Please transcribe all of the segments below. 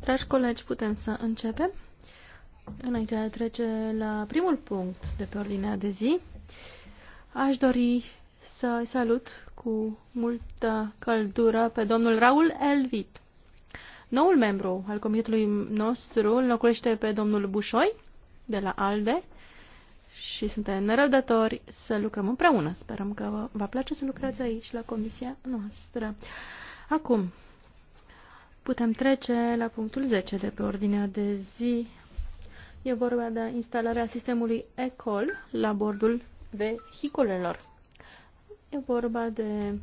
dragi colegi putem să începem înainte de a trece la primul punct de pe ordinea de zi aș dori să salut cu multă căldură pe domnul Raul Elvit. Noul membru al comitetului nostru înlocuiește pe domnul Bușoi de la ALDE și suntem nerăbdători să lucrăm împreună. Sperăm că va place să lucrați aici, la comisia noastră. Acum, putem trece la punctul 10 de pe ordinea de zi. E vorba de instalarea sistemului ECOL la bordul vehiculelor. E vorba de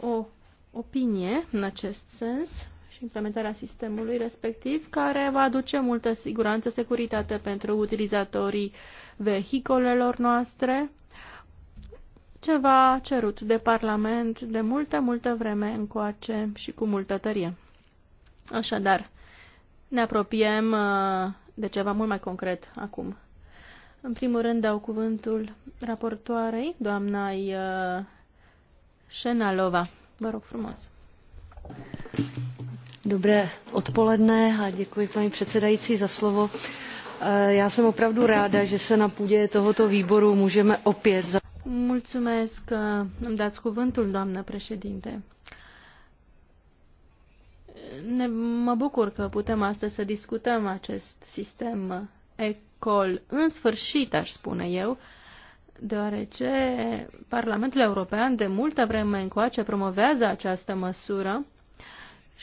o opinie în acest sens și implementarea sistemului respectiv, care va aduce multă siguranță, securitate pentru utilizatorii vehicolelor noastre, ceva cerut de Parlament de multă, multă vreme încoace și cu multă tărie. Așadar, ne apropiem uh, de ceva mult mai concret acum. În primul rând dau cuvântul raportoarei, doamna uh, Șenalova. Vă rog frumos. Dobré odpoledne a děkuji paní předsedající za slovo. Eh, já jsem opravdu ráda, že se na půdě tohoto výboru můžeme opět... Za... Mulțumesc că eh, îmi dați cuvântul, doamnă președinte. Ne, mă bucur că putem astăzi să discutăm acest sistem ECOL, în sfârșit, aș spune eu, deoarece Parlamentul European de multă vreme încoace promovează această măsură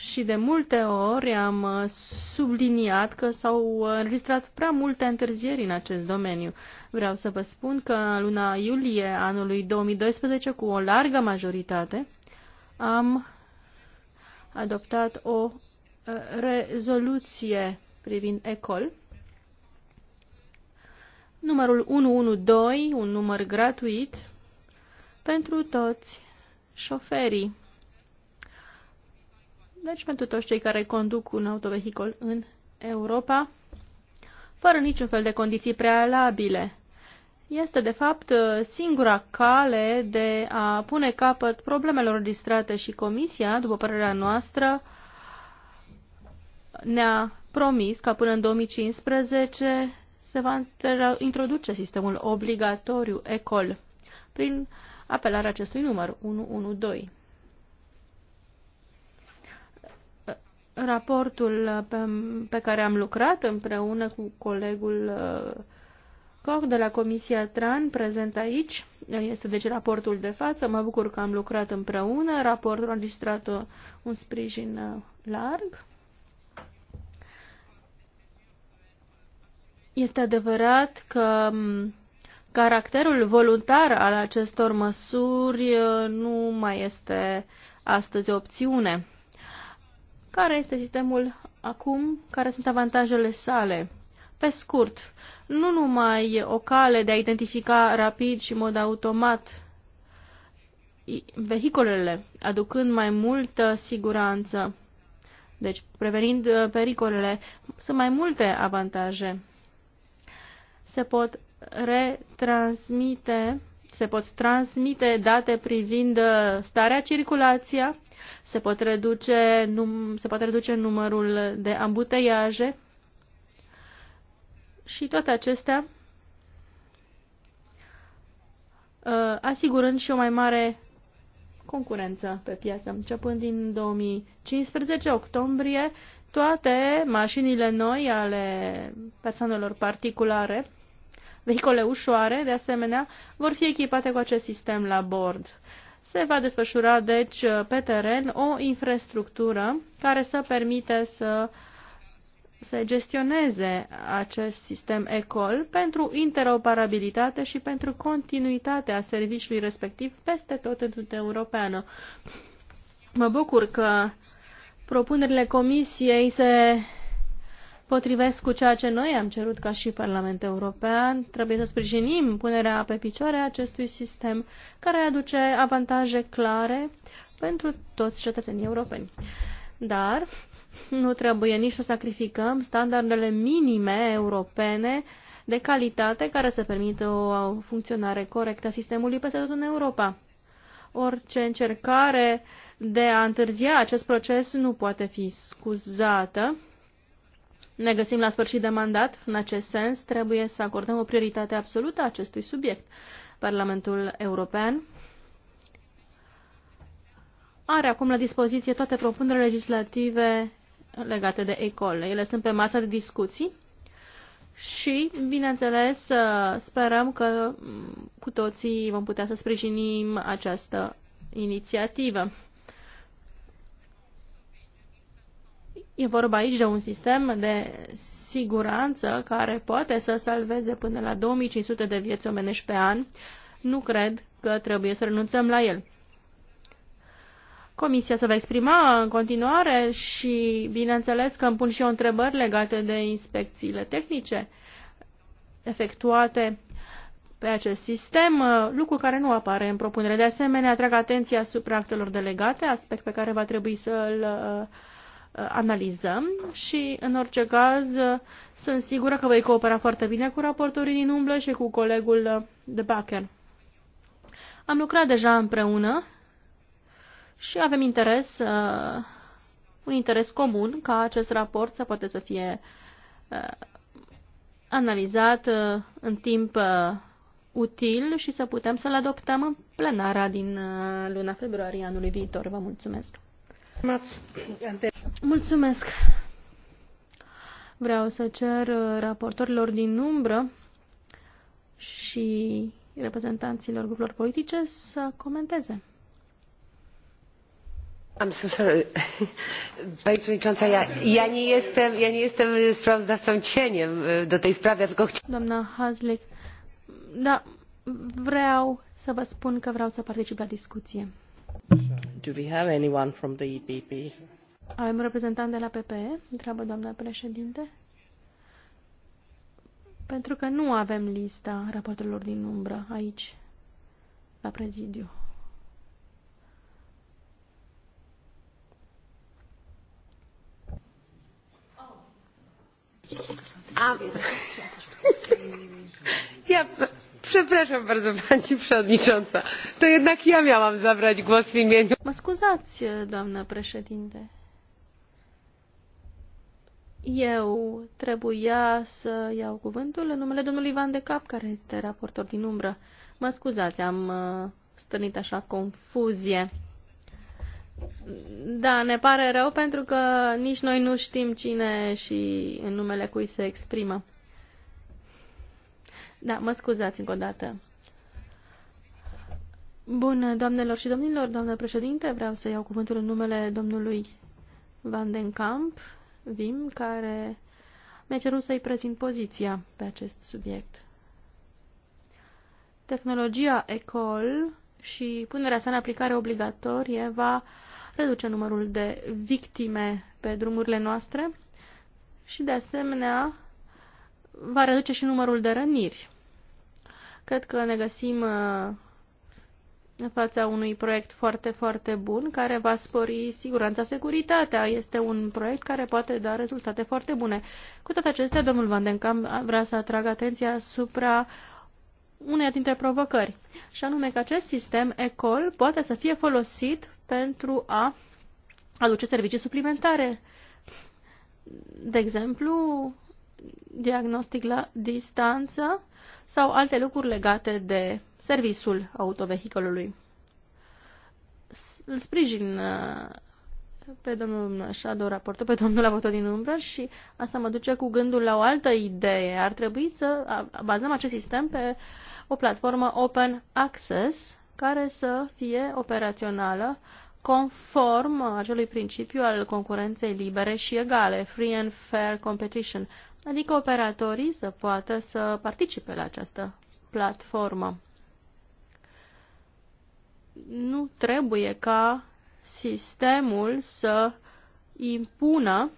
și de multe ori am uh, subliniat că s-au uh, înregistrat prea multe întârzieri în acest domeniu. Vreau să vă spun că în luna iulie anului 2012, cu o largă majoritate, am adoptat o uh, rezoluție privind ECOL, numărul 112, un număr gratuit pentru toți șoferii deci pentru toți cei care conduc un autovehicol în Europa, fără niciun fel de condiții prealabile. Este, de fapt, singura cale de a pune capăt problemelor distrate și Comisia, după părerea noastră, ne-a promis că până în 2015 se va introduce sistemul obligatoriu ECOL prin apelarea acestui număr 112. raportul uh, pe, pe care am lucrat împreună cu colegul Koch uh, de la Comisia TRAN, prezent aici, este deci raportul de față, mă bucur că am lucrat împreună, raportul a registrat uh, un sprijin larg. Este adevărat că mm, caracterul voluntar al acestor măsuri nu mai este astăzi o opțiune. Care este sistemul acum? Care sunt avantajele sale? Pe scurt, nu numai o cale de a identifica rapid și în mod automat vehiculele, aducând mai multă siguranță, deci prevenind uh, pericolele, sunt mai multe avantaje. Se pot retransmite, se pot transmite date privind uh, starea, circulației se, pot reduce, num, se poate reduce numărul de ambuteiaje și toate acestea uh, asigurând și o mai mare concurență pe piață. Începând din 2015, octombrie, toate mașinile noi ale persoanelor particulare, vehicole ușoare, de asemenea, vor fi echipate cu acest sistem la bord. Se va desfășura, deci, pe teren o infrastructură care să permite să se gestioneze acest sistem ECOL pentru interoperabilitate și pentru continuitatea serviciului respectiv peste tot în Uniunea Europeană. Mă bucur că propunerile Comisiei se potrivesc cu ceea ce noi am cerut ca și Parlament European. Trebuie să sprijinim punerea pe picioare a acestui sistem care aduce avantaje clare pentru toți cetățenii europeni. Dar nu trebuie nici să sacrificăm standardele minime europene de calitate care să permită o funcționare corectă a sistemului peste tot în Europa. Orice încercare de a întârzia acest proces nu poate fi scuzată ne găsim la sfârșit de mandat. În acest sens, trebuie să acordăm o prioritate absolută a acestui subiect. Parlamentul European are acum la dispoziție toate propunerile legislative legate de ECOL. Ele sunt pe masa de discuții și, bineînțeles, sperăm că cu toții vom putea să sprijinim această inițiativă. E vorba aici de un sistem de siguranță care poate să salveze până la 2500 de vieți omenești pe an. Nu cred că trebuie să renunțăm la el. Comisia se va exprima în continuare și, bineînțeles, că îmi pun și eu întrebări legate de inspecțiile tehnice efectuate pe acest sistem, lucru care nu apare în propunere. De asemenea, atrag atenția asupra actelor delegate, aspect pe care va trebui să-l uh, analizăm și, în orice caz, sunt sigură că voi coopera foarte bine cu raportorii din umblă și cu colegul de Bacher. Am lucrat deja împreună și avem interes, uh, un interes comun ca acest raport să poate să fie uh, analizat uh, în timp util și să putem să-l adoptăm în plenara din luna februarie anului viitor. Vă mulțumesc! Mulțumesc. Vreau să cer uh, raportorilor din umbră și reprezentanților grupurilor politice să comenteze. Am so sorry. Pani Przewodnicząca, ja, ja, nie jestem, ja nie jestem sprawozdawcą cieniem do tej sprawy, tylko chciałam... Doamna Hazlik, da, vreau să vă spun că vreau să particip la discuție. Do we have anyone from the EPP? Am reprezentant de la PPE, întreabă doamna președinte. Pentru că nu avem lista raporturilor din umbră aici, la prezidiu. Am... yeah, but Przepraszam bardzo pani przewodnicząca. To jednak ja miałam zabrać głos w imieniu. Mă scuzați, doamnă președinte. Eu trebuia să iau cuvântul în numele domnului Ivan de Cap, care este raportor din umbră. Mă scuzați, am uh, stârnit așa confuzie. Da, ne pare rău pentru că nici noi nu știm cine și în numele cui se exprimă. Da, mă scuzați încă o dată. Bun, doamnelor și domnilor, doamnă președinte, vreau să iau cuvântul în numele domnului Van den Kamp, Vim, care mi-a cerut să-i prezint poziția pe acest subiect. Tehnologia ECOL și punerea sa în aplicare obligatorie va reduce numărul de victime pe drumurile noastre și, de asemenea, va reduce și numărul de răniri. Cred că ne găsim uh, în fața unui proiect foarte, foarte bun care va spori siguranța, securitatea. Este un proiect care poate da rezultate foarte bune. Cu toate acestea, domnul Van den Kamp vrea să atragă atenția asupra uneia dintre provocări, și anume că acest sistem ECOL poate să fie folosit pentru a aduce servicii suplimentare. De exemplu, diagnostic la distanță sau alte lucruri legate de serviciul autovehicolului. Îl sprijin uh, pe domnul Shadow raportul pe domnul avocat din umbră și asta mă duce cu gândul la o altă idee. Ar trebui să bazăm acest sistem pe o platformă open access care să fie operațională conform acelui principiu al concurenței libere și egale, free and fair competition adică operatorii să poată să participe la această platformă. Nu trebuie ca sistemul să impună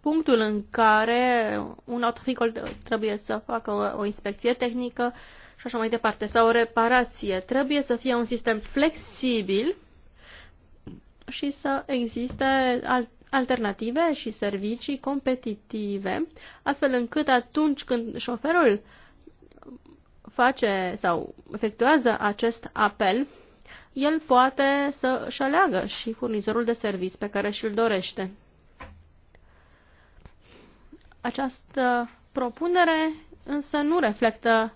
punctul în care un autovehicul trebuie să facă o, o inspecție tehnică și așa mai departe, sau o reparație. Trebuie să fie un sistem flexibil și să existe alt alternative și servicii competitive, astfel încât atunci când șoferul face sau efectuează acest apel, el poate să își aleagă și furnizorul de servicii pe care și-l dorește. Această propunere însă nu reflectă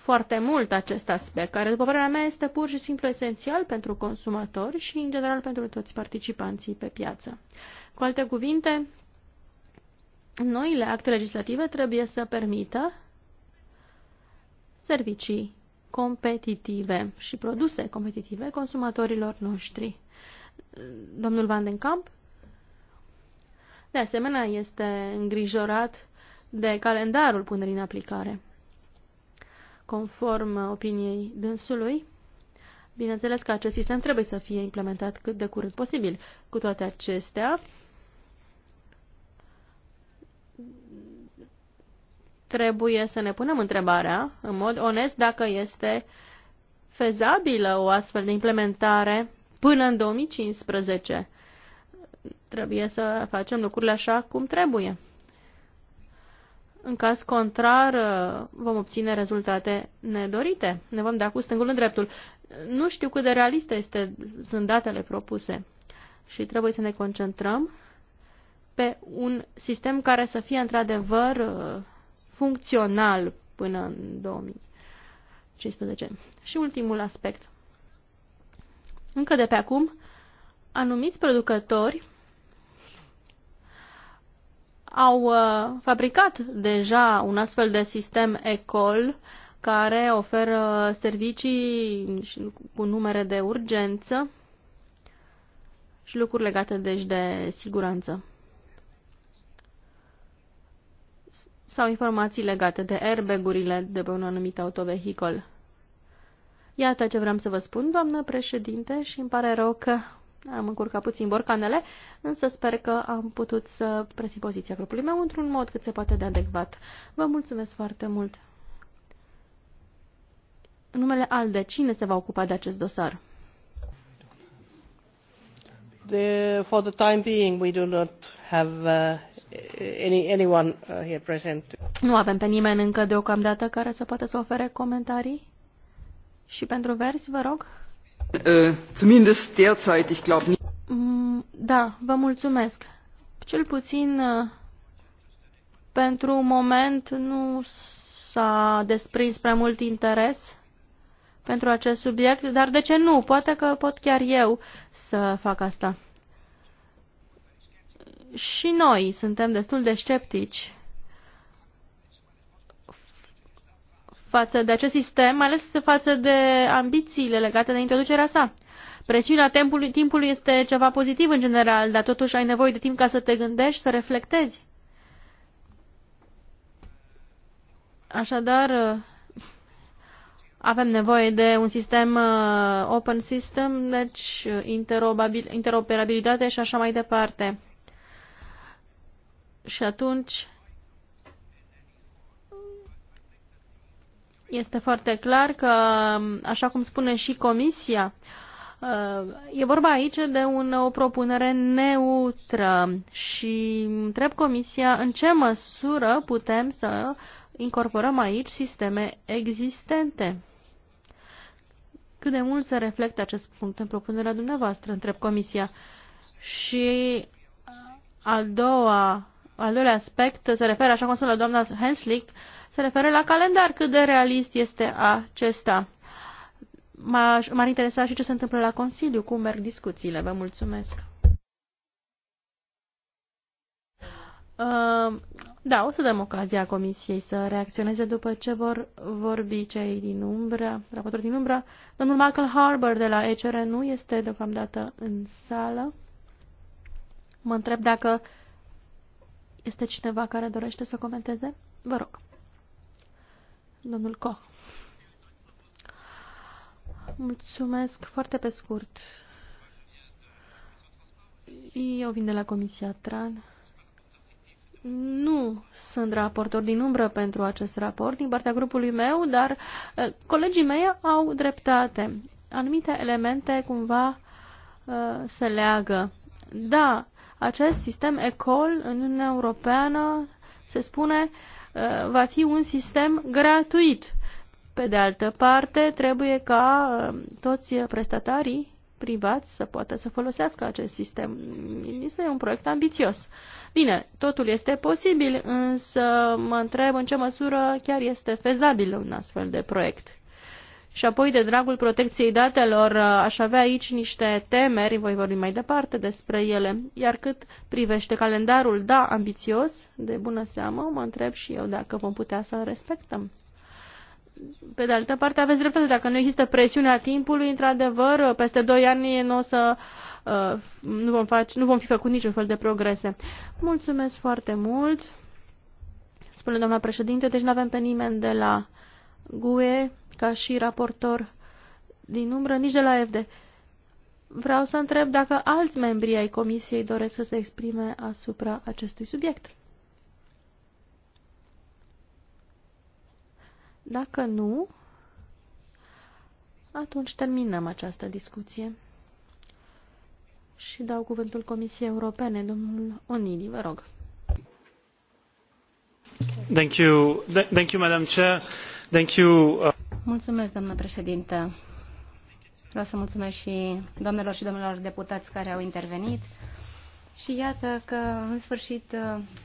foarte mult acest aspect, care, după părerea mea, este pur și simplu esențial pentru consumatori și, în general, pentru toți participanții pe piață. Cu alte cuvinte, noile acte legislative trebuie să permită servicii competitive și produse competitive consumatorilor noștri. Domnul Van den Kamp, de asemenea, este îngrijorat de calendarul punerii în aplicare conform opiniei dânsului. Bineînțeles că acest sistem trebuie să fie implementat cât de curând posibil. Cu toate acestea, trebuie să ne punem întrebarea, în mod onest, dacă este fezabilă o astfel de implementare până în 2015. Trebuie să facem lucrurile așa cum trebuie. În caz contrar, uh, vom obține rezultate nedorite. Ne vom da cu stângul în dreptul. Nu știu cât de realiste este, sunt datele propuse și trebuie să ne concentrăm pe un sistem care să fie într-adevăr uh, funcțional până în 2015. Și ultimul aspect. Încă de pe acum, anumiți producători au uh, fabricat deja un astfel de sistem ECOL care oferă servicii cu numere de urgență și lucruri legate deci de siguranță sau informații legate de airbag-urile de pe un anumit autovehicol. Iată ce vreau să vă spun, doamnă președinte, și îmi pare rău că am încurcat puțin borcanele, însă sper că am putut să prezint poziția grupului meu într-un mod cât se poate de adecvat. Vă mulțumesc foarte mult! În numele ALDE, cine se va ocupa de acest dosar? The, for the time being, we do not have uh, any, anyone uh, here present. Nu avem pe nimeni încă deocamdată care să poată să ofere comentarii? Și pentru verzi, vă rog? Äh, mm, da, vă mulțumesc. Cel puțin uh, pentru un moment nu s-a desprins prea mult interes pentru acest subiect, dar de ce nu? Poate că pot chiar eu să fac asta. Și noi suntem destul de sceptici față de acest sistem, mai ales față de ambițiile legate de introducerea sa. Presiunea timpului, timpului este ceva pozitiv în general, dar totuși ai nevoie de timp ca să te gândești, să reflectezi. Așadar, avem nevoie de un sistem uh, open system, deci uh, interoperabilitate și așa mai departe. Și atunci Este foarte clar că, așa cum spune și Comisia, e vorba aici de un, o propunere neutră și întreb Comisia în ce măsură putem să incorporăm aici sisteme existente. Cât de mult se reflectă acest punct în propunerea dumneavoastră, întreb Comisia. Și al doua, al doilea aspect se referă, așa cum spune doamna Henslick, se referă la calendar, cât de realist este acesta. M-ar interesa și ce se întâmplă la Consiliu, cum merg discuțiile. Vă mulțumesc. Uh, da, o să dăm ocazia Comisiei să reacționeze după ce vor vorbi cei din umbră, raportori din umbră. Domnul Michael Harbour de la ECR nu este deocamdată în sală. Mă întreb dacă este cineva care dorește să comenteze? Vă rog. Domnul Koch. Mulțumesc foarte pe scurt. Eu vin de la Comisia Tran. Nu sunt raportor din umbră pentru acest raport din partea grupului meu, dar eh, colegii mei au dreptate. Anumite elemente cumva eh, se leagă. Da, acest sistem ECOL în Uniunea Europeană se spune uh, Uh, va fi un sistem gratuit. Pe de altă parte, trebuie ca uh, toți prestatarii privați să poată să folosească acest sistem. Este un proiect ambițios. Bine, totul este posibil, însă mă întreb în ce măsură chiar este fezabil un astfel de proiect. Și apoi, de dragul protecției datelor, aș avea aici niște temeri, voi vorbi mai departe despre ele. Iar cât privește calendarul, da, ambițios, de bună seamă, mă întreb și eu dacă vom putea să respectăm. Pe de altă parte, aveți dreptate, dacă nu există presiunea timpului, într-adevăr, peste 2 ani nu o să Uh, nu, vom face, nu vom fi făcut niciun fel de progrese. Mulțumesc foarte mult, spune doamna președinte, deci nu avem pe nimeni de la GUE, ca și raportor din umbră, nici de la FD. Vreau să întreb dacă alți membri ai comisiei doresc să se exprime asupra acestui subiect. Dacă nu, atunci terminăm această discuție și dau cuvântul Comisiei Europene, domnul Onidi, vă rog. Thank you, thank you, Madam Chair. Thank you. Uh... Mulțumesc, doamnă președintă. Vreau să mulțumesc și doamnelor și domnilor deputați care au intervenit. Și iată că, în sfârșit,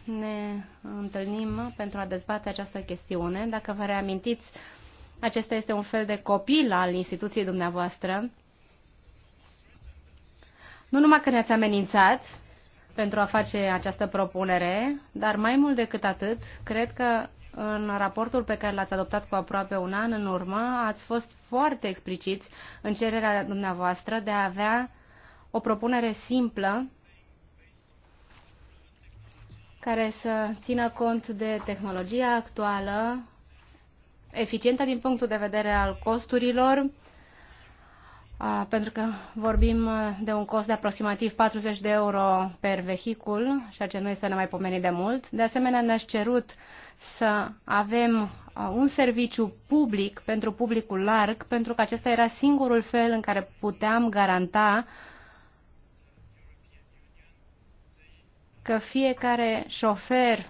ne întâlnim pentru a dezbate această chestiune. Dacă vă reamintiți, acesta este un fel de copil al instituției dumneavoastră. Nu numai că ne-ați amenințat pentru a face această propunere, dar mai mult decât atât, cred că în raportul pe care l-ați adoptat cu aproape un an în urmă, ați fost foarte expliciți în cererea dumneavoastră de a avea o propunere simplă care să țină cont de tehnologia actuală, eficientă din punctul de vedere al costurilor, pentru că vorbim de un cost de aproximativ 40 de euro per vehicul, ceea ce nu este mai pomeni de mult. De asemenea, ne aș cerut uh, să avem uh, un serviciu public pentru publicul larg, pentru că acesta era singurul fel în care puteam garanta că fiecare șofer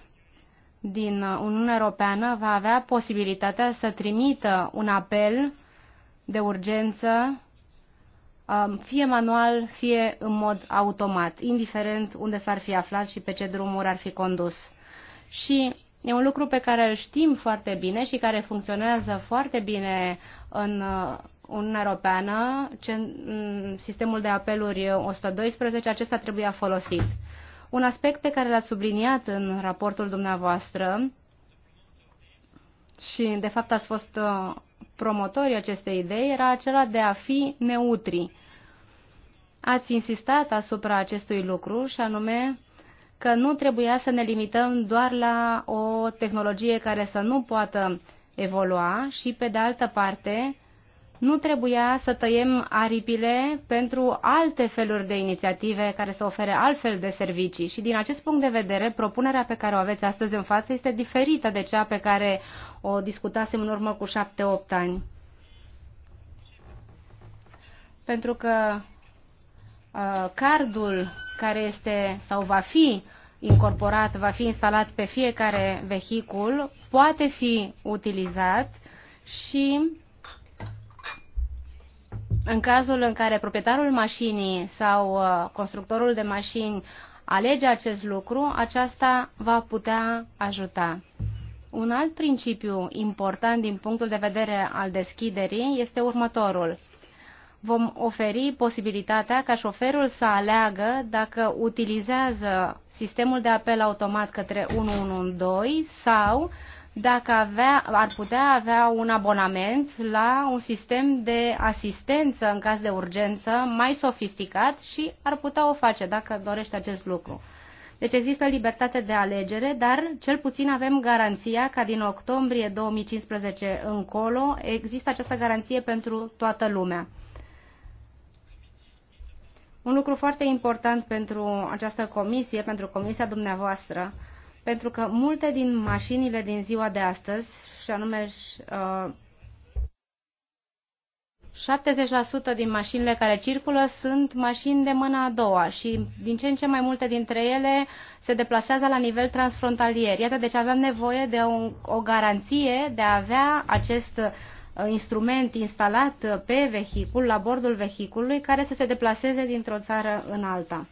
din uh, Uniunea Europeană va avea posibilitatea să trimită un apel de urgență, um, fie manual, fie în mod automat, indiferent unde s-ar fi aflat și pe ce drumuri ar fi condus. Și E un lucru pe care îl știm foarte bine și care funcționează foarte bine în uh, Uniunea Europeană, mm, sistemul de apeluri 112, acesta trebuia folosit. Un aspect pe care l-ați subliniat în raportul dumneavoastră și, de fapt, ați fost uh, promotorii acestei idei era acela de a fi neutri. Ați insistat asupra acestui lucru și anume că nu trebuia să ne limităm doar la o tehnologie care să nu poată evolua și, pe de altă parte, nu trebuia să tăiem aripile pentru alte feluri de inițiative care să ofere altfel de servicii. Și din acest punct de vedere, propunerea pe care o aveți astăzi în față este diferită de cea pe care o discutasem în urmă cu șapte-opt ani. Pentru că uh, cardul care este sau va fi incorporat, va fi instalat pe fiecare vehicul, poate fi utilizat și în cazul în care proprietarul mașinii sau uh, constructorul de mașini alege acest lucru, aceasta va putea ajuta. Un alt principiu important din punctul de vedere al deschiderii este următorul vom oferi posibilitatea ca șoferul să aleagă dacă utilizează sistemul de apel automat către 112 sau dacă avea, ar putea avea un abonament la un sistem de asistență în caz de urgență mai sofisticat și ar putea o face dacă dorește acest lucru. Deci există libertate de alegere, dar cel puțin avem garanția ca din octombrie 2015 încolo există această garanție pentru toată lumea. Un lucru foarte important pentru această comisie, pentru comisia dumneavoastră, pentru că multe din mașinile din ziua de astăzi, și anume uh, 70% din mașinile care circulă sunt mașini de mâna a doua și din ce în ce mai multe dintre ele se deplasează la nivel transfrontalier. Iată, deci avem nevoie de o, o garanție de a avea acest Uh, instrument instalat pe vehicul, la bordul vehiculului, care să se deplaseze dintr-o țară în alta.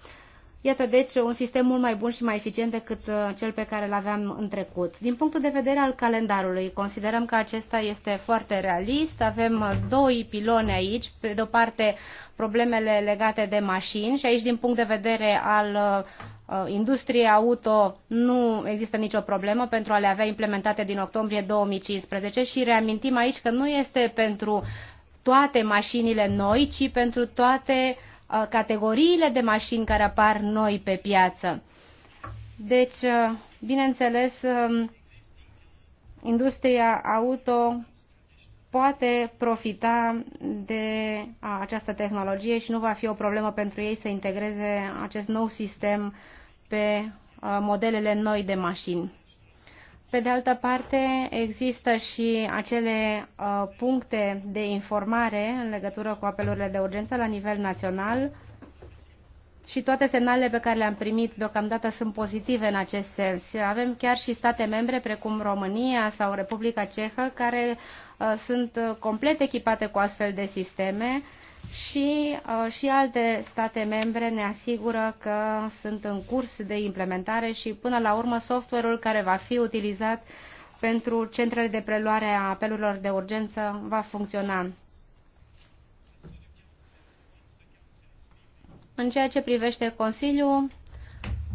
Iată deci un sistem mult mai bun și mai eficient decât uh, cel pe care îl aveam în trecut. Din punctul de vedere al calendarului, considerăm că acesta este foarte realist. Avem uh, doi piloni aici. Pe de o parte, problemele legate de mașini și aici, din punct de vedere al uh, industriei auto, nu există nicio problemă pentru a le avea implementate din octombrie 2015 și reamintim aici că nu este pentru toate mașinile noi, ci pentru toate uh, Uh, categoriile de mașini care apar noi pe piață. Deci, uh, bineînțeles, um, industria auto poate profita de această tehnologie și nu va fi o problemă pentru ei să integreze acest nou sistem pe uh, modelele noi de mașini. Pe de altă parte, există și acele uh, puncte de informare în legătură cu apelurile de urgență la nivel național și toate semnalele pe care le-am primit deocamdată sunt pozitive în acest sens. Avem chiar și state membre precum România sau Republica Cehă care uh, sunt uh, complet echipate cu astfel de sisteme uh, și, uh, și alte state membre ne asigură că sunt în curs de implementare și până la urmă software-ul care va fi utilizat pentru centrele de preluare a apelurilor de urgență va funcționa. În ceea ce privește Consiliul,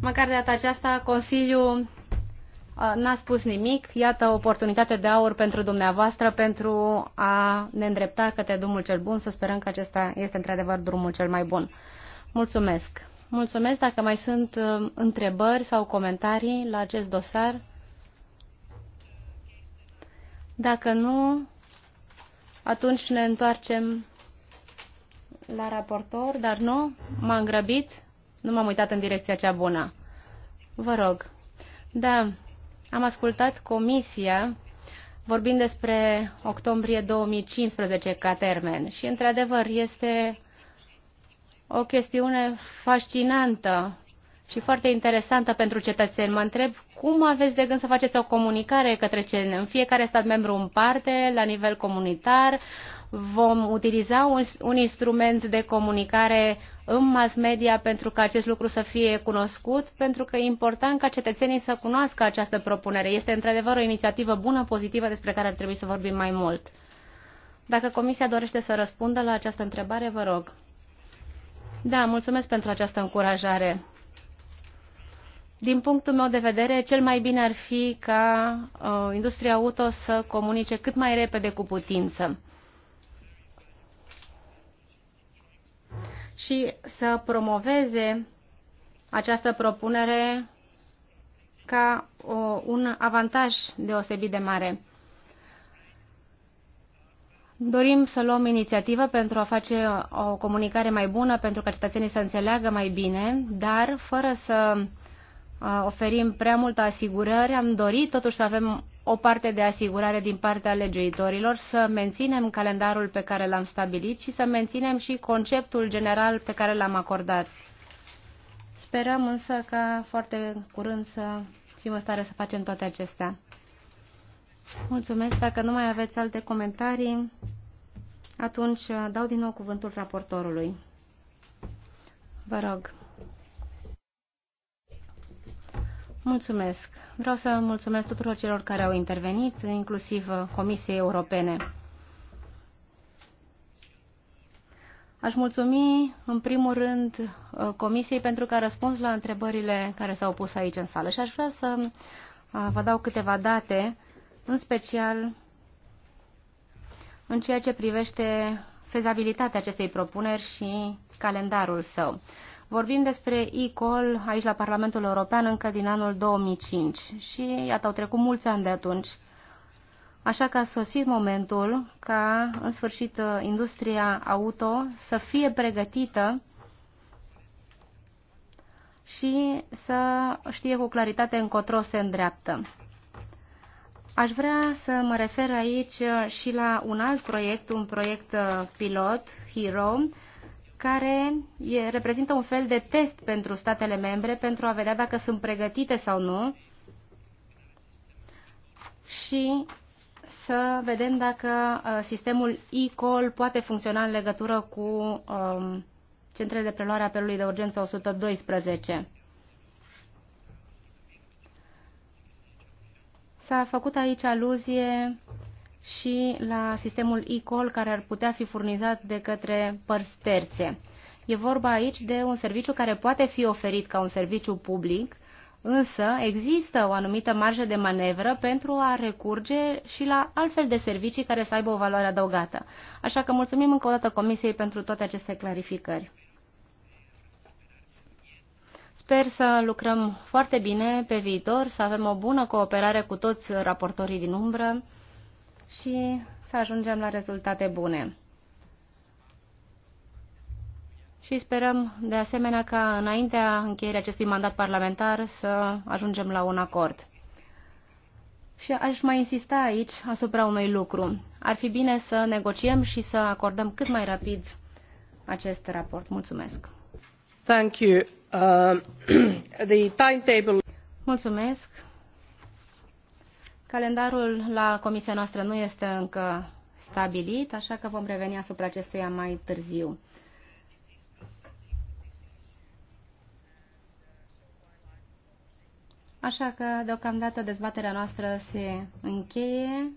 măcar de data aceasta Consiliul Uh, n-a spus nimic. Iată o oportunitate de aur pentru dumneavoastră pentru a ne îndrepta către drumul cel bun. Să sperăm că acesta este într-adevăr drumul cel mai bun. Mulțumesc! Mulțumesc dacă mai sunt uh, întrebări sau comentarii la acest dosar. Dacă nu, atunci ne întoarcem la raportor, dar nu, m-am grăbit, nu m-am uitat în direcția cea bună. Vă rog. Da, am ascultat comisia vorbind despre octombrie 2015 ca termen și, într-adevăr, este o chestiune fascinantă și foarte interesantă pentru cetățeni. Mă întreb cum aveți de gând să faceți o comunicare către cei în fiecare stat membru în parte, la nivel comunitar, vom utiliza un, un instrument de comunicare în mass media pentru ca acest lucru să fie cunoscut, pentru că e important ca cetățenii să cunoască această propunere. Este într-adevăr o inițiativă bună, pozitivă, despre care ar trebui să vorbim mai mult. Dacă Comisia dorește să răspundă la această întrebare, vă rog. Da, mulțumesc pentru această încurajare. Din punctul meu de vedere, cel mai bine ar fi ca uh, industria auto să comunice cât mai repede cu putință. și să promoveze această propunere ca o, un avantaj deosebit de mare. Dorim să luăm inițiativă pentru a face o comunicare mai bună, pentru ca cetățenii să înțeleagă mai bine, dar fără să uh, oferim prea multă asigurări, am dorit totuși să avem o parte de asigurare din partea legiuitorilor, să menținem calendarul pe care l-am stabilit și să menținem și conceptul general pe care l-am acordat. Sperăm însă ca foarte curând să fim în stare să facem toate acestea. Mulțumesc. Dacă nu mai aveți alte comentarii, atunci dau din nou cuvântul raportorului. Vă rog. Mulțumesc. Vreau să mulțumesc tuturor celor care au intervenit, inclusiv Comisiei Europene. Aș mulțumi, în primul rând, Comisiei pentru că a răspuns la întrebările care s-au pus aici în sală și aș vrea să vă dau câteva date, în special în ceea ce privește fezabilitatea acestei propuneri și calendarul său. Vorbim despre e-call aici la Parlamentul European încă din anul 2005 și iată, au trecut mulți ani de atunci. Așa că a sosit momentul ca, în sfârșit, uh, industria auto să fie pregătită și să știe cu claritate încotro se îndreaptă. Aș vrea să mă refer aici și la un alt proiect, un proiect uh, pilot, HERO, care e, reprezintă un fel de test pentru statele membre pentru a vedea dacă sunt pregătite sau nu și să vedem dacă uh, sistemul e-call poate funcționa în legătură cu uh, centrele de preluare a apelului de urgență 112. S-a făcut aici aluzie și la sistemul e-call care ar putea fi furnizat de către părți terțe. E vorba aici de un serviciu care poate fi oferit ca un serviciu public, însă există o anumită marjă de manevră pentru a recurge și la altfel de servicii care să aibă o valoare adăugată. Așa că mulțumim încă o dată Comisiei pentru toate aceste clarificări. Sper să lucrăm foarte bine pe viitor, să avem o bună cooperare cu toți raportorii din umbră și să ajungem la rezultate bune. Și sperăm, de asemenea, ca înaintea încheierii acestui mandat parlamentar să ajungem la un acord. Și aș mai insista aici asupra unui lucru. Ar fi bine să negociem și să acordăm cât mai rapid acest raport. Mulțumesc. Thank you. Uh, the timetable... Mulțumesc. Calendarul la comisia noastră nu este încă stabilit, așa că vom reveni asupra acestuia mai târziu. Așa că, deocamdată, dezbaterea noastră se încheie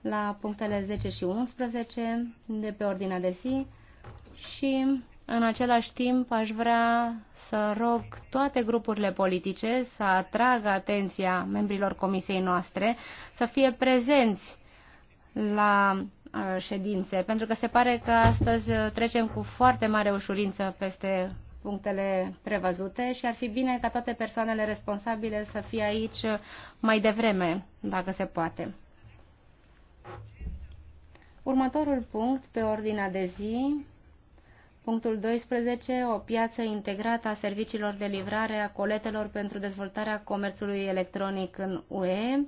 la punctele 10 și 11 de pe ordinea de zi și în același timp, aș vrea să rog toate grupurile politice să atragă atenția membrilor comisiei noastre să fie prezenți la uh, ședințe, pentru că se pare că astăzi uh, trecem cu foarte mare ușurință peste punctele prevăzute și ar fi bine ca toate persoanele responsabile să fie aici uh, mai devreme, dacă se poate. Următorul punct pe ordinea de zi Punctul 12. O piață integrată a serviciilor de livrare a coletelor pentru dezvoltarea comerțului electronic în UE.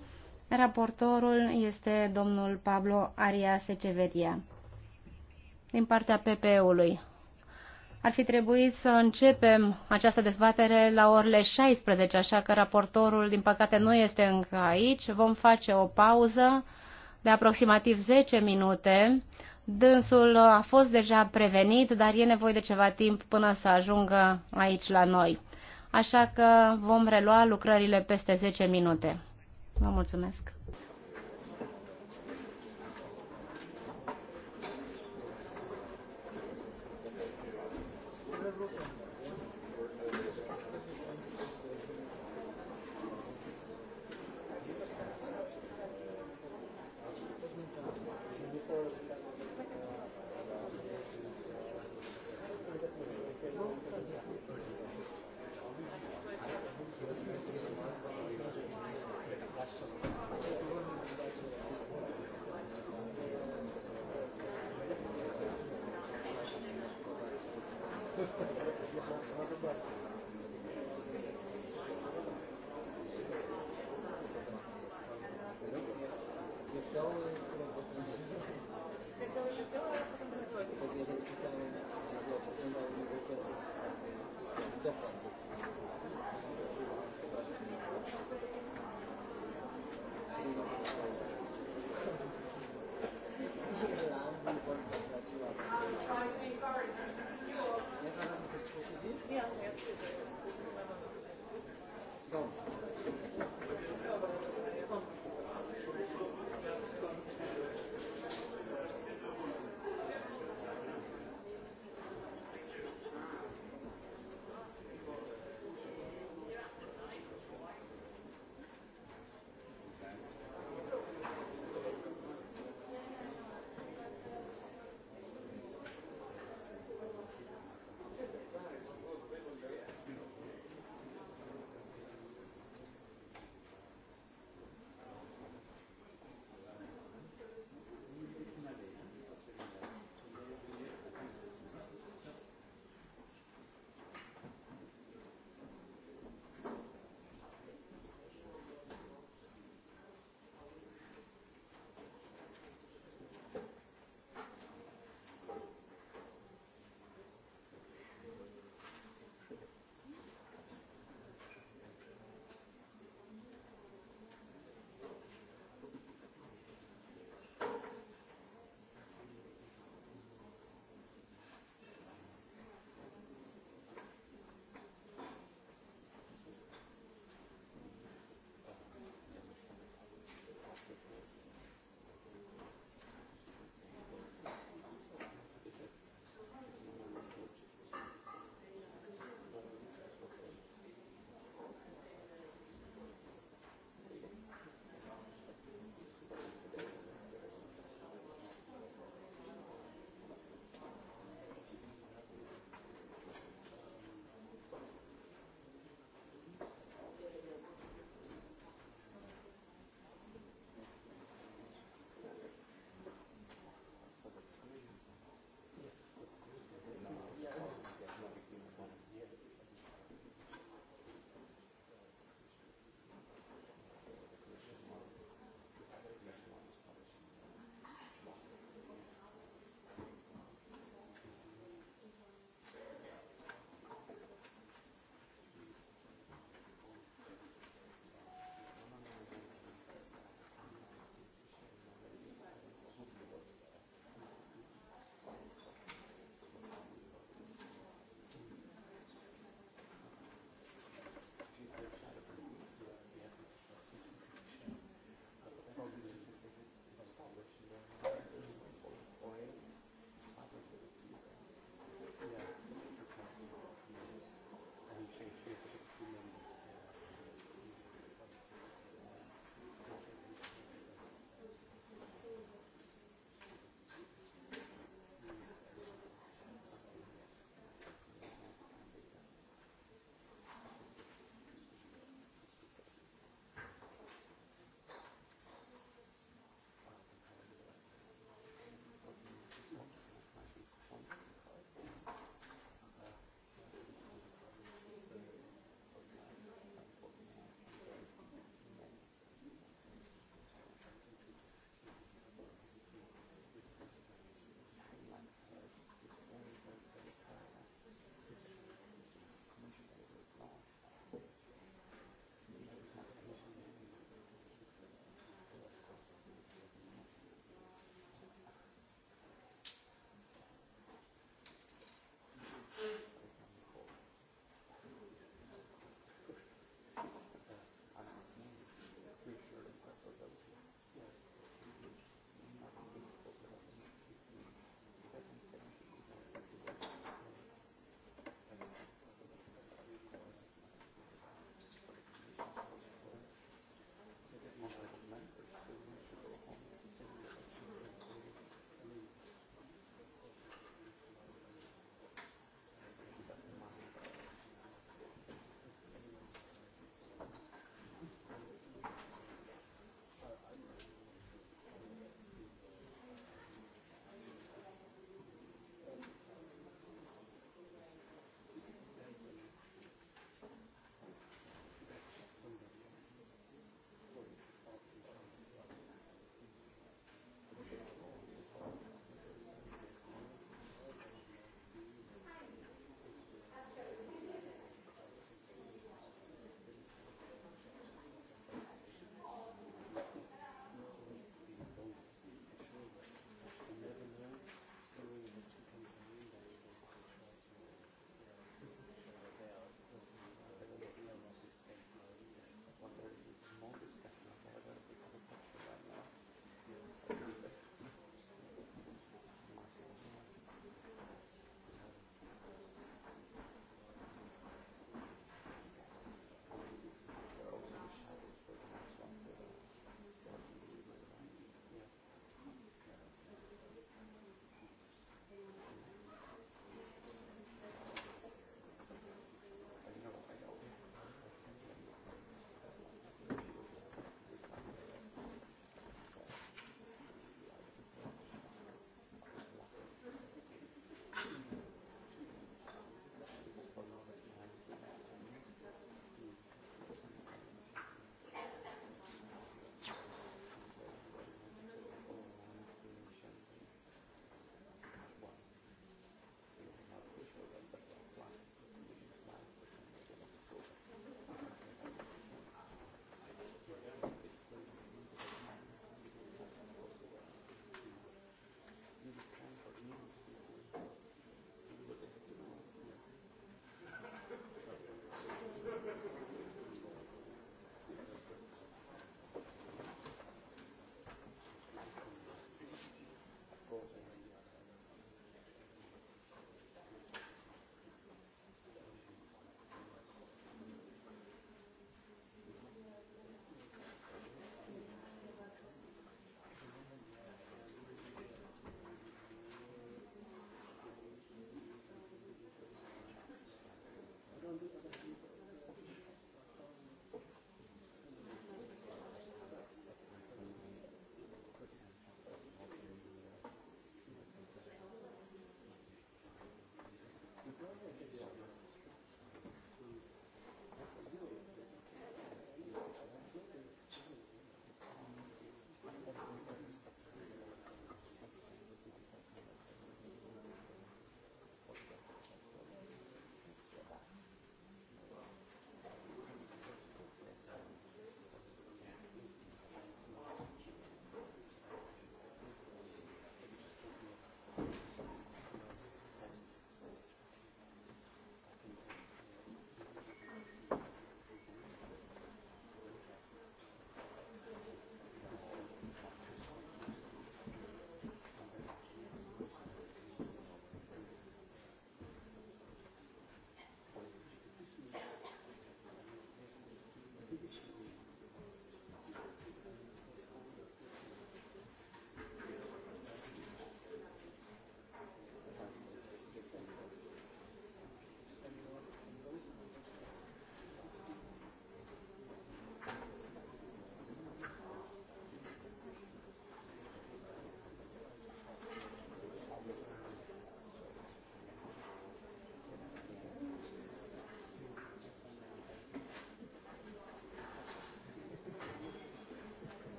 Raportorul este domnul Pablo Arias Eceveria. Din partea PPE-ului. Ar fi trebuit să începem această dezbatere la orele 16, așa că raportorul, din păcate, nu este încă aici. Vom face o pauză de aproximativ 10 minute Dânsul a fost deja prevenit, dar e nevoie de ceva timp până să ajungă aici la noi. Așa că vom relua lucrările peste 10 minute. Vă mulțumesc!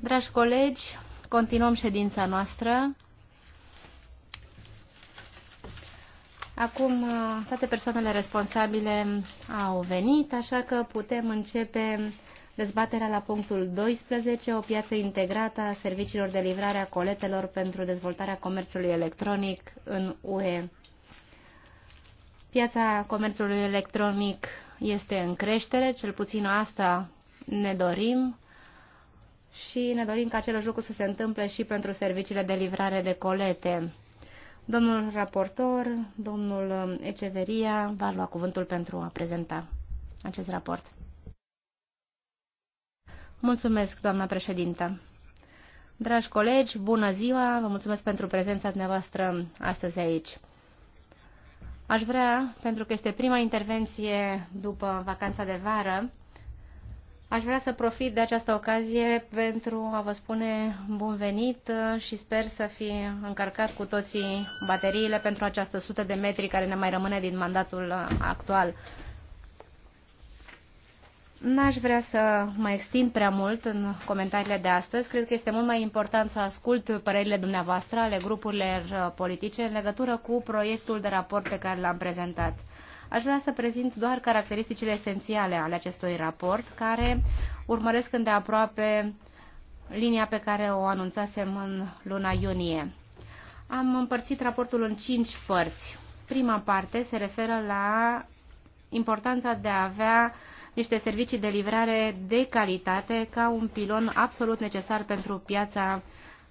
Dragi colegi, continuăm ședința noastră. Acum uh, toate persoanele responsabile au venit, așa că putem începe dezbaterea la punctul 12, o piață integrată a serviciilor de livrare a coletelor pentru dezvoltarea comerțului electronic în UE. Piața comerțului electronic este în creștere, cel puțin asta ne dorim și ne dorim ca același lucru să se întâmple și pentru serviciile de livrare de colete. Domnul raportor, domnul Eceveria, va lua cuvântul pentru a prezenta acest raport. Mulțumesc, doamna președintă. Dragi colegi, bună ziua! Vă mulțumesc pentru prezența dumneavoastră astăzi aici. Aș vrea, pentru că este prima intervenție după vacanța de vară, Aș vrea să profit de această ocazie pentru a vă spune bun venit și sper să fi încărcat cu toții bateriile pentru această sută de metri care ne mai rămâne din mandatul actual. N-aș vrea să mă extind prea mult în comentariile de astăzi. Cred că este mult mai important să ascult părerile dumneavoastră ale grupurilor politice în legătură cu proiectul de raport pe care l-am prezentat. Aș vrea să prezint doar caracteristicile esențiale ale acestui raport, care urmăresc îndeaproape linia pe care o anunțasem în luna iunie. Am împărțit raportul în cinci părți. Prima parte se referă la importanța de a avea niște servicii de livrare de calitate ca un pilon absolut necesar pentru piața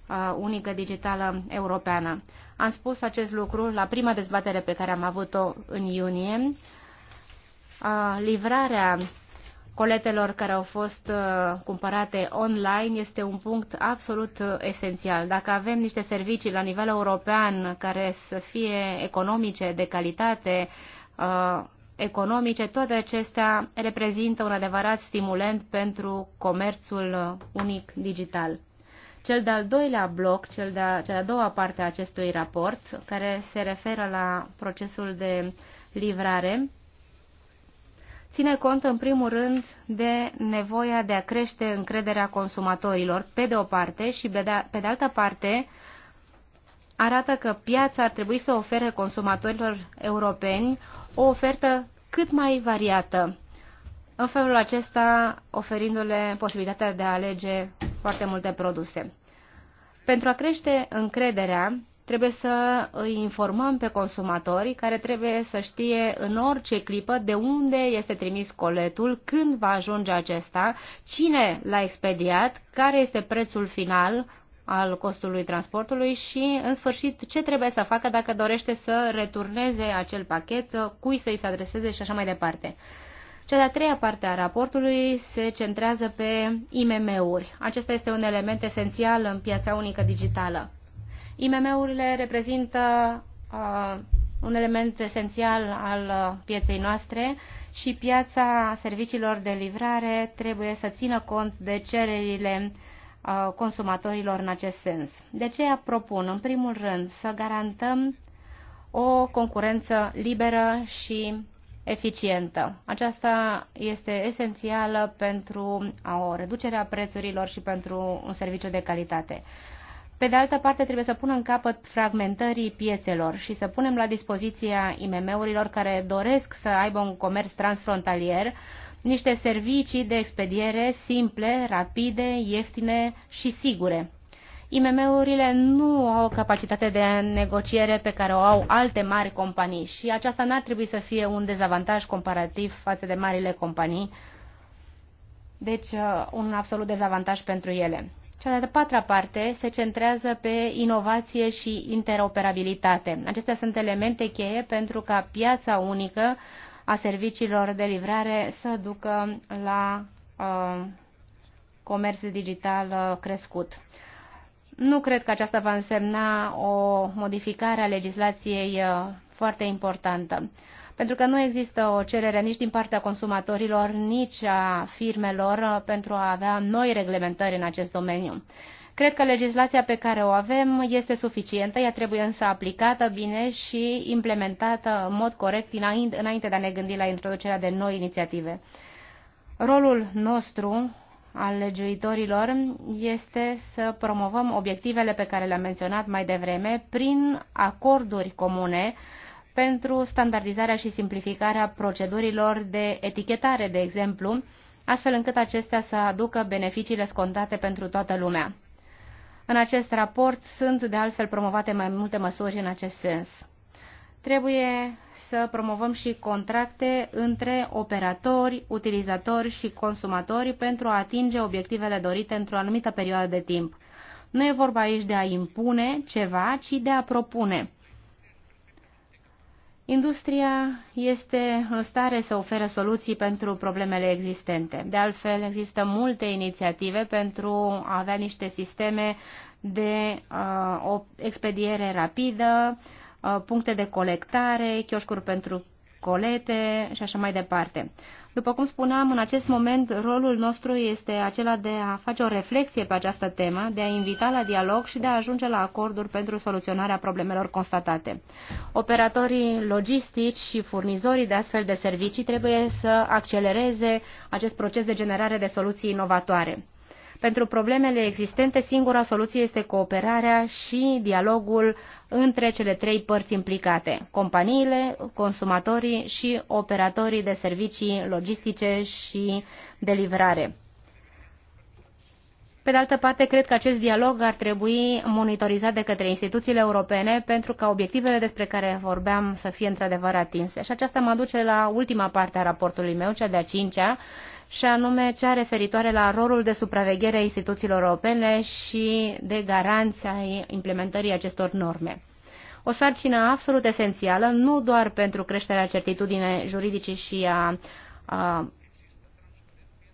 uh, unică digitală europeană. Am spus acest lucru la prima dezbatere pe care am avut-o în iunie. Livrarea coletelor care au fost cumpărate online este un punct absolut esențial. Dacă avem niște servicii la nivel european care să fie economice, de calitate, economice, toate acestea reprezintă un adevărat stimulent pentru comerțul unic digital. Cel de-al doilea bloc, cel de-a, cea de-a doua parte a acestui raport, care se referă la procesul de livrare, ține cont în primul rând de nevoia de a crește încrederea consumatorilor, pe de o parte, și pe de, pe de altă parte arată că piața ar trebui să ofere consumatorilor europeni o ofertă cât mai variată, în felul acesta oferindu-le posibilitatea de a alege foarte multe produse. Pentru a crește încrederea, trebuie să îi informăm pe consumatorii care trebuie să știe în orice clipă de unde este trimis coletul, când va ajunge acesta, cine l-a expediat, care este prețul final al costului transportului și, în sfârșit, ce trebuie să facă dacă dorește să returneze acel pachet, cui să-i se adreseze și așa mai departe. Cea de-a treia parte a raportului se centrează pe IMM-uri. Acesta este un element esențial în piața unică digitală. IMM-urile reprezintă uh, un element esențial al pieței noastre și piața serviciilor de livrare trebuie să țină cont de cererile consumatorilor în acest sens. De aceea propun, în primul rând, să garantăm o concurență liberă și eficientă. Aceasta este esențială pentru o reducere a prețurilor și pentru un serviciu de calitate. Pe de altă parte, trebuie să punem capăt fragmentării piețelor și să punem la dispoziția IMM-urilor care doresc să aibă un comerț transfrontalier niște servicii de expediere simple, rapide, ieftine și sigure. IMM-urile nu au capacitate de negociere pe care o au alte mari companii și aceasta n-ar trebui să fie un dezavantaj comparativ față de marile companii, deci uh, un absolut dezavantaj pentru ele. Cea de-a patra parte se centrează pe inovație și interoperabilitate. Acestea sunt elemente cheie pentru ca piața unică a serviciilor de livrare să ducă la uh, comerț digital uh, crescut. Nu cred că aceasta va însemna o modificare a legislației uh, foarte importantă, pentru că nu există o cerere nici din partea consumatorilor, nici a firmelor uh, pentru a avea noi reglementări în acest domeniu. Cred că legislația pe care o avem este suficientă, ea trebuie însă aplicată bine și implementată în mod corect înainte de a ne gândi la introducerea de noi inițiative. Rolul nostru al legiuitorilor este să promovăm obiectivele pe care le-am menționat mai devreme prin acorduri comune pentru standardizarea și simplificarea procedurilor de etichetare, de exemplu, astfel încât acestea să aducă beneficiile scontate pentru toată lumea. În acest raport sunt de altfel promovate mai multe măsuri în acest sens. Trebuie să promovăm și contracte între operatori, utilizatori și consumatori pentru a atinge obiectivele dorite într-o anumită perioadă de timp. Nu e vorba aici de a impune ceva, ci de a propune. Industria este în stare să ofere soluții pentru problemele existente. De altfel, există multe inițiative pentru a avea niște sisteme de uh, o expediere rapidă, uh, Uh, puncte de colectare, chioșcuri pentru colete și așa mai departe. După cum spuneam, în acest moment rolul nostru este acela de a face o reflexie pe această temă, de a invita la dialog și de a ajunge la acorduri pentru soluționarea problemelor constatate. Operatorii logistici și furnizorii de astfel de servicii trebuie să accelereze acest proces de generare de soluții inovatoare. Pentru problemele existente, singura soluție este cooperarea și dialogul între cele trei părți implicate, companiile, consumatorii și operatorii de servicii logistice și de livrare. Pe de altă parte, cred că acest dialog ar trebui monitorizat de către instituțiile europene pentru ca obiectivele despre care vorbeam să fie într-adevăr atinse. Și aceasta mă duce la ultima parte a raportului meu, cea de-a cincea, și anume cea referitoare la rolul de supraveghere a instituțiilor europene și de garanția implementării acestor norme. O sarcină absolut esențială, nu doar pentru creșterea certitudinii juridice și a, a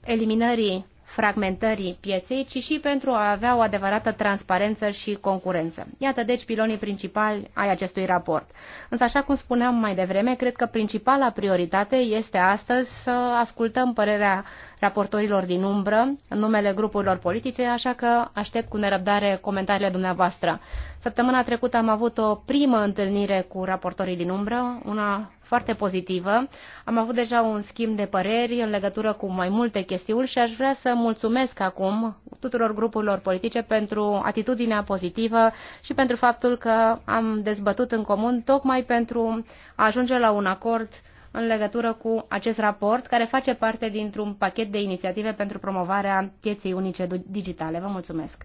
eliminării fragmentării pieței, ci și pentru a avea o adevărată transparență și concurență. Iată deci pilonii principali ai acestui raport. Însă, așa cum spuneam mai devreme, cred că principala prioritate este astăzi să ascultăm părerea raportorilor din umbră, în numele grupurilor politice, așa că aștept cu nerăbdare comentariile dumneavoastră. Săptămâna trecută am avut o primă întâlnire cu raportorii din umbră, una foarte pozitivă. Am avut deja un schimb de păreri în legătură cu mai multe chestiuni și aș vrea să mulțumesc acum tuturor grupurilor politice pentru atitudinea pozitivă și pentru faptul că am dezbătut în comun tocmai pentru a ajunge la un acord în legătură cu acest raport care face parte dintr-un pachet de inițiative pentru promovarea pieței unice digitale. Vă mulțumesc!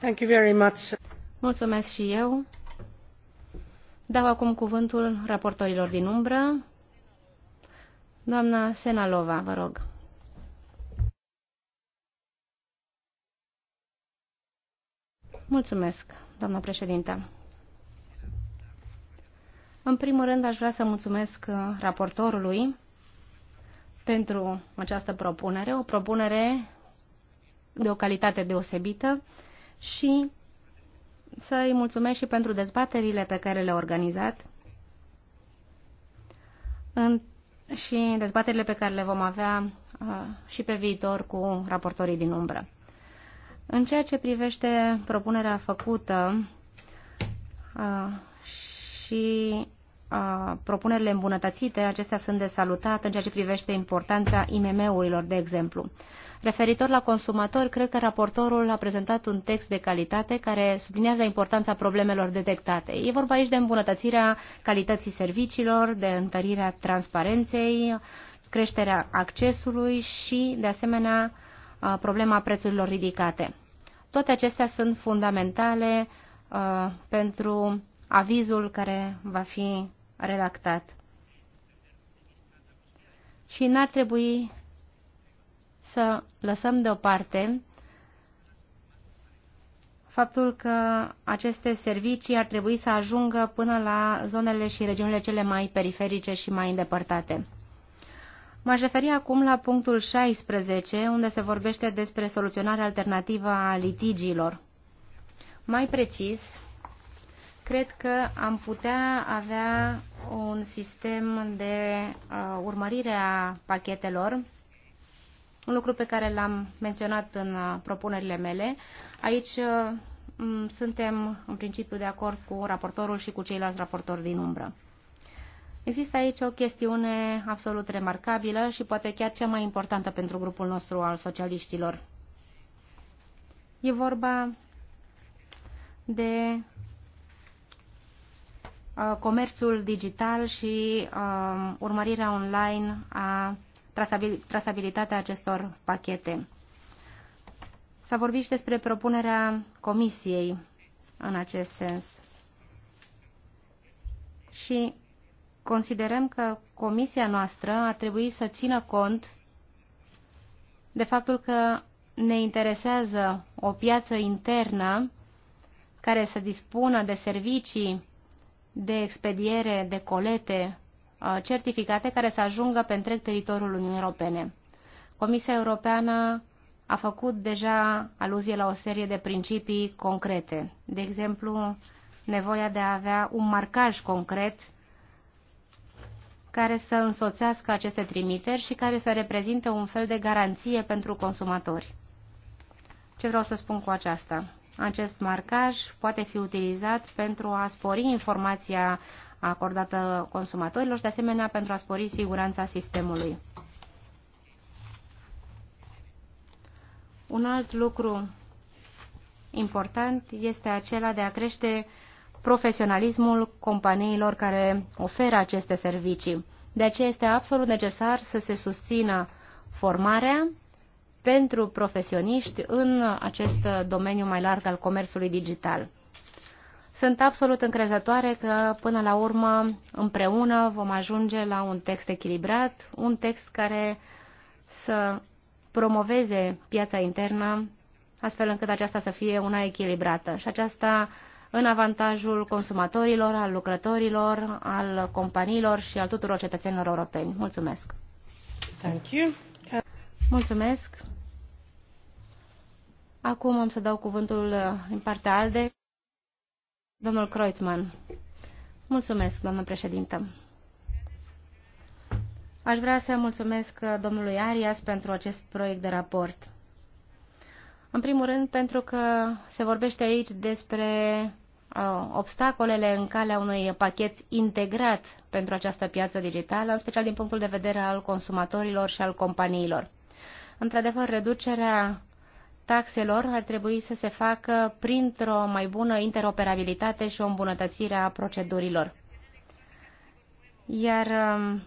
Thank you very much. Mulțumesc și eu. Dau acum cuvântul raportorilor din umbră. Doamna Senalova, vă rog. Mulțumesc, doamna președinte. În primul rând, aș vrea să mulțumesc uh, raportorului pentru această propunere, o propunere de o calitate deosebită și să îi mulțumesc și pentru dezbaterile pe care le-a organizat în, și dezbaterile pe care le vom avea uh, și pe viitor cu raportorii din umbră. În ceea ce privește propunerea făcută uh, și uh, propunerile îmbunătățite, acestea sunt de salutat în ceea ce privește importanța IMM-urilor, de exemplu. Uh, Referitor la consumatori, cred că raportorul a prezentat un text de calitate care sublinează importanța problemelor detectate. E vorba aici de îmbunătățirea calității serviciilor, de întărirea transparenței, creșterea accesului și, de asemenea, problema prețurilor ridicate. Toate acestea sunt fundamentale uh, pentru avizul care va fi redactat. Și n-ar trebui să lăsăm deoparte faptul că aceste servicii ar trebui să ajungă până la zonele și regiunile cele mai periferice și mai îndepărtate. M-aș referi acum la punctul 16, unde se vorbește despre soluționarea alternativă a litigiilor. Mai precis, cred că am putea avea un sistem de uh, urmărire a pachetelor un lucru pe care l-am menționat în uh, propunerile mele. Aici uh, suntem în principiu de acord cu raportorul și cu ceilalți raportori din umbră. Există aici o chestiune absolut remarcabilă și poate chiar cea mai importantă pentru grupul nostru al socialiștilor. E vorba de uh, comerțul digital și urmărirea online a trasabilitatea acestor pachete. S-a vorbit și despre propunerea Comisiei în acest sens. Și considerăm că Comisia noastră ar trebui să țină cont de faptul că ne interesează o piață internă care să dispună de servicii de expediere, de colete Uh, certificate care să ajungă pe întreg teritoriul Uniunii Europene. Comisia Europeană a făcut deja aluzie la o serie de principii concrete. De exemplu, nevoia de a avea un marcaj concret care să însoțească aceste trimiteri și care să reprezinte un fel de garanție pentru consumatori. Ce vreau să spun cu aceasta? Acest marcaj poate fi utilizat pentru a spori informația acordată consumatorilor și de asemenea pentru a spori siguranța sistemului. Un alt lucru important este acela de a crește profesionalismul companiilor care oferă aceste servicii. De aceea este absolut necesar să se susțină formarea pentru profesioniști în acest domeniu mai larg al comerțului digital. Sunt absolut încrezătoare că, până la urmă, împreună vom ajunge la un text echilibrat, un text care să promoveze piața internă, astfel încât aceasta să fie una echilibrată. Și aceasta în avantajul consumatorilor, al lucrătorilor, al companiilor și al tuturor cetățenilor europeni. Mulțumesc! Thank you. Mulțumesc! Acum am să dau cuvântul în partea ALDE. Domnul Kreutzmann. Mulțumesc, doamnă președintă. Aș vrea să mulțumesc domnului Arias pentru acest proiect de raport. În primul rând, pentru că se vorbește aici despre uh, obstacolele în calea unui pachet integrat pentru această piață digitală, în special din punctul de vedere al consumatorilor și al companiilor. Într-adevăr, reducerea taxelor ar trebui să se facă printr-o mai bună interoperabilitate și o îmbunătățire a procedurilor. Iar um,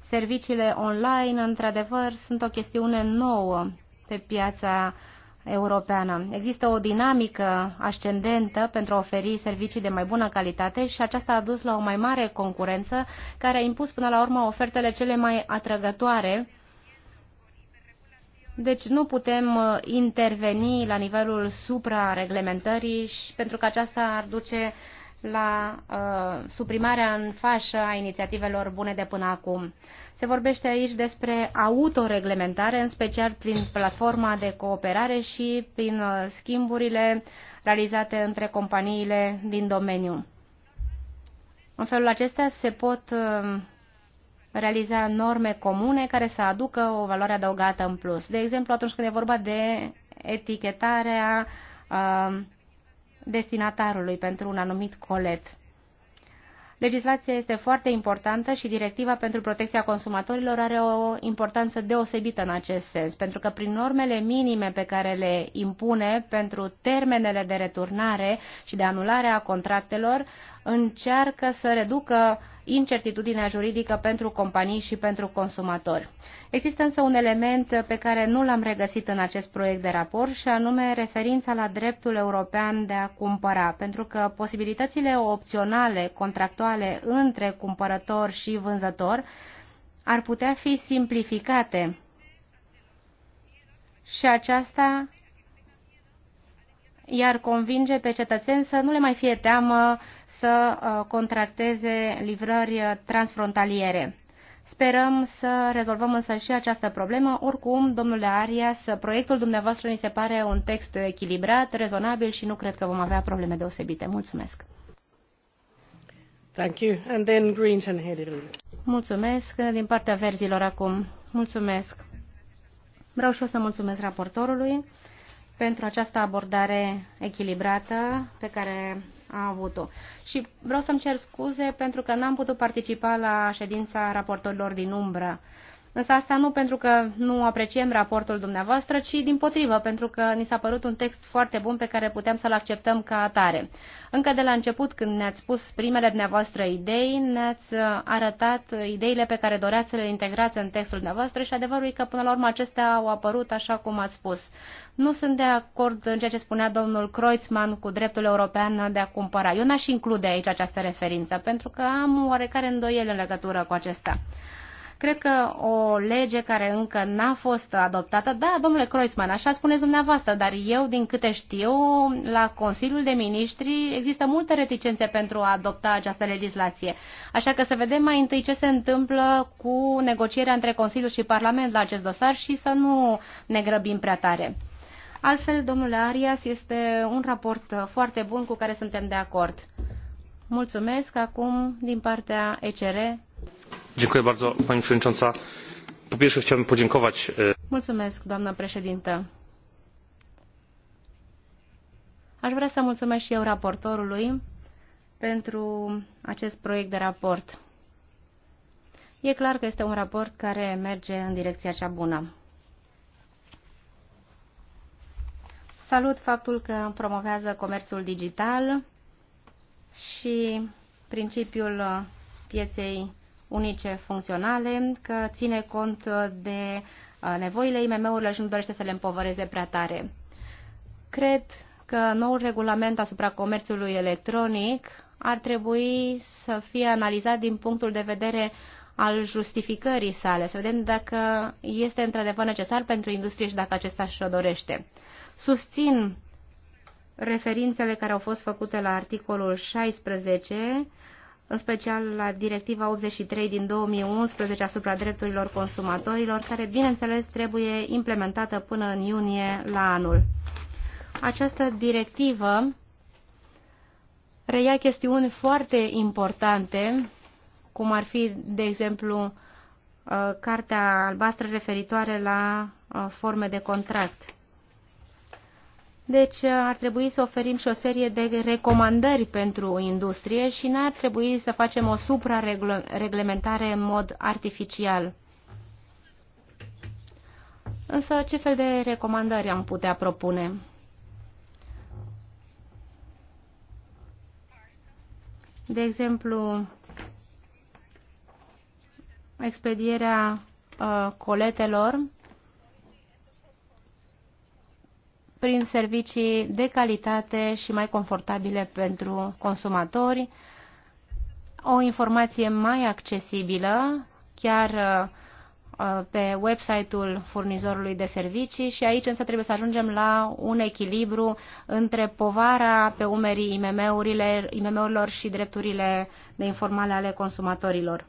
serviciile online, într-adevăr, sunt o chestiune nouă pe piața europeană. Există o dinamică ascendentă pentru a oferi servicii de mai bună calitate și aceasta a dus la o mai mare concurență care a impus până la urmă ofertele cele mai atrăgătoare deci nu putem uh, interveni la nivelul suprareglementării și pentru că aceasta ar duce la uh, suprimarea în fașă a inițiativelor bune de până acum. Se vorbește aici despre autoreglementare, în special prin platforma de cooperare și prin uh, schimburile realizate între companiile din domeniu. În felul acesta se pot uh, realiza norme comune care să aducă o valoare adăugată în plus. De exemplu, atunci când e vorba de etichetarea uh, destinatarului pentru un anumit colet. Legislația este foarte importantă și directiva pentru protecția consumatorilor are o importanță deosebită în acest sens, pentru că prin normele minime pe care le impune pentru termenele de returnare și de anulare a contractelor, încearcă să reducă incertitudinea juridică pentru companii și pentru consumatori. Există însă un element pe care nu l-am regăsit în acest proiect de raport și anume referința la dreptul european de a cumpăra, pentru că posibilitățile opționale contractuale între cumpărător și vânzător ar putea fi simplificate și aceasta iar convinge pe cetățeni să nu le mai fie teamă să uh, contracteze livrări uh, transfrontaliere. Sperăm să rezolvăm însă și această problemă. Oricum, domnule Arias, proiectul dumneavoastră mi se pare un text echilibrat, rezonabil și nu cred că vom avea probleme deosebite. Mulțumesc! Thank you. And then Greens and Hillary. Mulțumesc din partea verzilor acum. Mulțumesc. Vreau și eu să mulțumesc raportorului pentru această abordare echilibrată pe care a avut-o. Și vreau să-mi cer scuze pentru că n-am putut participa la ședința raportorilor din umbră. Însă asta nu pentru că nu apreciem raportul dumneavoastră, ci din potrivă, pentru că ni s-a părut un text foarte bun pe care putem să-l acceptăm ca atare. Încă de la început, când ne-ați spus primele dumneavoastră idei, ne-ați uh, arătat ideile pe care doreați să le integrați în textul dumneavoastră și adevărul e că până la urmă acestea au apărut așa cum ați spus. Nu sunt de acord în ceea ce spunea domnul Kreutzmann cu dreptul european de a cumpăra. Eu n-aș include aici această referință, pentru că am oarecare îndoiel în legătură cu acesta. Cred că o lege care încă n-a fost adoptată, da, domnule Kreuzmann, așa spuneți dumneavoastră, dar eu, din câte știu, la Consiliul de Ministri există multe reticențe pentru a adopta această legislație. Așa că să vedem mai întâi ce se întâmplă cu negocierea între Consiliu și Parlament la acest dosar și să nu ne grăbim prea tare. Altfel, domnule Arias, este un raport foarte bun cu care suntem de acord. Mulțumesc. Acum, din partea ECR, pani przewodnicząca! po pierwsze chciałbym podziękować. aș vrea să mulțumesc și eu raportorului pentru acest proiect de raport. E clar că este un raport care merge în direcția cea bună. Salut faptul că promovează comerțul digital și principiul pieței unice funcționale, că ține cont de uh, nevoile IMM-urilor și nu dorește să le împovăreze prea tare. Cred că noul regulament asupra comerțului electronic ar trebui să fie analizat din punctul de vedere al justificării sale, să vedem dacă este într-adevăr necesar pentru industrie și dacă acesta și-o dorește. Susțin referințele care au fost făcute la articolul 16 în special la Directiva 83 din 2011 asupra drepturilor consumatorilor, care, bineînțeles, trebuie implementată până în iunie la anul. Această directivă reia chestiuni foarte importante, cum ar fi, de exemplu, uh, Cartea albastră referitoare la uh, forme de contract. Deci uh, ar trebui să oferim și o serie de recomandări pentru industrie și nu ar trebui să facem o suprareglementare în mod artificial. Însă ce fel de recomandări am putea propune? De exemplu, expedierea uh, coletelor prin servicii de calitate și mai confortabile pentru consumatori, o informație mai accesibilă, chiar uh, pe website-ul furnizorului de servicii și aici însă trebuie să ajungem la un echilibru între povara pe umerii IMM-urilor IMM și drepturile de informare ale consumatorilor.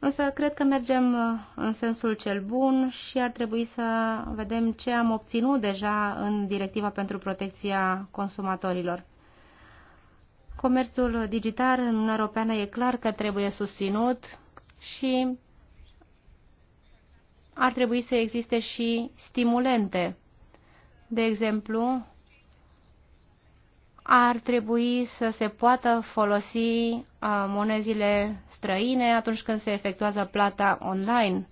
Însă cred că mergem uh, în sensul cel bun și ar trebui să vedem ce am obținut deja în Directiva pentru Protecția Consumatorilor. Comerțul digital în Uniunea Europeană e clar că trebuie susținut și ar trebui să existe și stimulente. De exemplu, ar trebui să se poată folosi uh, monezile străine atunci când se efectuează plata online.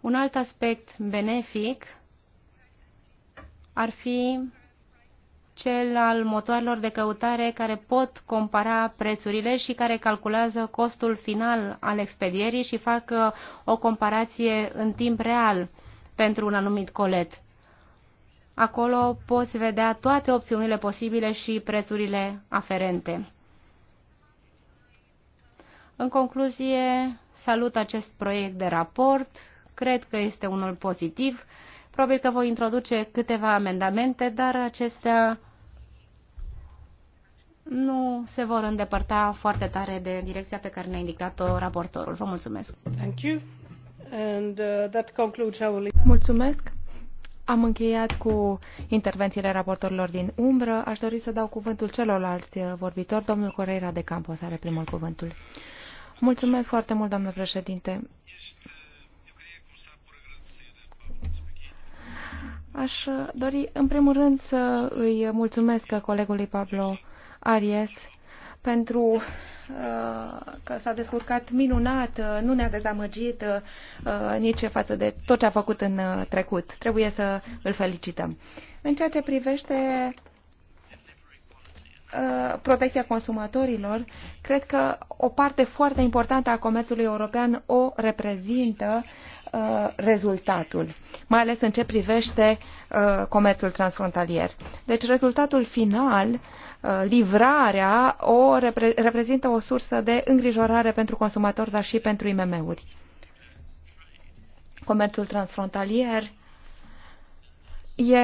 Un alt aspect benefic ar fi cel al motoarelor de căutare care pot compara prețurile și care calculează costul final al expedierii și fac uh, o comparație în timp real pentru un anumit colet. Acolo poți vedea toate opțiunile posibile și prețurile aferente. În concluzie, salut acest proiect de raport. Cred că este unul pozitiv. Probabil că voi introduce câteva amendamente, dar acestea nu se vor îndepărta foarte tare de direcția pe care ne-a indicat-o raportorul. Vă mulțumesc. Thank you. And, uh, that concludes our... Mulțumesc. Am încheiat cu intervențiile raportorilor din umbră. Aș dori să dau cuvântul celorlalți vorbitori. Domnul Correira de Campos are primul cuvântul. Mulțumesc foarte mult, doamnă președinte. Aș dori, în primul rând, să îi mulțumesc colegului Pablo Arias pentru uh, că s-a descurcat minunat, uh, nu ne-a dezamăgit uh, nici față de tot ce a făcut în trecut. Trebuie să îl felicităm. În ceea ce privește protecția consumatorilor, cred că o parte foarte importantă a comerțului european o reprezintă rezultatul, mai ales în ce privește comerțul transfrontalier. Deci rezultatul final Uh, livrarea o repre reprezintă o sursă de îngrijorare pentru consumatori, dar și pentru IMM-uri. Comerțul transfrontalier e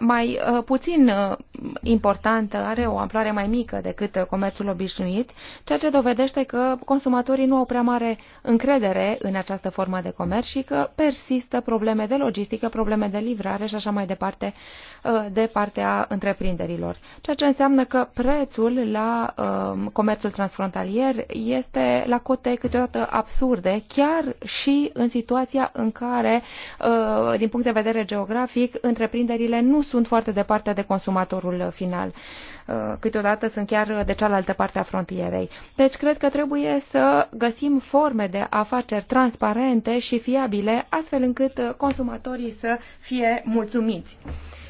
mai uh, puțin uh, importantă, are o amploare mai mică decât uh, comerțul obișnuit, ceea ce dovedește că consumatorii nu au prea mare încredere în această formă de comerț și că persistă probleme de logistică, probleme de livrare și așa mai departe de partea întreprinderilor. Ceea ce înseamnă că prețul la comerțul transfrontalier este la cote câteodată absurde, chiar și în situația în care, din punct de vedere geografic, întreprinderile nu sunt foarte departe de consumatorul final. Uh, câteodată sunt chiar de cealaltă parte a frontierei. Deci cred că trebuie să găsim forme de afaceri transparente și fiabile, astfel încât uh, consumatorii să fie mulțumiți.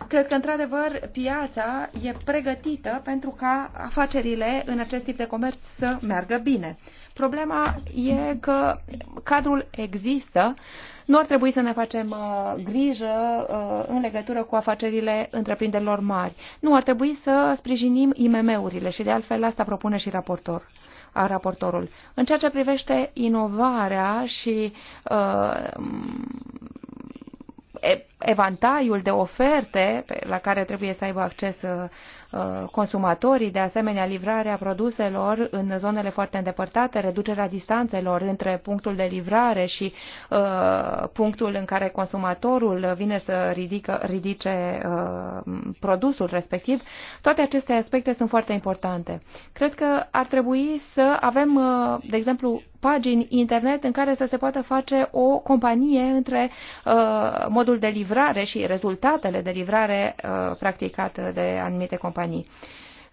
Cred că, într-adevăr, piața e pregătită pentru ca afacerile în acest tip de comerț să meargă bine. Problema e că cadrul există, nu ar trebui să ne facem uh, grijă uh, în legătură cu afacerile întreprinderilor mari. Nu, ar trebui să sprijinim IMM-urile și de altfel asta propune și raportor a raportorul. În ceea ce privește inovarea și uh, evantaiul de oferte la care trebuie să aibă acces uh, Uh, consumatorii, de asemenea livrarea produselor în zonele foarte îndepărtate, reducerea distanțelor între punctul de livrare și uh, punctul în care consumatorul vine să ridică, ridice uh, produsul respectiv, toate aceste aspecte sunt foarte importante. Cred că ar trebui să avem, de exemplu, pagini internet în care să se poată face o companie între uh, modul de livrare și rezultatele de livrare uh, practicate de anumite companii companii.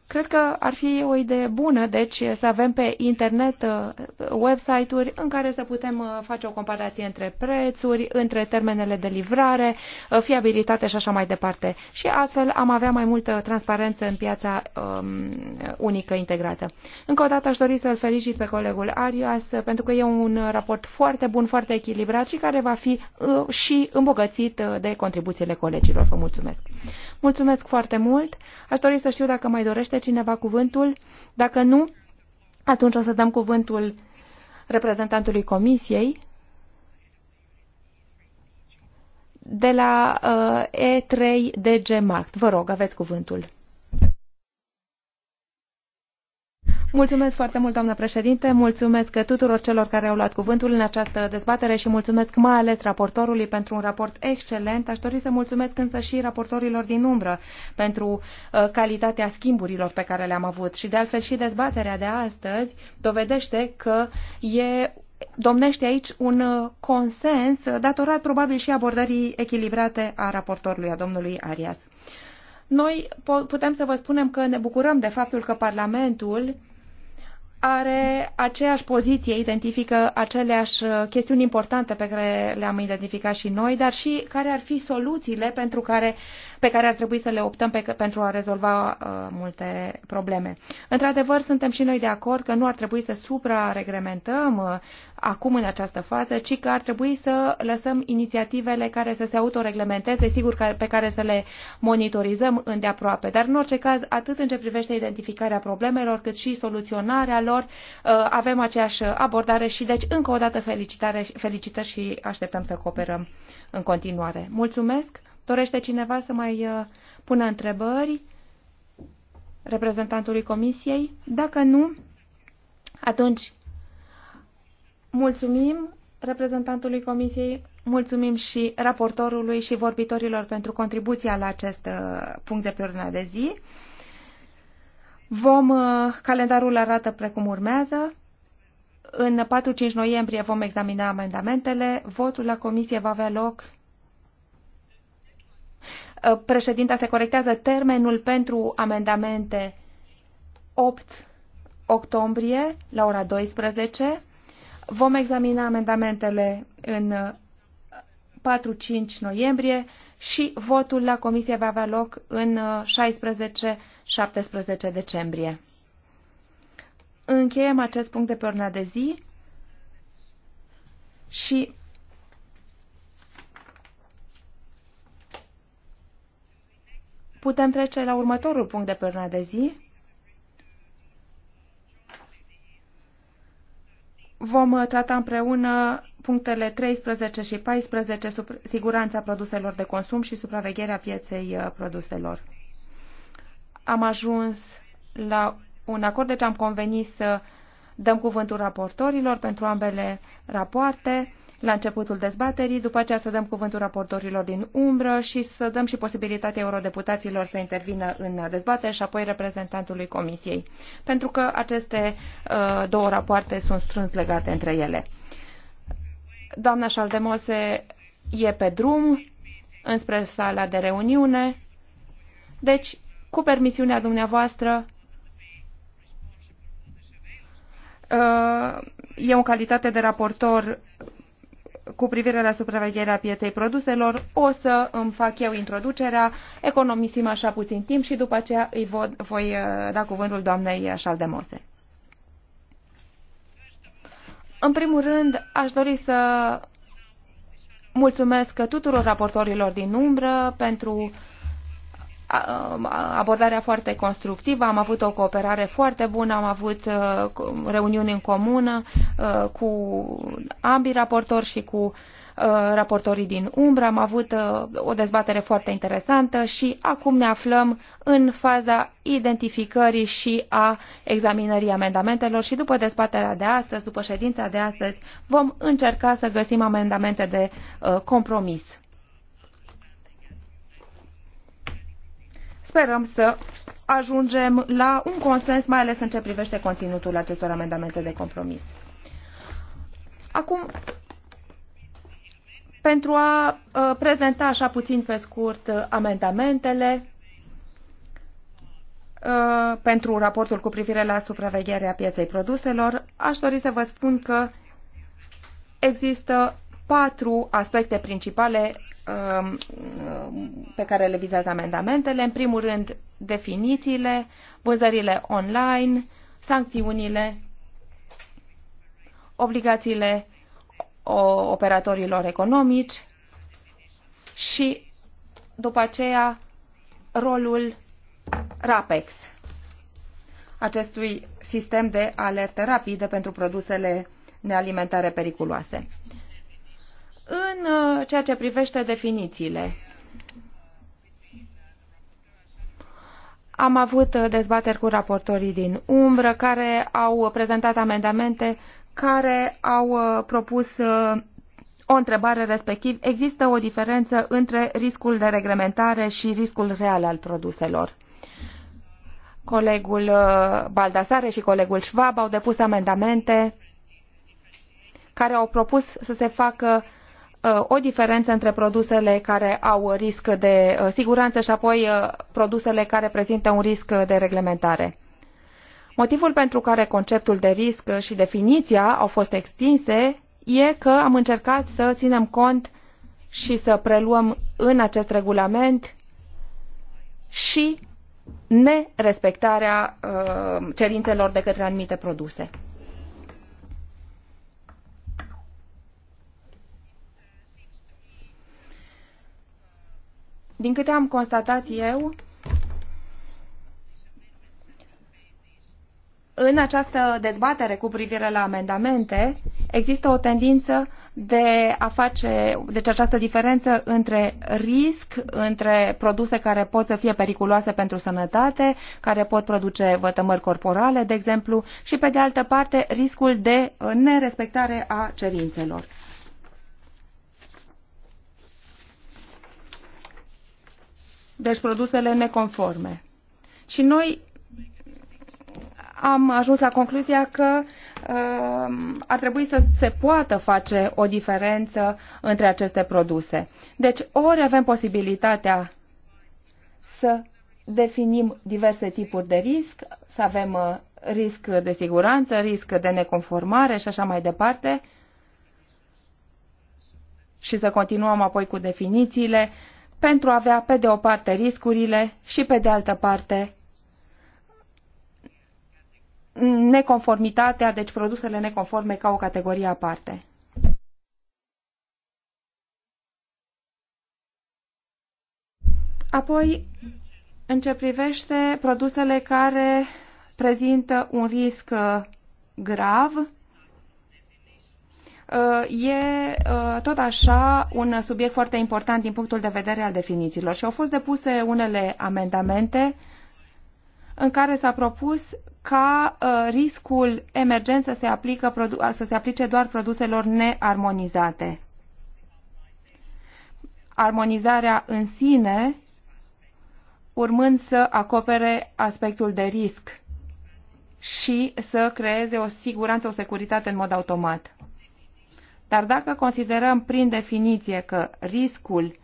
Cred că ar fi o idee bună, deci, să avem pe internet uh, website-uri în care să putem uh, face o comparație între prețuri, între termenele de livrare, uh, fiabilitate și așa mai departe. Și astfel am avea mai multă transparență în piața um, unică integrată. Încă o dată aș dori să-l felicit pe colegul Arias, pentru că e un raport foarte bun, foarte echilibrat și care va fi uh, și îmbogățit de contribuțiile colegilor. Vă mulțumesc! Mulțumesc foarte mult. Aș dori să știu dacă mai dorește cineva cuvântul. Dacă nu, atunci o să dăm cuvântul reprezentantului Comisiei de la uh, E3DG Markt. Vă rog, aveți cuvântul. Mulțumesc foarte mult, doamnă președinte, mulțumesc tuturor celor care au luat cuvântul în această dezbatere și mulțumesc mai ales raportorului pentru un raport excelent. Aș dori să mulțumesc însă și raportorilor din umbră pentru uh, calitatea schimburilor pe care le-am avut și de altfel și dezbaterea de astăzi dovedește că e domnește aici un uh, consens datorat probabil și abordării echilibrate a raportorului, a domnului Arias. Noi putem să vă spunem că ne bucurăm de faptul că Parlamentul are aceeași poziție, identifică aceleași chestiuni importante pe care le-am identificat și noi, dar și care ar fi soluțiile pentru care pe care ar trebui să le optăm pe, pentru a rezolva uh, multe probleme. Într-adevăr, suntem și noi de acord că nu ar trebui să suprareglementăm uh, acum în această fază, ci că ar trebui să lăsăm inițiativele care să se autoreglementeze, sigur pe care să le monitorizăm îndeaproape. Dar, în orice caz, atât în ce privește identificarea problemelor, cât și soluționarea lor, uh, avem aceeași abordare și, deci, încă o dată felicitare, felicitări și așteptăm să cooperăm în continuare. Mulțumesc! Dorește cineva să mai uh, pună întrebări reprezentantului comisiei? Dacă nu, atunci mulțumim reprezentantului comisiei, mulțumim și raportorului și vorbitorilor pentru contribuția la acest uh, punct de pe ordinea de zi. Vom, uh, calendarul arată precum urmează. În 4-5 noiembrie vom examina amendamentele. Votul la comisie va avea loc Uh, președinta se corectează termenul pentru amendamente 8 octombrie la ora 12. Vom examina amendamentele în 4-5 uh, noiembrie și votul la comisie va avea loc în 16-17 uh, decembrie. Încheiem acest punct de pe de zi și Putem trece la următorul punct de până de zi. Vom uh, trata împreună punctele 13 și 14, siguranța produselor de consum și supravegherea pieței uh, produselor. Am ajuns la un acord, deci am convenit să dăm cuvântul raportorilor pentru ambele rapoarte la începutul dezbaterii, după aceea să dăm cuvântul raportorilor din umbră și să dăm și posibilitatea eurodeputaților să intervină în dezbatere și apoi reprezentantului Comisiei, pentru că aceste uh, două rapoarte sunt strâns legate între ele. Doamna Șaldemose e pe drum înspre sala de reuniune, deci, cu permisiunea dumneavoastră, uh, eu în calitate de raportor cu privire la supravegherea pieței produselor, o să îmi fac eu introducerea, economisim așa puțin timp și după aceea îi vod, voi uh, da cuvântul doamnei Șaldemose. În primul rând, aș dori să mulțumesc tuturor raportorilor din umbră pentru abordarea foarte constructivă, am avut o cooperare foarte bună, am avut uh, reuniuni în comună uh, cu ambii raportori și cu uh, raportorii din umbră, am avut o dezbatere foarte interesantă și acum ne aflăm în faza identificării și a examinării amendamentelor și după dezbaterea de astăzi, după ședința de astăzi, vom încerca să găsim amendamente de compromis Sperăm să ajungem la un consens, mai ales în ce privește conținutul acestor amendamente de compromis. Acum, pentru a uh, prezenta așa puțin pe scurt uh, amendamentele uh, pentru raportul cu privire la supravegherea pieței produselor, aș dori să vă spun că există patru aspecte principale Um, pe care le vizează amendamentele. În primul rând, definițiile, vânzările online, sancțiunile, obligațiile operatorilor economici și, după aceea, rolul RAPEX, acestui sistem de alertă rapidă pentru produsele nealimentare periculoase. În uh, ceea ce privește definițiile, am avut uh, dezbateri cu raportorii din umbră care au prezentat amendamente care au uh, propus o întrebare respectiv, există o diferență între riscul de reglementare și riscul real al produselor. Colegul Baldasare și colegul Schwab au depus amendamente care au propus să se facă Uh, o diferență între produsele care au risc de uh, siguranță și apoi uh, produsele care prezintă un risc de reglementare. Motivul pentru care conceptul de risc și definiția au fost extinse e că am încercat să ținem cont și să preluăm în acest regulament și nerespectarea cerințelor de către anumite produse. Din câte am constatat eu, în această dezbatere cu privire la amendamente, există o tendință de a face deci această diferență între risc, între produse care pot să fie periculoase pentru sănătate, care pot produce vătămări corporale, de exemplu, și pe de altă parte riscul de nerespectare a cerințelor. deci produsele neconforme. Și noi am ajuns la concluzia că uh, ar trebui să se poată face o diferență între aceste produse. Deci ori avem posibilitatea să definim diverse tipuri de risc, să avem uh, risc de siguranță, risc de neconformare și așa mai departe, și să continuăm apoi cu definițiile uh, pentru a avea pe de o parte riscurile și pe de altă parte neconformitatea, deci produsele neconforme ca o categorie aparte. Apoi, în ce privește produsele care prezintă un risc uh, grav, Uh, e uh, tot așa un subiect foarte important din punctul de vedere al definițiilor și au fost depuse unele amendamente în care s-a propus ca uh, riscul emergent să se, aplică, să se aplice doar produselor nearmonizate. Armonizarea în sine urmând să acopere aspectul de risc și să creeze o siguranță, o securitate în mod automat. Dar dacă considerăm prin definiție că riscul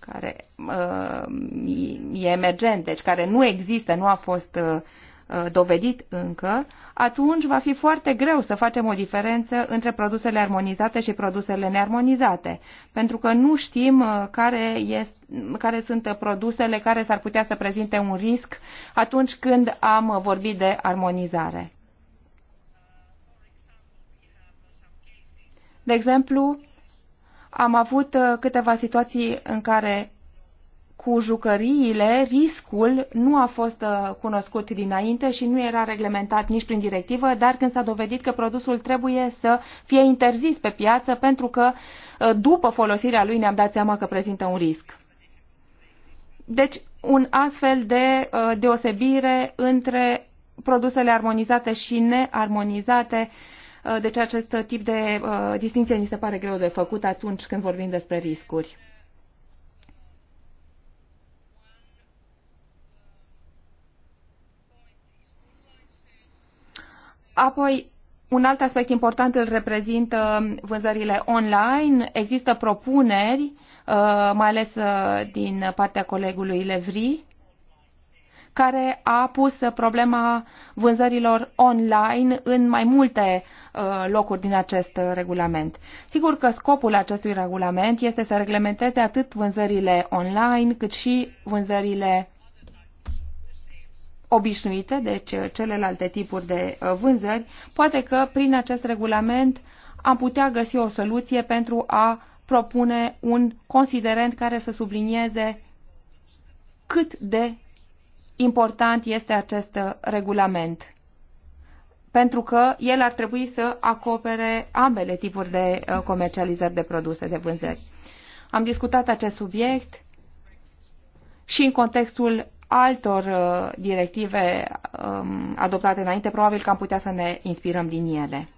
care uh, e emergent, deci care nu există, nu a fost uh, uh, dovedit încă, atunci va fi foarte greu să facem o diferență între produsele armonizate și produsele nearmonizate, pentru că nu știm uh, care, este, care sunt produsele care s-ar putea să prezinte un risc atunci când am vorbit de armonizare. De exemplu, am avut uh, câteva situații în care cu jucăriile riscul nu a fost uh, cunoscut dinainte și nu era reglementat nici prin directivă, dar când s-a dovedit că produsul trebuie să fie interzis pe piață pentru că uh, după folosirea lui ne-am dat seama că prezintă un risc. Deci, un astfel de deosebire între produsele armonizate și nearmonizate uh, Uh, deci acest tip de uh, distinție ni se pare greu de făcut atunci când vorbim despre riscuri. Apoi, un alt aspect important îl reprezintă vânzările online. Există propuneri, uh, mai ales din partea colegului Levri, care a pus problema vânzărilor online în mai multe Uh, locuri din acest uh, regulament. Sigur că scopul acestui regulament este să reglementeze atât vânzările online cât și vânzările obișnuite, deci uh, celelalte tipuri de vânzări. Poate că prin acest regulament am putea găsi o soluție pentru a propune un considerent care să sublinieze cât de important este acest regulament pentru că el ar trebui să acopere ambele tipuri de uh, comercializări de produse, de vânzări. Am discutat acest subiect și în contextul altor uh, directive um, adoptate înainte, probabil că am putea să ne inspirăm din ele.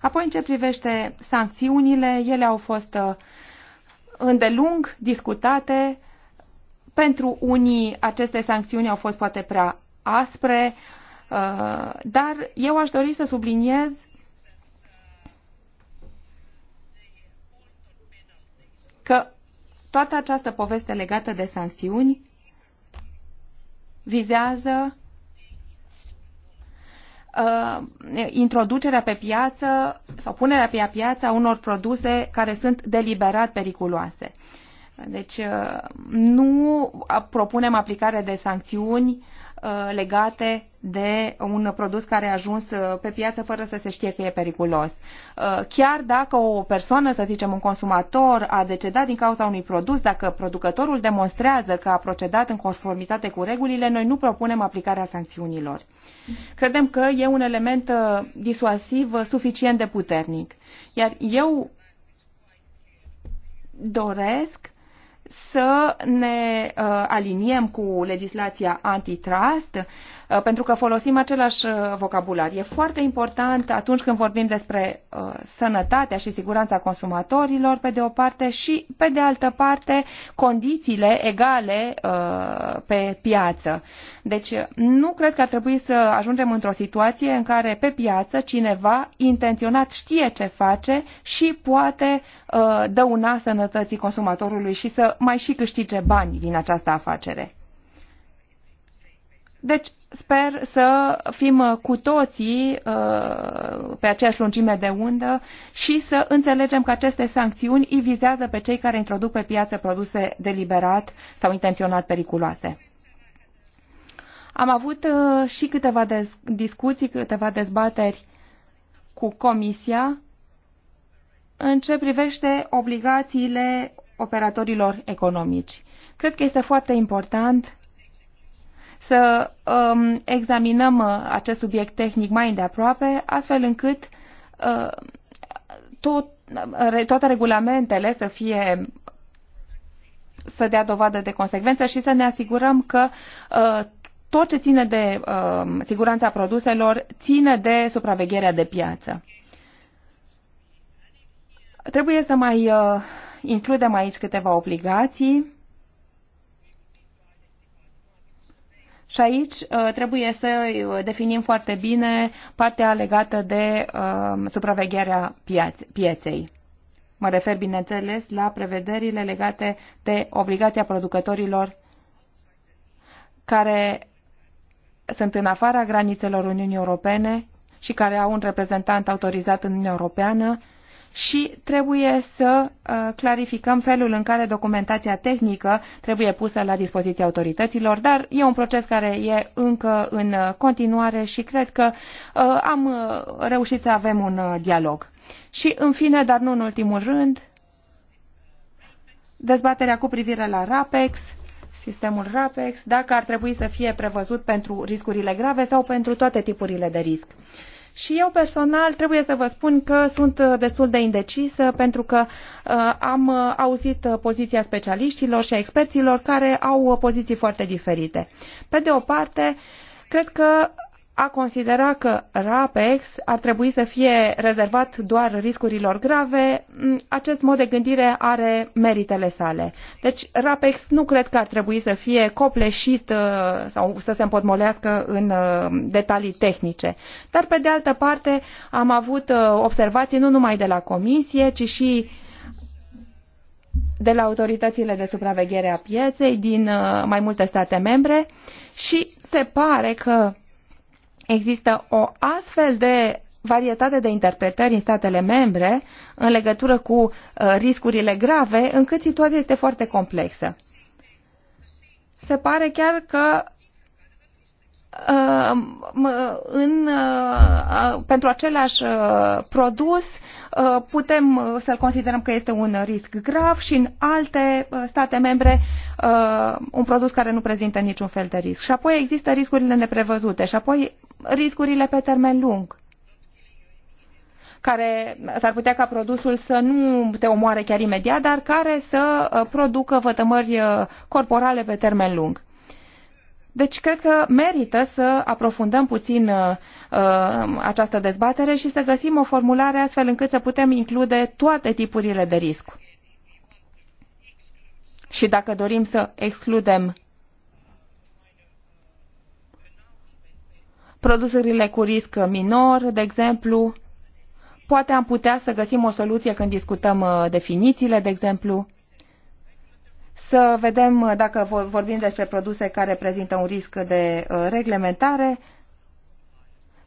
Apoi, în ce privește sancțiunile, ele au fost uh, îndelung discutate. Pentru unii, aceste sancțiuni au fost poate prea aspre, Uh, dar eu aș dori să subliniez că toată această poveste legată de sancțiuni vizează uh, introducerea pe piață sau punerea pe piață a unor produse care sunt deliberat periculoase. Deci uh, nu propunem aplicare de sancțiuni Uh, legate de un produs care a ajuns uh, pe piață fără să se știe că e periculos. Uh, chiar dacă o persoană, să zicem un consumator, a decedat din cauza unui produs, dacă producătorul demonstrează că a procedat în conformitate cu regulile, noi nu propunem aplicarea sancțiunilor. Credem că e un element disuasiv suficient de puternic. Iar eu doresc să ne uh, aliniem cu legislația antitrust, Uh, pentru că folosim același uh, vocabular. E foarte important atunci când vorbim despre uh, sănătatea și siguranța consumatorilor, pe de o parte, și pe de altă parte, condițiile egale pe piață. Deci nu cred că ar trebui să ajungem într-o situație în care pe piață cineva intenționat știe ce face și poate dăuna sănătății consumatorului și să mai și câștige bani din această afacere. Deci sper să fim cu toții uh, pe aceeași lungime de undă și să înțelegem că aceste sancțiuni îi vizează pe cei care introduc pe piață produse deliberat sau intenționat periculoase. Am avut uh, și câteva discuții, câteva dezbateri cu Comisia în ce privește obligațiile operatorilor economici. Cred că este foarte important să um, examinăm uh, acest subiect tehnic mai îndeaproape, astfel încât uh, tot, re, toate regulamentele să fie să dea dovadă de consecvență și să ne asigurăm că uh, tot ce ține de uh, siguranța produselor ține de supravegherea de piață. Trebuie să mai uh, includem aici câteva obligații Și aici uh, trebuie să uh, definim foarte bine partea legată de uh, supravegherea pieței. Mă refer, bineînțeles, la prevederile legate de obligația producătorilor care sunt în afara granițelor Uniunii Europene și care au un reprezentant autorizat în Uniunea Europeană și trebuie să uh, clarificăm felul în care documentația tehnică trebuie pusă la dispoziția autorităților, dar e un proces care e încă în uh, continuare și cred că uh, am reușit să avem un dialog. Și în fine, dar nu în ultimul rând, dezbaterea cu privire la RAPEX, sistemul RAPEX, dacă ar trebui să fie prevăzut pentru riscurile grave sau pentru toate tipurile de risc. Și eu personal trebuie să vă spun că sunt uh, destul de indecisă pentru că uh, am uh, auzit uh, poziția specialiștilor și a experților care au poziții foarte diferite. Pe de o parte, cred că a considera că RAPEX ar trebui să fie rezervat doar riscurilor grave, acest mod de gândire are meritele sale. Deci RAPEX nu cred că ar trebui să fie copleșit uh, sau să se împotmolească în uh, detalii tehnice. Dar pe de altă parte am avut uh, observații nu numai de la Comisie, ci și de la autoritățile de supraveghere a pieței din mai multe state membre și se pare că Există o astfel de varietate de interpretări în statele membre în legătură cu uh, riscurile grave, încât situația este foarte complexă. Se pare chiar că uh, în, uh, pentru același produs putem să-l considerăm că este un risc grav și în alte state membre un produs care nu prezintă niciun fel de risc. Și apoi există riscurile neprevăzute și apoi riscurile pe termen lung care s-ar putea ca produsul să nu te omoare chiar imediat, dar care să uh, producă vătămări uh, corporale pe termen lung. Deci cred că merită să aprofundăm puțin uh, uh, această dezbatere și să găsim o formulare astfel încât să putem include toate tipurile de risc. Și dacă dorim să excludem produsurile cu risc minor, de exemplu. Poate am putea să găsim o soluție când discutăm uh, definițiile, de exemplu. Să vedem uh, dacă vorbim despre produse care prezintă un risc de uh, reglementare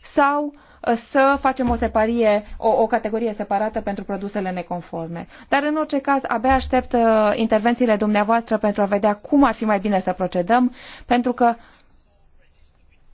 sau să facem o, separie, o, o categorie separată pentru produsele neconforme. Dar în orice caz, abia aștept intervențiile dumneavoastră pentru a vedea cum ar fi mai bine să procedăm, pentru că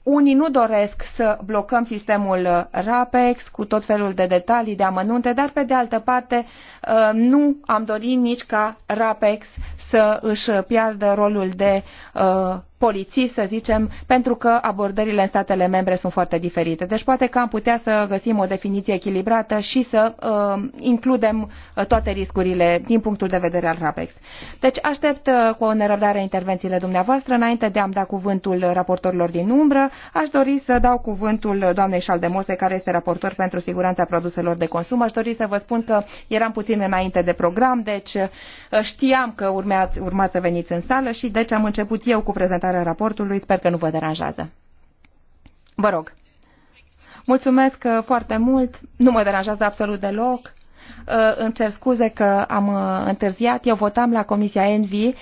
unii nu doresc să blocăm sistemul uh, RAPEX cu tot felul de detalii, de amănunte, dar pe de altă parte uh, nu am dorit nici ca RAPEX să își piardă rolul de uh, poliții, să zicem, pentru că abordările în statele membre sunt foarte diferite. Deci poate că am putea să găsim o definiție echilibrată și să uh, includem uh, toate riscurile din punctul de vedere al RAPEX. Deci aștept uh, cu o nerăbdare intervențiile dumneavoastră. Înainte de a-mi da cuvântul raportorilor din umbră, aș dori să dau cuvântul doamnei Șaldemose, care este raportor pentru siguranța produselor de consum. Aș dori să vă spun că eram puțin înainte de program, deci uh, știam că urmeați, urmați să veniți în sală și deci am început eu cu prezentarea prezentarea raportului. Sper că nu vă deranjează. Vă rog. Mulțumesc uh, foarte mult. Nu mă deranjează absolut deloc. Uh, îmi cer scuze că am uh, întârziat. Eu votam la Comisia Envi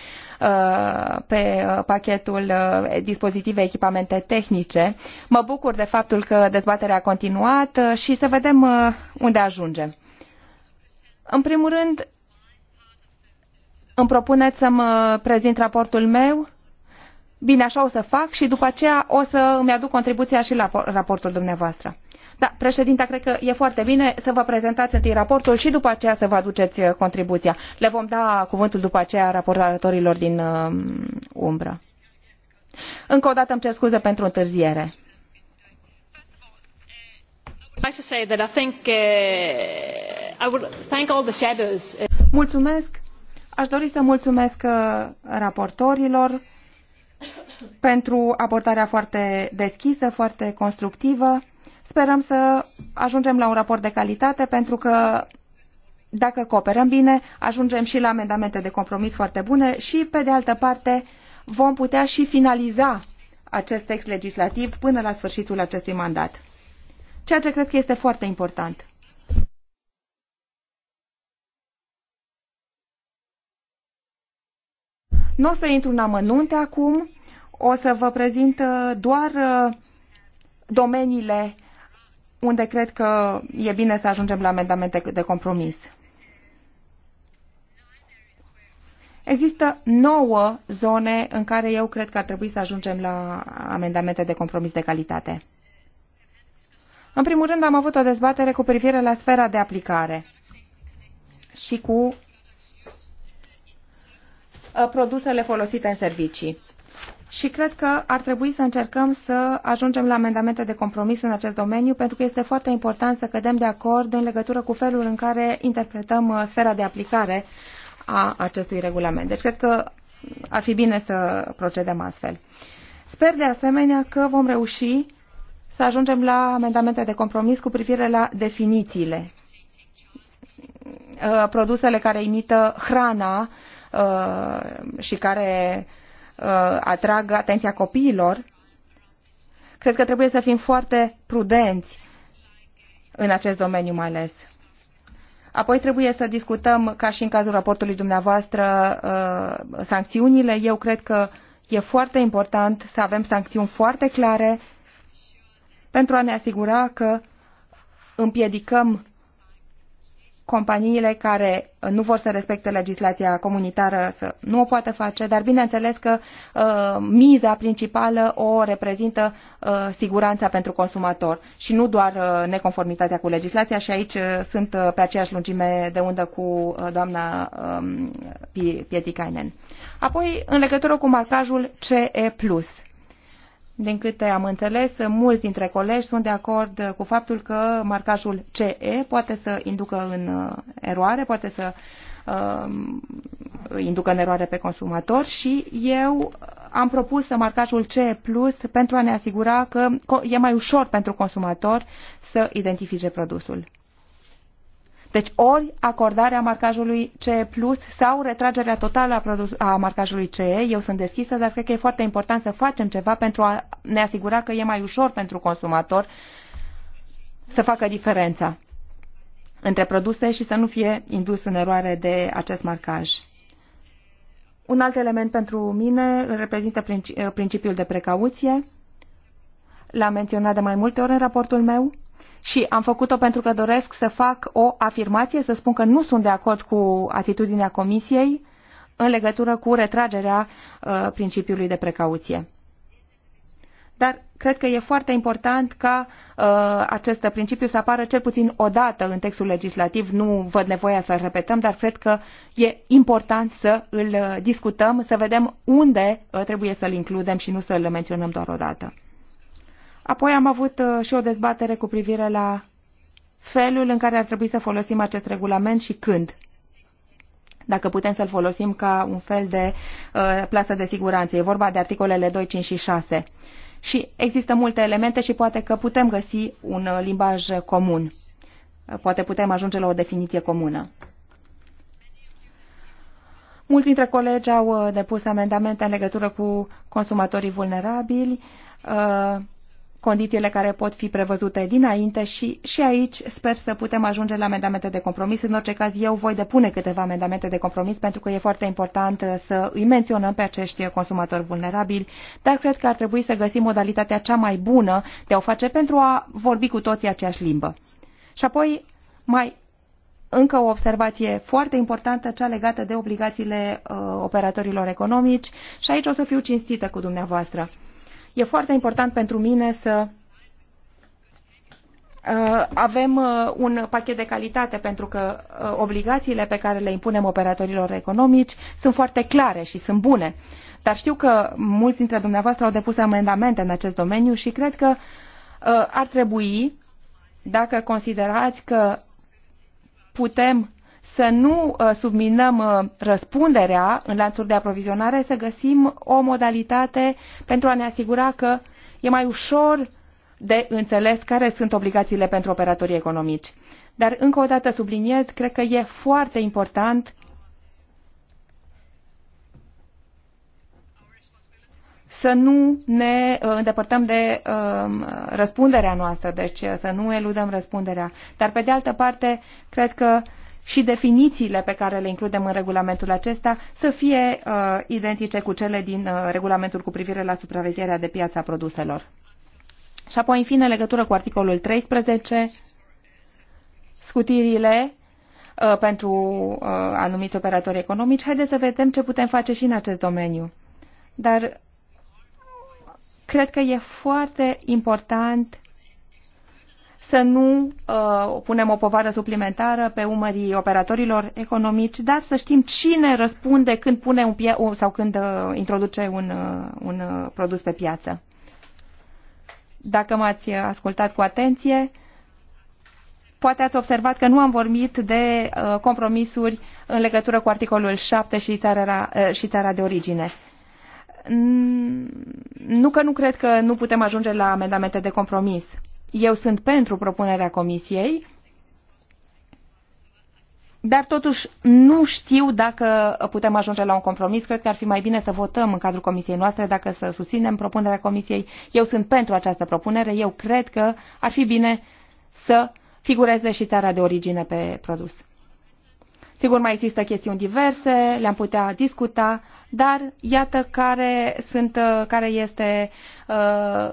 pe pachetul dispozitive echipamente tehnice. Mă bucur de faptul că dezbaterea a continuat și să vedem unde ajungem. În primul rând, îmi propuneți să-mi prezint raportul meu? Bine, așa o să fac și după aceea o să îmi aduc contribuția și la raportul dumneavoastră. Da, președinta, cred că e foarte bine să vă prezentați întâi raportul și după aceea să vă aduceți uh, contribuția. Le vom da cuvântul după aceea raportatorilor din uh, umbră. Încă o dată îmi cer scuze pentru întârziere. Uh, mulțumesc. Aș dori să mulțumesc uh, raportorilor pentru abordarea foarte deschisă, foarte constructivă. Sperăm să ajungem la un raport de calitate pentru că dacă cooperăm bine, ajungem și la amendamente de compromis foarte bune și, pe de altă parte, vom putea și finaliza acest text legislativ până la sfârșitul acestui mandat. Ceea ce cred că este foarte important. Nu o să intru în amănunte acum, o să vă prezint uh, doar uh, domeniile unde cred că e bine să ajungem la amendamente de compromis. Există nouă zone în care eu cred că ar trebui să ajungem la amendamente de compromis de calitate. În primul rând, am avut o dezbatere cu privire la sfera de aplicare și cu Uh, produsele folosite în servicii. Și cred că ar trebui să încercăm să ajungem la amendamente de compromis în acest domeniu, pentru că este foarte important să cădem de acord în legătură cu felul în care interpretăm uh, sfera de aplicare a acestui regulament. Deci cred că ar fi bine să procedăm astfel. Sper de asemenea că vom reuși să ajungem la amendamente de compromis cu privire la definițiile. Uh, produsele care imită hrana Uh, și care uh, atrag atenția copiilor, cred că trebuie să fim foarte prudenți în acest domeniu mai ales. Apoi trebuie să discutăm, ca și în cazul raportului dumneavoastră, uh, sancțiunile. Eu cred că e foarte important să avem sancțiuni foarte clare pentru a ne asigura că împiedicăm companiile care uh, nu vor să respecte legislația comunitară să nu o poată face, dar bineînțeles că uh, miza principală o reprezintă uh, siguranța pentru consumator și nu doar uh, neconformitatea cu legislația și aici uh, sunt uh, pe aceeași lungime de undă cu uh, doamna uh, Pietikainen. Apoi, în legătură cu marcajul CE+, din câte am înțeles, mulți dintre colegi sunt de acord cu faptul că marcajul CE poate să inducă în uh, eroare, poate să uh, inducă în eroare pe consumator și eu am propus marcajul CE Plus pentru a ne asigura că e mai ușor pentru consumator să identifice produsul. Deci ori acordarea marcajului CE+, sau retragerea totală a, produs, a marcajului CE. Eu sunt deschisă, dar cred că e foarte important să facem ceva pentru a ne asigura că e mai ușor pentru consumator să facă diferența între produse și să nu fie indus în eroare de acest marcaj. Un alt element pentru mine îl reprezintă principiul de precauție. L-am menționat de mai multe ori în raportul meu și am făcut-o pentru că doresc să fac o afirmație, să spun că nu sunt de acord cu atitudinea Comisiei în legătură cu retragerea uh, principiului de precauție. Dar cred că e foarte important ca uh, acest principiu să apară cel puțin o dată în textul legislativ. Nu văd nevoia să-l repetăm, dar cred că e important să îl uh, discutăm, să vedem unde uh, trebuie să-l includem și nu să-l menționăm doar o dată. Apoi am avut uh, și o dezbatere cu privire la felul în care ar trebui să folosim acest regulament și când. Dacă putem să-l folosim ca un fel de uh, plasă de siguranță. E vorba de articolele 2, 5 și 6. Și există multe elemente și poate că putem găsi un uh, limbaj comun. Uh, poate putem ajunge la o definiție comună. Mulți dintre colegi au depus amendamente în legătură cu consumatorii vulnerabili condițiile care pot fi prevăzute dinainte și, și aici sper să putem ajunge la amendamente de compromis. În orice caz, eu voi depune câteva amendamente de compromis pentru că e foarte important uh, să îi menționăm pe acești consumatori vulnerabili, dar cred că ar trebui să găsim modalitatea cea mai bună de a o face pentru a vorbi cu toții aceeași limbă. Și apoi, mai încă o observație foarte importantă, cea legată de obligațiile uh, operatorilor economici și aici o să fiu cinstită cu dumneavoastră. E foarte important pentru mine să uh, avem uh, un pachet de calitate pentru că uh, obligațiile pe care le impunem operatorilor economici sunt foarte clare și sunt bune. Dar știu că mulți dintre dumneavoastră au depus amendamente în acest domeniu și cred că ar trebui, dacă considerați că putem să nu uh, subminăm uh, răspunderea în lanțuri de aprovizionare, să găsim o modalitate pentru a ne asigura că e mai ușor de înțeles care sunt obligațiile pentru operatorii economici. Dar încă o dată subliniez, cred că e foarte important să nu ne uh, îndepărtăm de um, răspunderea noastră, deci să nu eludăm răspunderea. Dar, pe de altă parte, cred că și definițiile pe care le includem în regulamentul acesta să fie uh, identice cu cele din uh, regulamentul cu privire la supravegherea de piața produselor. Și apoi, în fine, legătură cu articolul 13, scutirile uh, pentru uh, anumiți operatori economici, haideți să vedem ce putem face și în acest domeniu. Dar cred că e foarte important să nu uh, punem o povară suplimentară pe umării operatorilor economici, dar să știm cine răspunde când pune un pie- sau când uh, introduce un, uh, un uh, produs pe piață. Dacă m-ați ascultat cu atenție, poate ați observat că nu am vorbit de uh, compromisuri în legătură cu articolul 7 și țara, uh, și țara de origine nu că nu cred că nu putem ajunge la amendamente de compromis eu sunt pentru propunerea comisiei, dar totuși nu știu dacă putem ajunge la un compromis. Cred că ar fi mai bine să votăm în cadrul comisiei noastre dacă să susținem propunerea comisiei. Eu sunt pentru această propunere. Eu cred că ar fi bine să figureze și țara de origine pe produs. Sigur, mai există chestiuni diverse, le-am putea discuta, dar iată care, sunt, care este uh,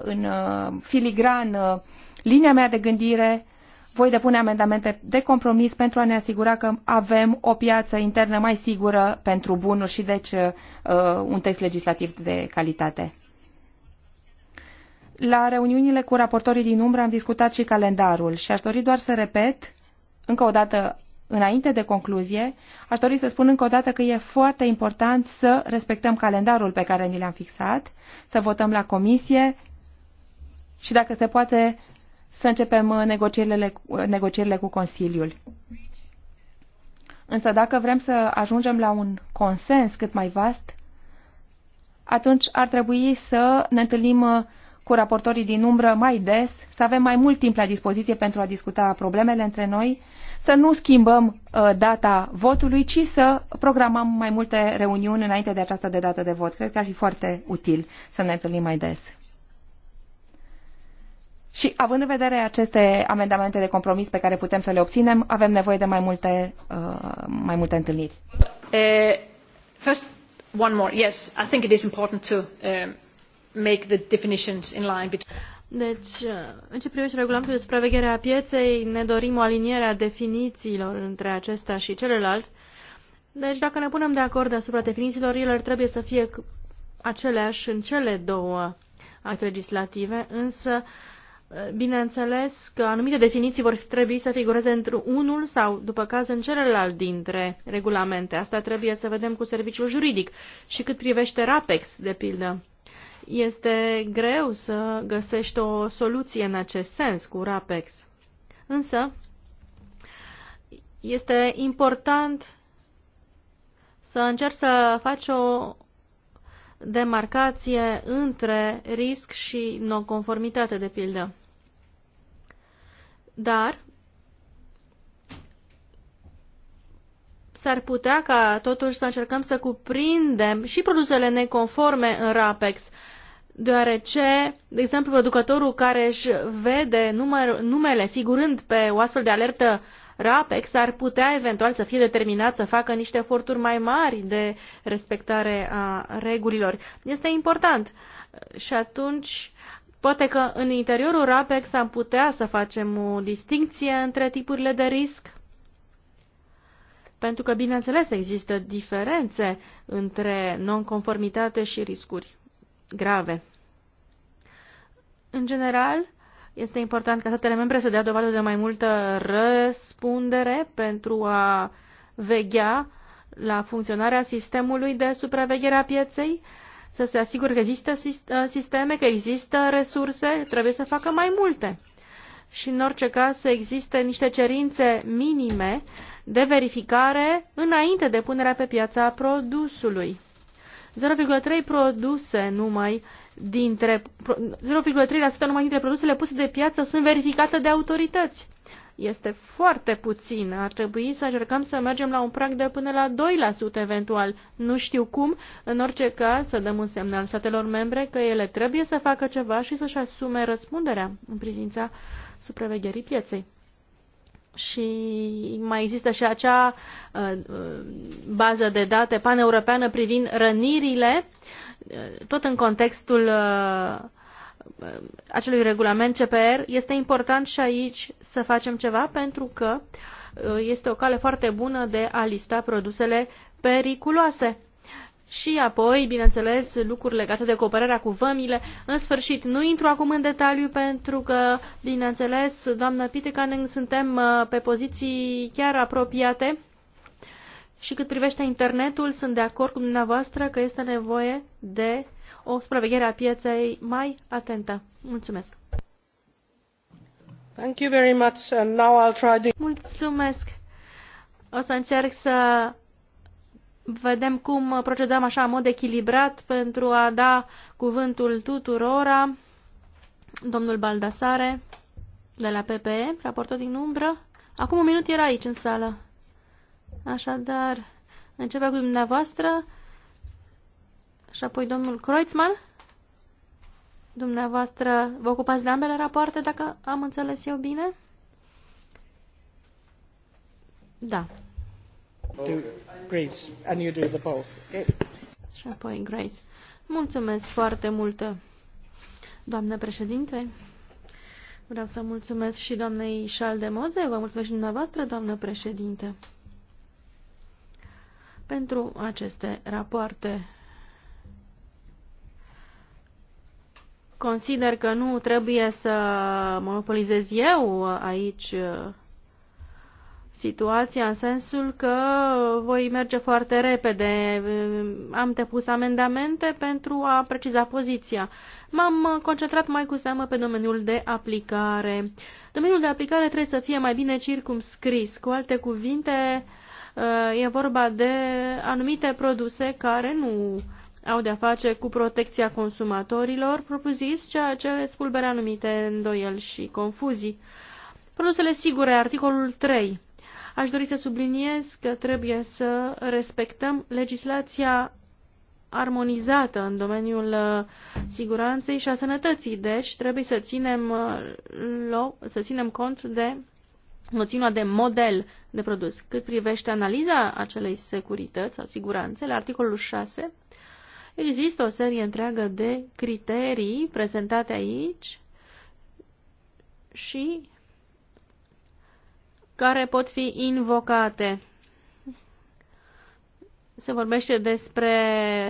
în uh, filigran uh, linia mea de gândire. Voi depune amendamente de compromis pentru a ne asigura că avem o piață internă mai sigură pentru bunuri și deci uh, un text legislativ de calitate. La reuniunile cu raportorii din umbră am discutat și calendarul și aș dori doar să repet, încă o dată Înainte de concluzie, aș dori să spun încă o dată că e foarte important să respectăm calendarul pe care ni l-am fixat, să votăm la comisie și, dacă se poate, să începem uh, negocierile, uh, negocierile cu Consiliul. Însă dacă vrem să ajungem la un consens cât mai vast, atunci ar trebui să ne întâlnim uh, cu raportorii din umbră mai des, să avem mai mult timp la dispoziție pentru a discuta problemele între noi, să nu schimbăm data votului, ci să programăm mai multe reuniuni înainte de această de dată de vot. Cred că ar fi foarte util să ne întâlnim mai des. Și având în vedere aceste amendamente de compromis pe care putem să le obținem, avem nevoie de mai multe, uh, mai multe întâlniri. Uh, first, one more. Yes, I think it is important to uh, make the definitions in line between... Deci, uh, în ce privește regulamentul de supraveghere a pieței, ne dorim o aliniere a definițiilor între acesta și celălalt. Deci, dacă ne punem de acord asupra definițiilor, ele trebuie să fie aceleași în cele două acte legislative, însă uh, Bineînțeles că anumite definiții vor trebui să figureze într-unul sau, după caz, în celălalt dintre regulamente. Asta trebuie să vedem cu serviciul juridic și cât privește RAPEX, de pildă. Este greu să găsești o soluție în acest sens cu RAPEX. Însă, este important să încerci să faci o demarcație între risc și nonconformitate, de pildă dar s-ar putea ca totuși să încercăm să cuprindem și produsele neconforme în RAPEX, deoarece, de exemplu, producătorul care își vede numer, numele figurând pe o astfel de alertă RAPEX ar putea eventual să fie determinat să facă niște eforturi mai mari de respectare a regulilor. Este important. Și atunci Poate că în interiorul RAPEX am putea să facem o distinție între tipurile de risc, pentru că, bineînțeles, există diferențe între nonconformitate și riscuri grave. În general, este important ca statele membre să dea dovadă de mai multă răspundere pentru a veghea la funcționarea sistemului de supraveghere a pieței, să se asigure că există uh, sisteme, că există resurse, trebuie să facă mai multe. Și în orice caz să existe niște cerințe minime de verificare înainte de punerea pe piața produsului. 0,3 produse numai dintre 0,3% numai dintre produsele puse de piață sunt verificate de autorități este foarte puțin. Ar trebui să încercăm să mergem la un prag de până la 2% eventual. Nu știu cum, în orice caz, să dăm un semnal statelor membre că ele trebuie să facă ceva și să-și asume răspunderea în privința supravegherii pieței. Și mai există și acea uh, uh bază de date paneuropeană privind rănirile, uh, tot în contextul uh, acelui regulament CPR, este important și aici să facem ceva pentru că uh, este o cale foarte bună de a lista produsele periculoase. Și apoi, bineînțeles, lucruri legate de cooperarea cu vămile. În sfârșit, nu intru acum în detaliu pentru că, bineînțeles, doamnă Pitecanen, suntem uh, pe poziții chiar apropiate. Și cât privește internetul, sunt de acord cu dumneavoastră că este nevoie de o supraveghere a pieței mai atentă. Mulțumesc! Thank you very much and now I'll try to... Mulțumesc! O să încerc să vedem cum procedăm așa în mod echilibrat pentru a da cuvântul tuturora. Domnul Baldasare de la PPE, raportor din umbră. Acum un minut era aici în sală. Așadar, începem cu dumneavoastră și apoi domnul Kreutzmann, dumneavoastră vă ocupați de ambele rapoarte, dacă am înțeles eu bine? Da. Do Grace, and you do the both. Și apoi Grace. Mulțumesc foarte mult, doamnă președinte. Vreau să mulțumesc și doamnei Moze, vă mulțumesc și dumneavoastră, doamnă președinte, pentru aceste rapoarte Consider că nu trebuie să monopolizez eu aici uh, situația în sensul că voi merge foarte repede. Uh, am depus amendamente pentru a preciza poziția. M-am concentrat mai cu seamă pe domeniul de aplicare. Domeniul de aplicare trebuie să fie mai bine circumscris. Cu alte cuvinte, uh, e vorba de anumite produse care nu au de-a face cu protecția consumatorilor, propriu-zis, ceea ce sculbere anumite îndoieli și confuzii. Produsele sigure, articolul 3. Aș dori să subliniez că trebuie să respectăm legislația armonizată în domeniul uh, siguranței și a sănătății, deci trebuie să ținem, uh, să ținem cont de noțiunea de model de produs. Cât privește analiza acelei securități sau siguranțe, la articolul 6, Există o serie întreagă de criterii prezentate aici și care pot fi invocate. Se vorbește despre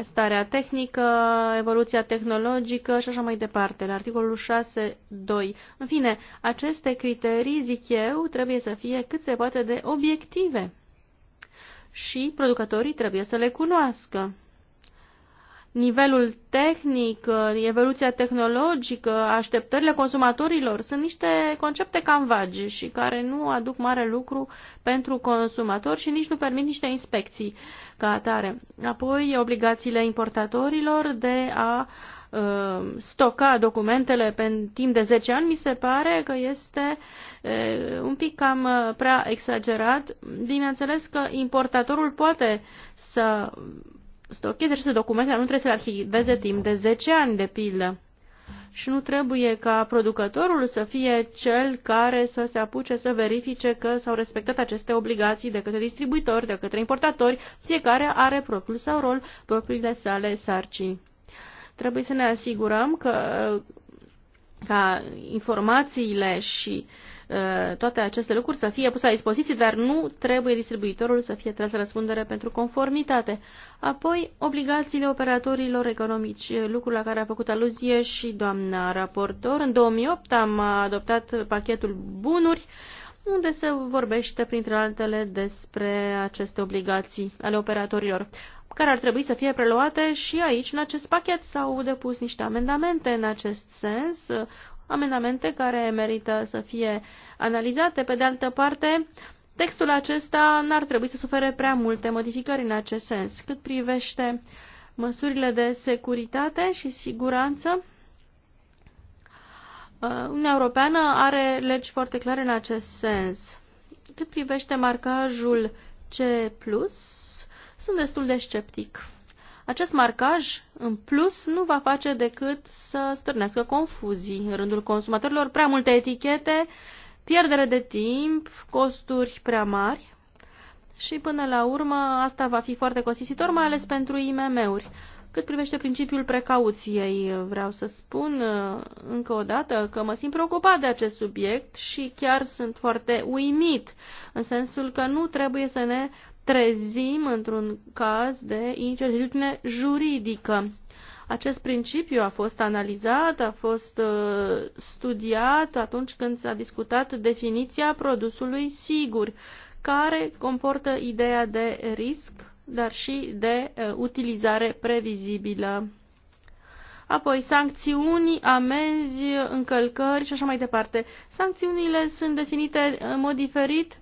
starea tehnică, evoluția tehnologică și așa mai departe, la articolul 6.2. În fine, aceste criterii, zic eu, trebuie să fie cât se poate de obiective și producătorii trebuie să le cunoască nivelul tehnic, uh, evoluția tehnologică, așteptările consumatorilor, sunt niște concepte cam vagi și care nu aduc mare lucru pentru consumator și nici nu permit niște inspecții ca atare. Apoi, obligațiile importatorilor de a uh, stoca documentele pe timp de 10 ani, mi se pare că este uh, un pic cam prea exagerat. Bineînțeles că importatorul poate să stocheze aceste documente, dar nu trebuie să le arhiveze timp de 10 ani, de pildă. Și nu trebuie ca producătorul să fie cel care să se apuce să verifice că s-au respectat aceste obligații de către distribuitori, de către importatori. Fiecare are propriul său rol, propriile sale sarcini. Trebuie să ne asigurăm că ca informațiile și uh, Uh, toate aceste lucruri să fie puse la dispoziție, dar nu trebuie distribuitorul să fie tras răspundere pentru conformitate. Apoi, obligațiile operatorilor economici, lucru la care a făcut aluzie și doamna raportor. În 2008 am adoptat pachetul bunuri, unde se vorbește, printre altele, despre aceste obligații ale operatorilor care ar trebui să fie preluate și aici, în acest pachet. S-au depus niște amendamente în acest sens, amendamente care merită să fie analizate. Pe de altă parte, textul acesta n-ar trebui să sufere prea multe modificări în acest sens. Cât privește măsurile de securitate și siguranță, uh, Uniunea Europeană are legi foarte clare în acest sens. Cât privește marcajul C+, sunt destul de sceptic. Acest marcaj, în plus, nu va face decât să stârnească confuzii în rândul consumatorilor, prea multe etichete, pierdere de timp, costuri prea mari și, până la urmă, asta va fi foarte costisitor, mai ales pentru IMM-uri. Cât privește principiul precauției, vreau să spun uh, încă o dată că mă simt preocupat de acest subiect și chiar sunt foarte uimit, în sensul că nu trebuie să ne trezim într-un caz de incertitudine juridică. Acest principiu a fost analizat, a fost uh, studiat atunci când s-a discutat definiția produsului sigur, care comportă ideea de risc, dar și de uh, utilizare previzibilă. Apoi, sancțiuni, amenzi, încălcări și așa mai departe. Sancțiunile sunt definite în mod diferit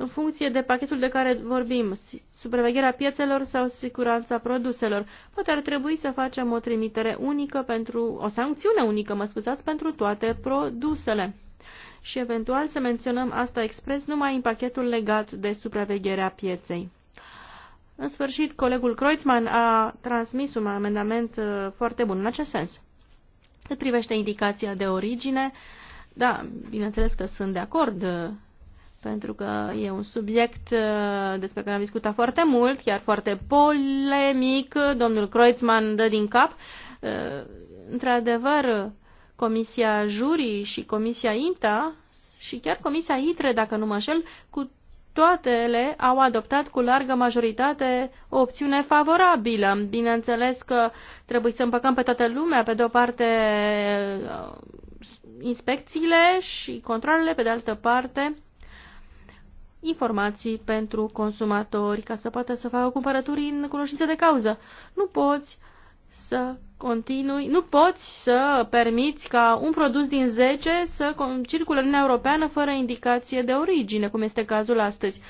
în funcție de pachetul de care vorbim, supravegherea piețelor sau siguranța produselor. Poate ar trebui să facem o trimitere unică pentru, o sancțiune unică, mă scuzați, pentru toate produsele. Și eventual să menționăm asta expres numai în pachetul legat de supravegherea pieței. În sfârșit, colegul Kreutzmann a transmis un amendament uh, foarte bun în acest sens. Cât privește indicația de origine, da, bineînțeles că sunt de acord uh, pentru că e un subiect uh, despre care am discutat foarte mult, chiar foarte polemic. Domnul Kreutzmann dă din cap. Uh, într-adevăr, Comisia Jurii și Comisia INTA și chiar Comisia ITRE, dacă nu mă șel, cu toate ele au adoptat cu largă majoritate o opțiune favorabilă. Bineînțeles că trebuie să împăcăm pe toată lumea, pe de o parte uh, inspecțiile și controlele, pe de altă parte informații pentru consumatori ca să poată să facă cumpărături în cunoștință de cauză. Nu poți să continui, nu poți să permiți ca un produs din 10 să circule în Uniunea Europeană fără indicație de origine, cum este cazul astăzi.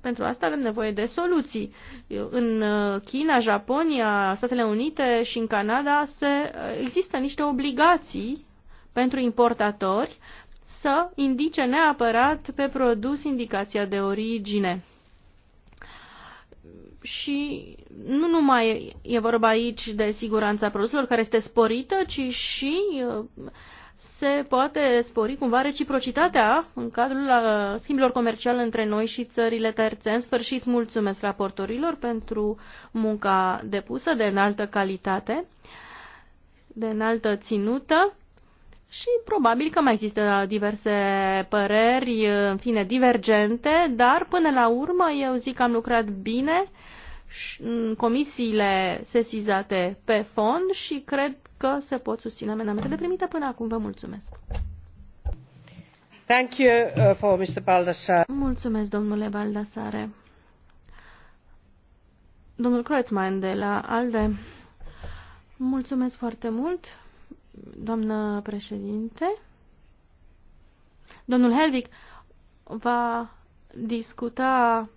Pentru asta avem nevoie de soluții. În uh, China, Japonia, Statele Unite și în Canada se, uh, există niște obligații pentru importatori să indice neapărat pe produs indicația de origine. Și nu numai e vorba aici de siguranța produselor care este sporită, ci și uh, se poate spori cumva reciprocitatea în cadrul uh, schimbilor comerciale între noi și țările terțe. În sfârșit, mulțumesc raportorilor pentru munca depusă de înaltă calitate, de înaltă ținută și probabil că mai există diverse păreri, în fine, divergente, dar până la urmă eu zic că am lucrat bine în mm, comisiile sesizate pe fond și cred că se pot susține amendamentele primite până acum. Vă mulțumesc! Thank you uh, for Mr. Baldassare. Mulțumesc, domnule Baldassare. Domnul Kreutzmann de la ALDE, mulțumesc foarte mult. Doamnă președinte, domnul Helvig va discuta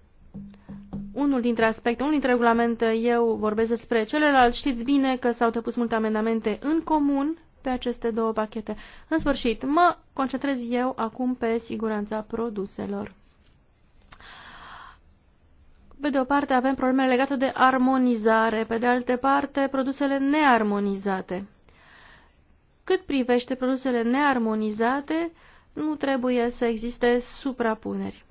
unul dintre aspecte, unul dintre regulamente, eu vorbesc despre celălalt. Știți bine că s-au depus multe amendamente în comun pe aceste două pachete. În sfârșit, mă concentrez eu acum pe siguranța produselor. Pe de o parte avem probleme legate de armonizare, pe de altă parte produsele nearmonizate. Cât privește produsele nearmonizate, nu trebuie să existe suprapuneri.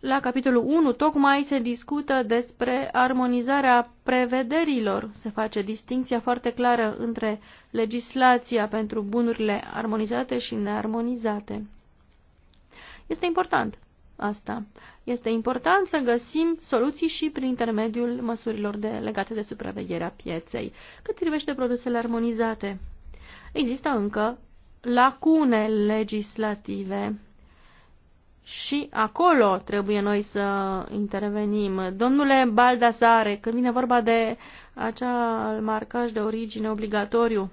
La capitolul 1 tocmai se discută despre armonizarea prevederilor. Se face distinția foarte clară între legislația pentru bunurile armonizate și nearmonizate. Este important asta. Este important să găsim soluții și prin intermediul măsurilor de, legate de supravegherea pieței. Cât privește produsele armonizate, există încă lacune legislative și acolo trebuie noi să intervenim. Domnule Baldasare, când vine vorba de acel marcaj de origine obligatoriu,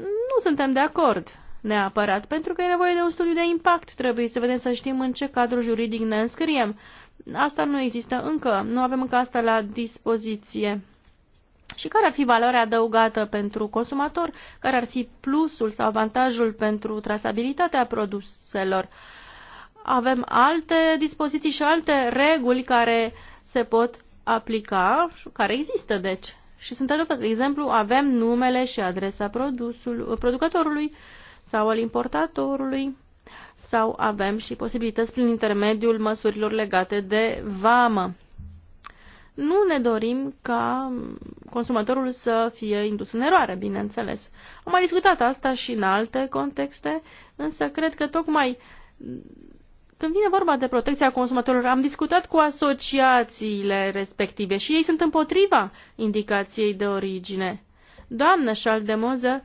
nu suntem de acord neapărat, pentru că e nevoie de un studiu de impact. Trebuie să vedem să știm în ce cadru juridic ne înscriem. Asta nu există încă, nu avem încă asta la dispoziție. Și care ar fi valoarea adăugată pentru consumator? Care ar fi plusul sau avantajul pentru trasabilitatea produselor? Avem alte dispoziții și alte reguli care se pot aplica, care există, deci. Și sunt adăugate. De exemplu, avem numele și adresa producătorului sau al importatorului sau avem și posibilități prin intermediul măsurilor legate de vamă. Nu ne dorim ca consumatorul să fie indus în eroare, bineînțeles. Am mai discutat asta și în alte contexte, însă cred că tocmai când vine vorba de protecția consumatorilor, am discutat cu asociațiile respective și ei sunt împotriva indicației de origine. Doamnă Moză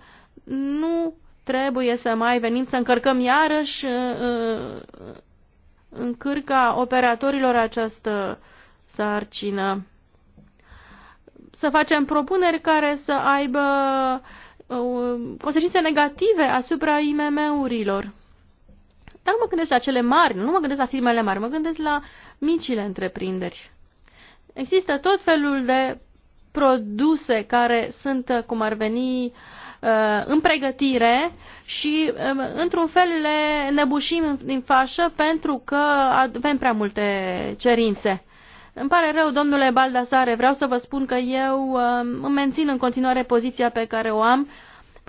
nu trebuie să mai venim să încărcăm iarăși uh, uh, în cârca operatorilor această sarcină. Să facem propuneri care să aibă uh, consecințe negative asupra IMM-urilor. Dar nu mă gândesc la cele mari, nu mă gândesc la firmele mari, mă gândesc la micile întreprinderi. Există tot felul de produse care sunt, cum ar veni, uh, Uh, în pregătire și um, într-un fel le nebușim din fașă pentru că avem prea multe cerințe. Îmi pare rău, domnule Baldasare, vreau să vă spun că eu um, îmi mențin în continuare poziția pe care o am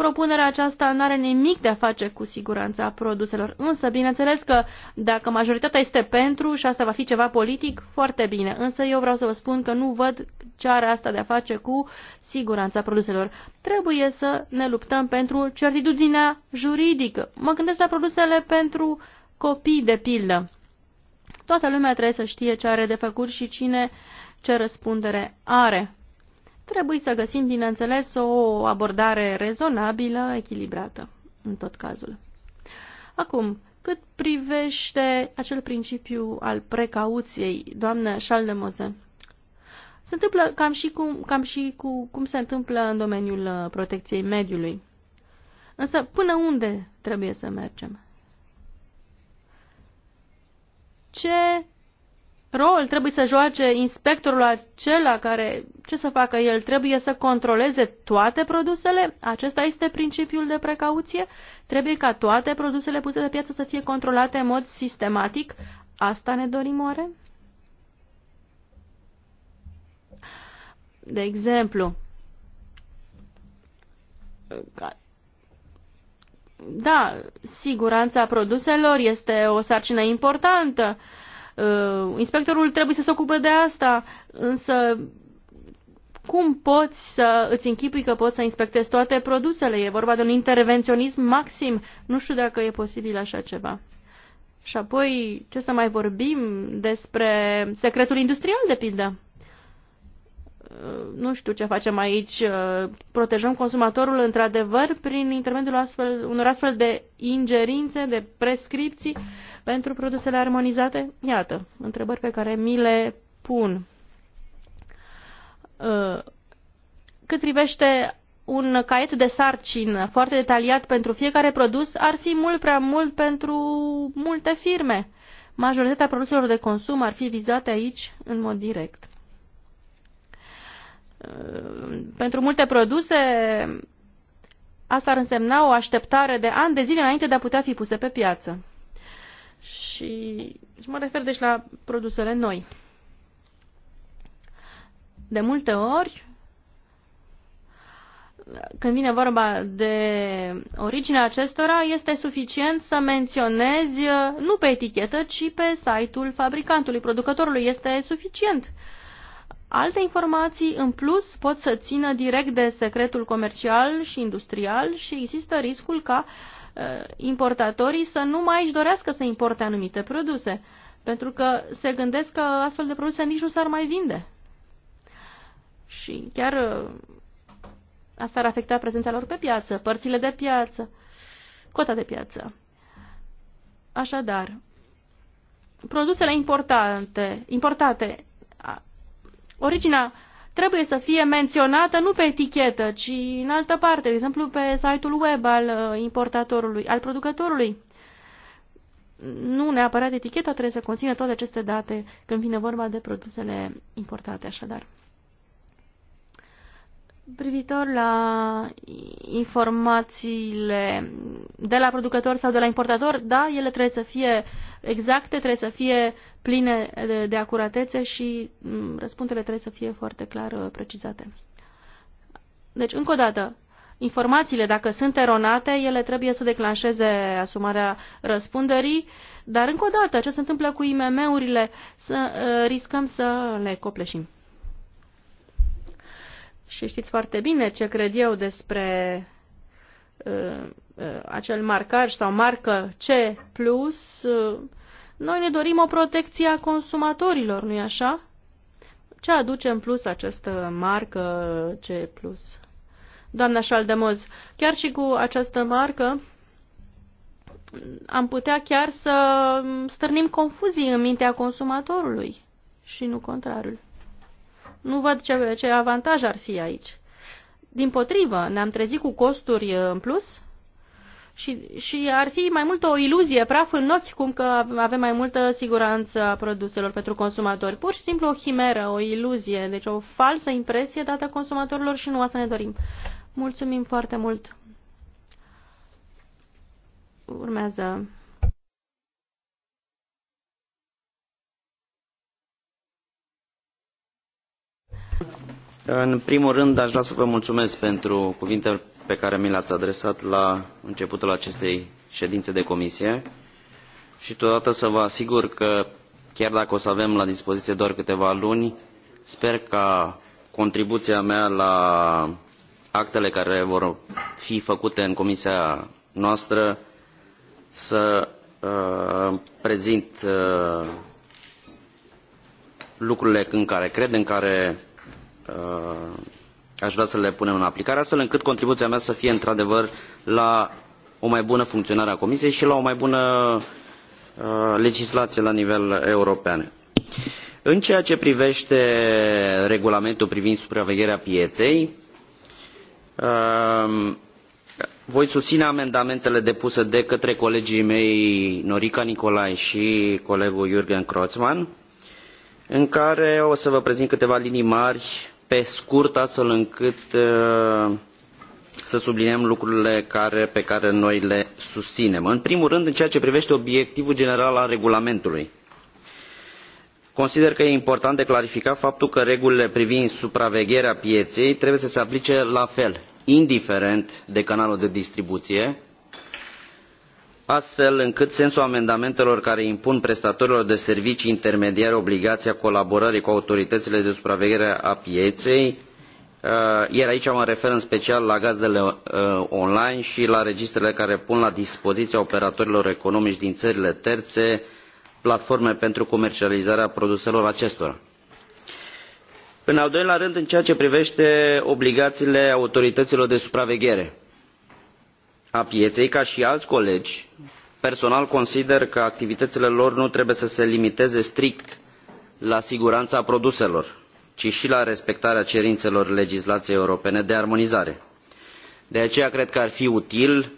Propunerea aceasta nu are nimic de a face cu siguranța produselor, însă bineînțeles că dacă majoritatea este pentru și asta va fi ceva politic, foarte bine. Însă eu vreau să vă spun că nu văd ce are asta de a face cu siguranța produselor. Trebuie să ne luptăm pentru certitudinea juridică. Mă gândesc la produsele pentru copii, de pildă. Toată lumea trebuie să știe ce are de făcut și cine ce răspundere are. Trebuie să găsim, bineînțeles, o abordare rezonabilă, echilibrată, în tot cazul. Acum, cât privește acel principiu al precauției, doamnă Șaldemoze, se întâmplă cam și, cum, cam și cu cum se întâmplă în domeniul uh, protecției mediului. Însă, până unde trebuie să mergem? Ce rol trebuie să joace inspectorul acela care, ce să facă el, trebuie să controleze toate produsele? Acesta este principiul de precauție? Trebuie ca toate produsele puse pe piață să fie controlate în mod sistematic? Asta ne dorim oare? De exemplu, da, siguranța produselor este o sarcină importantă, Uh, inspectorul trebuie să se ocupe de asta, însă cum poți să îți închipui că poți să inspectezi toate produsele? E vorba de un intervenționism maxim. Nu știu dacă e posibil așa ceva. Și apoi, ce să mai vorbim despre secretul industrial, de pildă? nu știu ce facem aici, uh, protejăm consumatorul într-adevăr prin intermediul astfel, unor astfel de ingerințe, de prescripții pentru produsele armonizate? Iată, întrebări pe care mi le pun. Uh, cât privește un caiet de sarcină foarte detaliat pentru fiecare produs, ar fi mult prea mult pentru multe firme. Majoritatea produselor de consum ar fi vizate aici în mod direct pentru multe produse asta ar însemna o așteptare de ani de zile înainte de a putea fi puse pe piață. Și, și mă refer deci la produsele noi. De multe ori, când vine vorba de originea acestora, este suficient să menționezi nu pe etichetă, ci pe site-ul fabricantului, producătorului. Este suficient. Uh, Alte informații în plus pot să țină direct de secretul comercial și industrial și există riscul ca uh, importatorii să nu mai își dorească să importe anumite produse, pentru că se gândesc că astfel de produse nici nu s-ar mai vinde. Și chiar uh, asta ar afecta prezența lor pe piață, părțile de piață, cota de piață. Așadar, produsele importante, importate originea trebuie să fie menționată nu pe etichetă, ci în altă parte, de exemplu pe site-ul web al uh, importatorului, al producătorului. Nu neapărat eticheta trebuie să conțină toate aceste date când vine vorba de produsele importate, așadar. Privitor la informațiile de la producător sau de la importator, da, ele trebuie să fie uh, exacte, trebuie să fie pline de, de acuratețe și mm, răspunsurile trebuie să fie foarte clar uh, precizate. Deci, încă o dată, informațiile, dacă sunt eronate, ele trebuie să declanșeze asumarea răspunderii, dar încă o dată, ce se întâmplă cu IMM-urile, să uh, riscăm să le copleșim. Și știți foarte bine ce cred eu despre Uh, uh, acel marcaj sau marcă C+, uh, noi ne dorim o protecție a consumatorilor, nu-i așa? Ce aduce în plus această marcă C+. Doamna Șaldemoz, chiar și cu această marcă am putea chiar să stârnim confuzii în mintea consumatorului și nu contrarul. Nu văd ce, ce avantaj ar fi aici. Din potrivă, ne-am trezit cu costuri uh, în plus și, și ar fi mai mult o iluzie, praf în ochi, cum că avem mai multă siguranță a produselor pentru consumatori. Pur și simplu o chimeră, o iluzie, deci o falsă impresie dată consumatorilor și nu asta ne dorim. Mulțumim foarte mult! Urmează în primul rând, aș vrea să vă mulțumesc pentru cuvintele pe care mi le-ați adresat la începutul acestei ședințe de comisie și totodată să vă asigur că, chiar dacă o să avem la dispoziție doar câteva luni, sper ca contribuția mea la actele care vor fi făcute în comisia noastră să uh, prezint uh, lucrurile în care cred, în care Uh, aș vrea să le punem în aplicare, astfel încât contribuția mea să fie într-adevăr la o mai bună funcționare a Comisiei și la o mai bună uh, legislație la nivel european. În ceea ce privește regulamentul privind supravegherea pieței, uh, voi susține amendamentele depuse de către colegii mei Norica Nicolai și colegul Jürgen Kreutzmann, în care o să vă prezint câteva linii mari pe scurt, astfel încât uh, să subliniem lucrurile care, pe care noi le susținem. În primul rând, în ceea ce privește obiectivul general al regulamentului. Consider că e important de clarificat faptul că regulile privind supravegherea pieței trebuie să se aplice la fel, indiferent de canalul de distribuție, astfel încât sensul amendamentelor care impun prestatorilor de servicii intermediari obligația colaborării cu autoritățile de supraveghere a pieței uh, iar aici mă refer în special la gazdele uh, online și la registrele care pun la dispoziția operatorilor economici din țările terțe platforme pentru comercializarea produselor acestora. În al doilea rând, în ceea ce privește obligațiile autorităților de supraveghere a pieței, ca și alți colegi, personal consider că activitățile lor nu trebuie să se limiteze strict la siguranța produselor, ci și la respectarea cerințelor legislației europene de armonizare. De aceea cred că ar fi util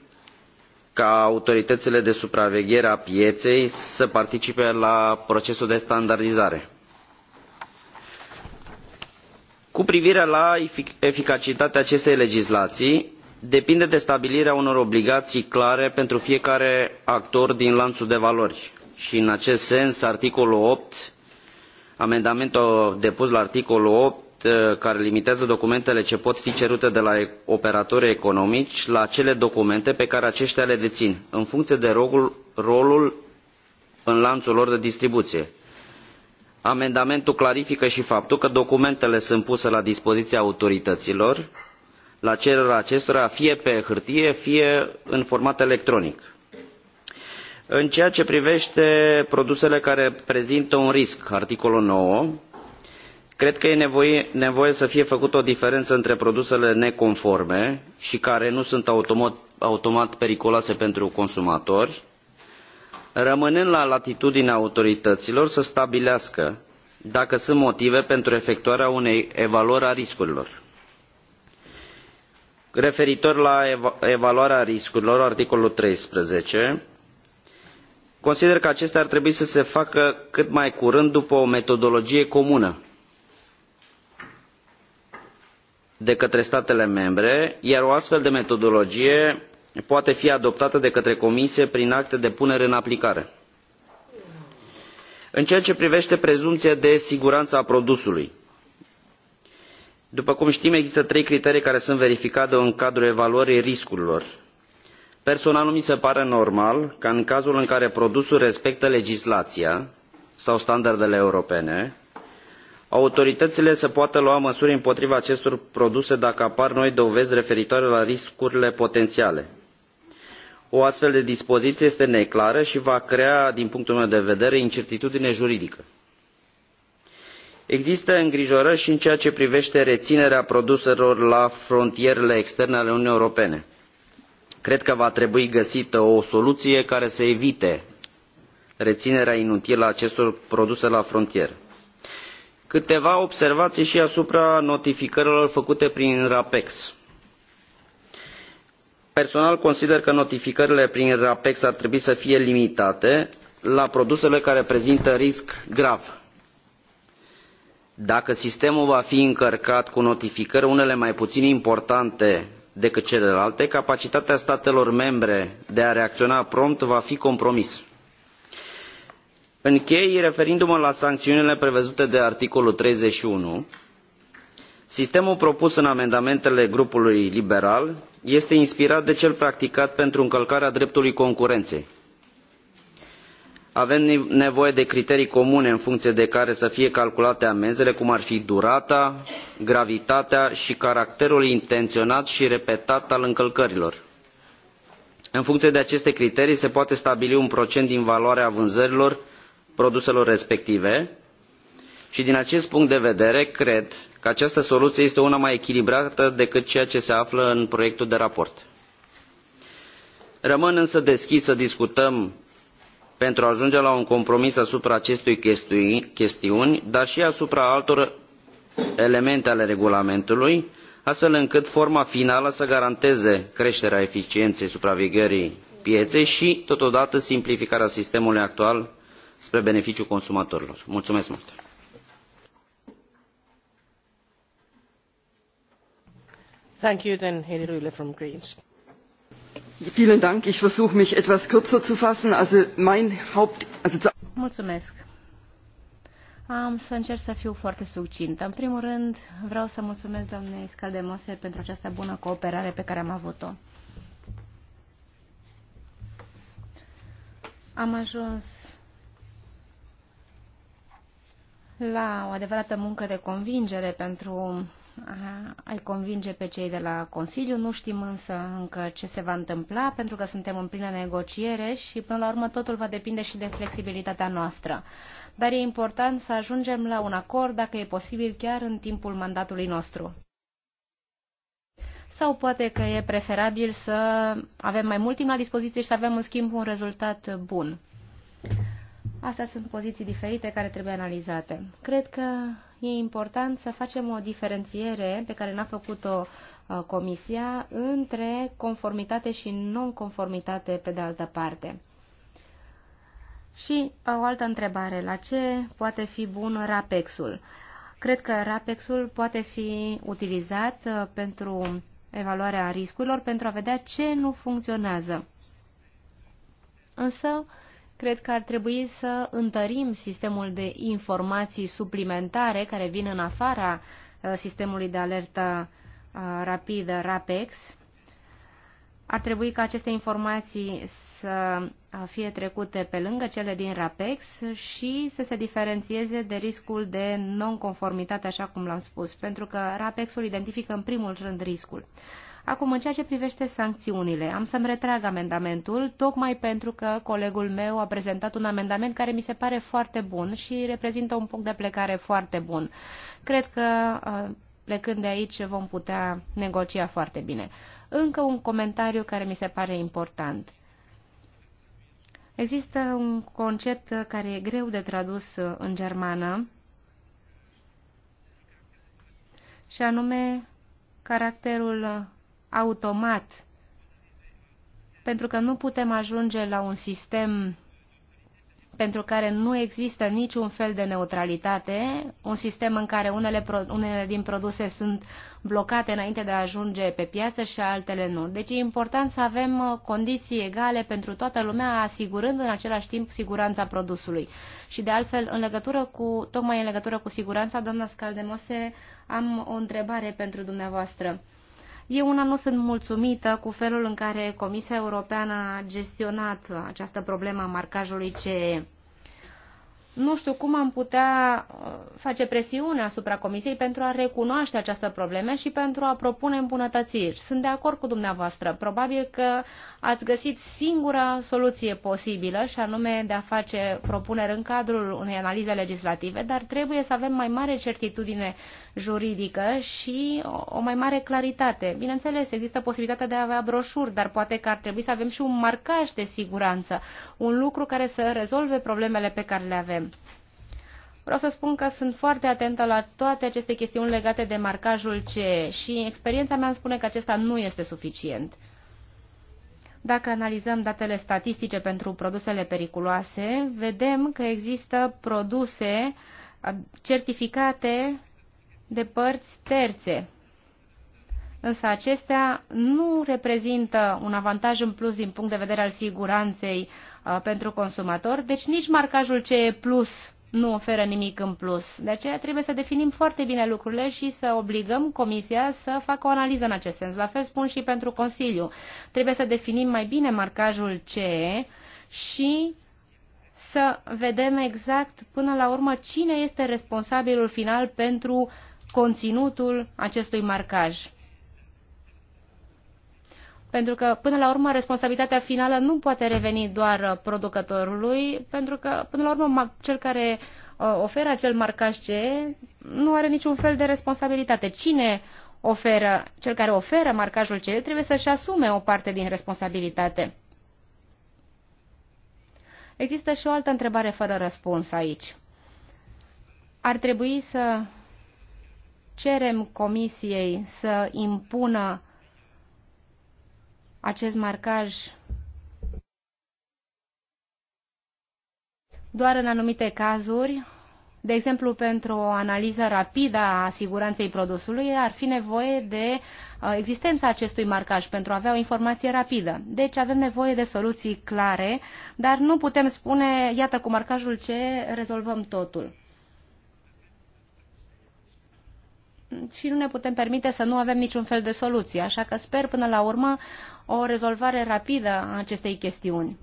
ca autoritățile de supraveghere a pieței să participe la procesul de standardizare. Cu privire la eficacitatea acestei legislații, depinde de stabilirea unor obligații clare pentru fiecare actor din lanțul de valori și în acest sens articolul amendamentul depus la articolul opt uh, care limitează documentele ce pot fi cerute de la operatorii economici la acele documente pe care aceștia le dețin, în funcție de rolul în lanțul lor de distribuție. Amendamentul clarifică și faptul că documentele sunt puse la dispoziția autorităților la cererea acestora fie pe hârtie fie în format electronic. în ceea ce privește produsele care prezintă un risc articolul nouă cred că e nevoie, nevoie să fie făcută o diferență între produsele neconforme și care nu sunt automat, automat periculoase pentru consumatori rămânând la latitudinea autorităților să stabilească dacă sunt motive pentru efectuarea unei evaluări a riscurilor referitor la evaluarea riscurilor articolul treisprezece consider că acestea ar trebui să se facă cât mai curând după o metodologie comună de către statele membre iar o astfel de metodologie poate fi adoptată de către comisie prin acte de punere în aplicare. în ceea ce privește prezumția de siguranță a produsului după cum știm, există trei criterii care sunt verificate în cadrul evaluării riscurilor. Personal, mi se pare normal ca în cazul în care produsul respectă legislația sau standardele europene, autoritățile să poată lua măsuri împotriva acestor produse dacă apar noi dovezi referitoare la riscurile potențiale. O astfel de dispoziție este neclară și va crea, din punctul meu de vedere, incertitudine juridică există îngrijorări și în ceea ce privește reținerea produselor la frontierele externe ale uniunii europene. cred că va trebui găsită o soluție care să evite reținerea inutilă a acestor produse la frontieră. câteva observații și asupra notificărilor făcute prin rapex. personal consider că notificările prin rapex ar trebui să fie limitate la produsele care prezintă risc grav dacă sistemul va fi încărcat cu notificări unele mai puțin importante decât celelalte, capacitatea statelor membre de a reacționa prompt va fi compromisă. Închei referindu-mă la sancțiunile prevăzute de articolul 31. Sistemul propus în amendamentele grupului liberal este inspirat de cel practicat pentru încălcarea dreptului concurenței avem nevoie de criterii comune în funcție de care să fie calculate amenzile cum ar fi durata gravitatea și caracterul intenționat și repetat al încălcărilor. în funcție de aceste criterii se poate stabili un procent din valoarea vânzărilor produselor respective și din acest punct de vedere cred că această soluție este una mai echilibrată decât ceea ce se află în proiectul de raport. rămân însă deschis să discutăm pentru a ajunge la un compromis asupra acestei chestiuni, dar și asupra altor elemente ale regulamentului, astfel încât forma finală să garanteze creșterea eficienței supravegherii pieței și, totodată, simplificarea sistemului actual spre beneficiul consumatorilor. Mulțumesc mult! Thank you, then, from Greens. Vielen Dank. Ich versuche mich etwas kürzer zu fassen. Mulțumesc. Am să încerc să fiu foarte succintă. În primul rând, vreau să mulțumesc doamnei Scaldemose pentru această bună cooperare pe care am avut-o. Am ajuns la o adevărată muncă de convingere pentru ai convinge pe cei de la Consiliu. Nu știm însă încă ce se va întâmpla, pentru că suntem în plină negociere și, până la urmă, totul va depinde și de flexibilitatea noastră. Dar e important să ajungem la un acord, dacă e posibil, chiar în timpul mandatului nostru. Sau poate că e preferabil să avem mai mult timp la dispoziție și să avem, în schimb, un rezultat bun. Astea sunt poziții diferite care trebuie analizate. Cred că e important să facem o diferențiere pe care n-a făcut-o uh, Comisia între conformitate și non-conformitate pe de altă parte. Și uh, o altă întrebare, la ce poate fi bun RAPEX-ul? Cred că RAPEX-ul poate fi utilizat uh, pentru evaluarea riscurilor, pentru a vedea ce nu funcționează. Însă, cred că ar trebui să întărim sistemul de informații suplimentare care vin în afara uh, sistemului de alertă uh, rapidă uh, RAPEX. Ar trebui ca aceste informații să fie trecute pe lângă cele din RAPEX și să se diferențieze de riscul de nonconformitate, așa cum l-am spus, pentru că RAPEX-ul identifică în primul rând riscul. Acum, în ceea ce privește sancțiunile, am să-mi retrag amendamentul, tocmai pentru că colegul meu a prezentat un amendament care mi se pare foarte bun și reprezintă un punct de plecare foarte bun. Cred că uh, plecând de aici vom putea negocia foarte bine. Încă un comentariu care mi se pare important. Există un concept care e greu de tradus în germană și anume caracterul automat, pentru că nu putem ajunge la un sistem pentru care nu există niciun fel de neutralitate, un sistem în care unele, unele din produse sunt blocate înainte de a ajunge pe piață și altele nu. Deci e important să avem uh, condiții egale pentru toată lumea, asigurând în același timp siguranța produsului. Și de altfel, în legătură cu, tocmai în legătură cu siguranța, doamna Scaldemose, am o întrebare pentru dumneavoastră. Eu una nu sunt mulțumită cu felul în care Comisia Europeană a gestionat această problemă a marcajului CE nu știu cum am putea uh, face presiune asupra Comisiei pentru a recunoaște această problemă și pentru a propune îmbunătățiri. Sunt de acord cu dumneavoastră. Probabil că ați găsit singura soluție posibilă și anume de a face propuneri în cadrul unei analize legislative, dar trebuie să avem mai mare certitudine juridică și o mai mare claritate. Bineînțeles, există posibilitatea de a avea broșuri, dar poate că ar trebui să avem și un marcaj de siguranță, un lucru care să rezolve problemele pe care le avem verde. Vreau să spun că sunt foarte atentă la toate aceste chestiuni legate de marcajul CE și experiența mea îmi spune că acesta nu este suficient. Dacă analizăm datele statistice pentru produsele periculoase, vedem că există produse certificate de părți terțe. Însă acestea nu reprezintă un avantaj în plus din punct de vedere al siguranței Uh, pentru consumator, deci nici marcajul CE plus nu oferă nimic în plus. De aceea trebuie să definim foarte bine lucrurile și să obligăm Comisia să facă o analiză în acest sens. La fel spun și pentru Consiliu. Trebuie să definim mai bine marcajul CE și să vedem exact până la urmă cine este responsabilul final pentru conținutul acestui marcaj. Pentru că, până la urmă, responsabilitatea finală nu poate reveni doar uh, producătorului, pentru că, până la urmă, cel care uh, oferă acel marcaj CE nu are niciun fel de responsabilitate. Cine oferă, cel care oferă marcajul CE trebuie să-și asume o parte din responsabilitate. Există și o altă întrebare fără răspuns aici. Ar trebui să cerem comisiei să impună acest marcaj doar în anumite cazuri, de exemplu, pentru o analiză rapidă a siguranței produsului, ar fi nevoie de uh, existența acestui marcaj pentru a avea o informație rapidă. Deci avem nevoie de soluții clare, dar nu putem spune, iată cu marcajul ce rezolvăm totul. Și nu ne putem permite să nu avem niciun fel de soluție, așa că sper până la urmă o rezolvare rapidă a acestei chestiuni.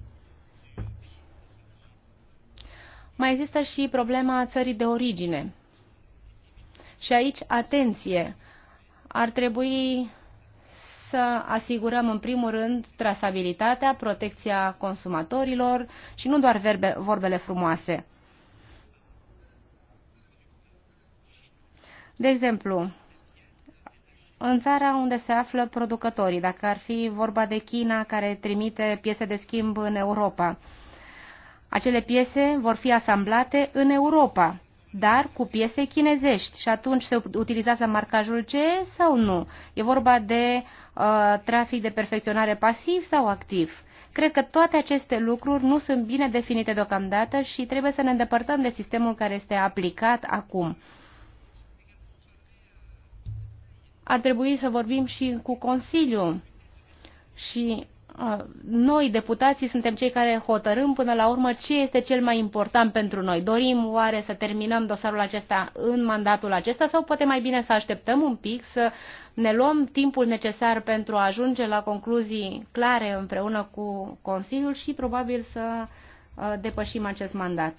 Mai există și problema țării de origine. Și aici, atenție, ar trebui să asigurăm în primul rând trasabilitatea, protecția consumatorilor și nu doar verbe, vorbele frumoase. De exemplu, în țara unde se află producătorii, dacă ar fi vorba de China care trimite piese de schimb în Europa. Acele piese vor fi asamblate în Europa, dar cu piese chinezești și atunci se utilizează marcajul CE sau nu? E vorba de uh, trafic de perfecționare pasiv sau activ? Cred că toate aceste lucruri nu sunt bine definite deocamdată și trebuie să ne îndepărtăm de sistemul care este aplicat acum ar trebui să vorbim și cu Consiliul. Și noi, deputații, suntem cei care hotărâm până la urmă ce este cel mai important pentru noi. Dorim oare să terminăm dosarul acesta în mandatul acesta sau poate mai bine să așteptăm un pic, să ne luăm timpul necesar pentru a ajunge la concluzii clare împreună cu Consiliul și probabil să depășim acest mandat.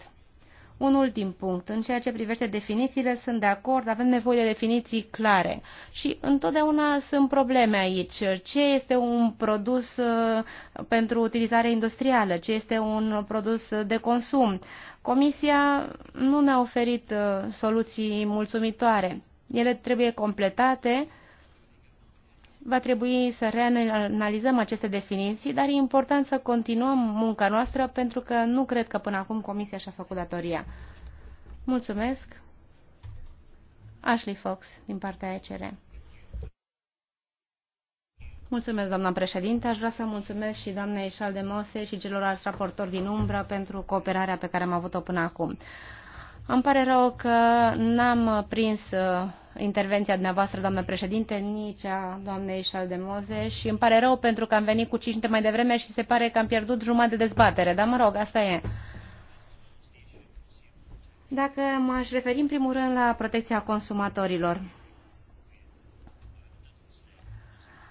Un ultim punct. În ceea ce privește definițiile, sunt de acord, avem nevoie de definiții clare. Și întotdeauna sunt probleme aici. Ce este un produs uh, pentru utilizare industrială? Ce este un produs de consum? Comisia nu ne-a oferit uh, soluții mulțumitoare. Ele trebuie completate Va trebui să reanalizăm aceste definiții, dar e important să continuăm munca noastră pentru că nu cred că până acum Comisia și-a făcut datoria. Mulțumesc. Ashley Fox, din partea ECR. Mulțumesc, doamna președinte. Aș vrea să mulțumesc și doamnei Șaldemose și celorlalți raportori din umbră pentru cooperarea pe care am avut-o până acum. Îmi pare rău că n-am prins uh, intervenția dumneavoastră, doamnă președinte, nici a doamnei Șaldemoze și îmi pare rău pentru că am venit cu 5 mai devreme și se pare că am pierdut jumătate de dezbatere, dar mă rog, asta e. Dacă m-aș referi în primul rând la protecția consumatorilor,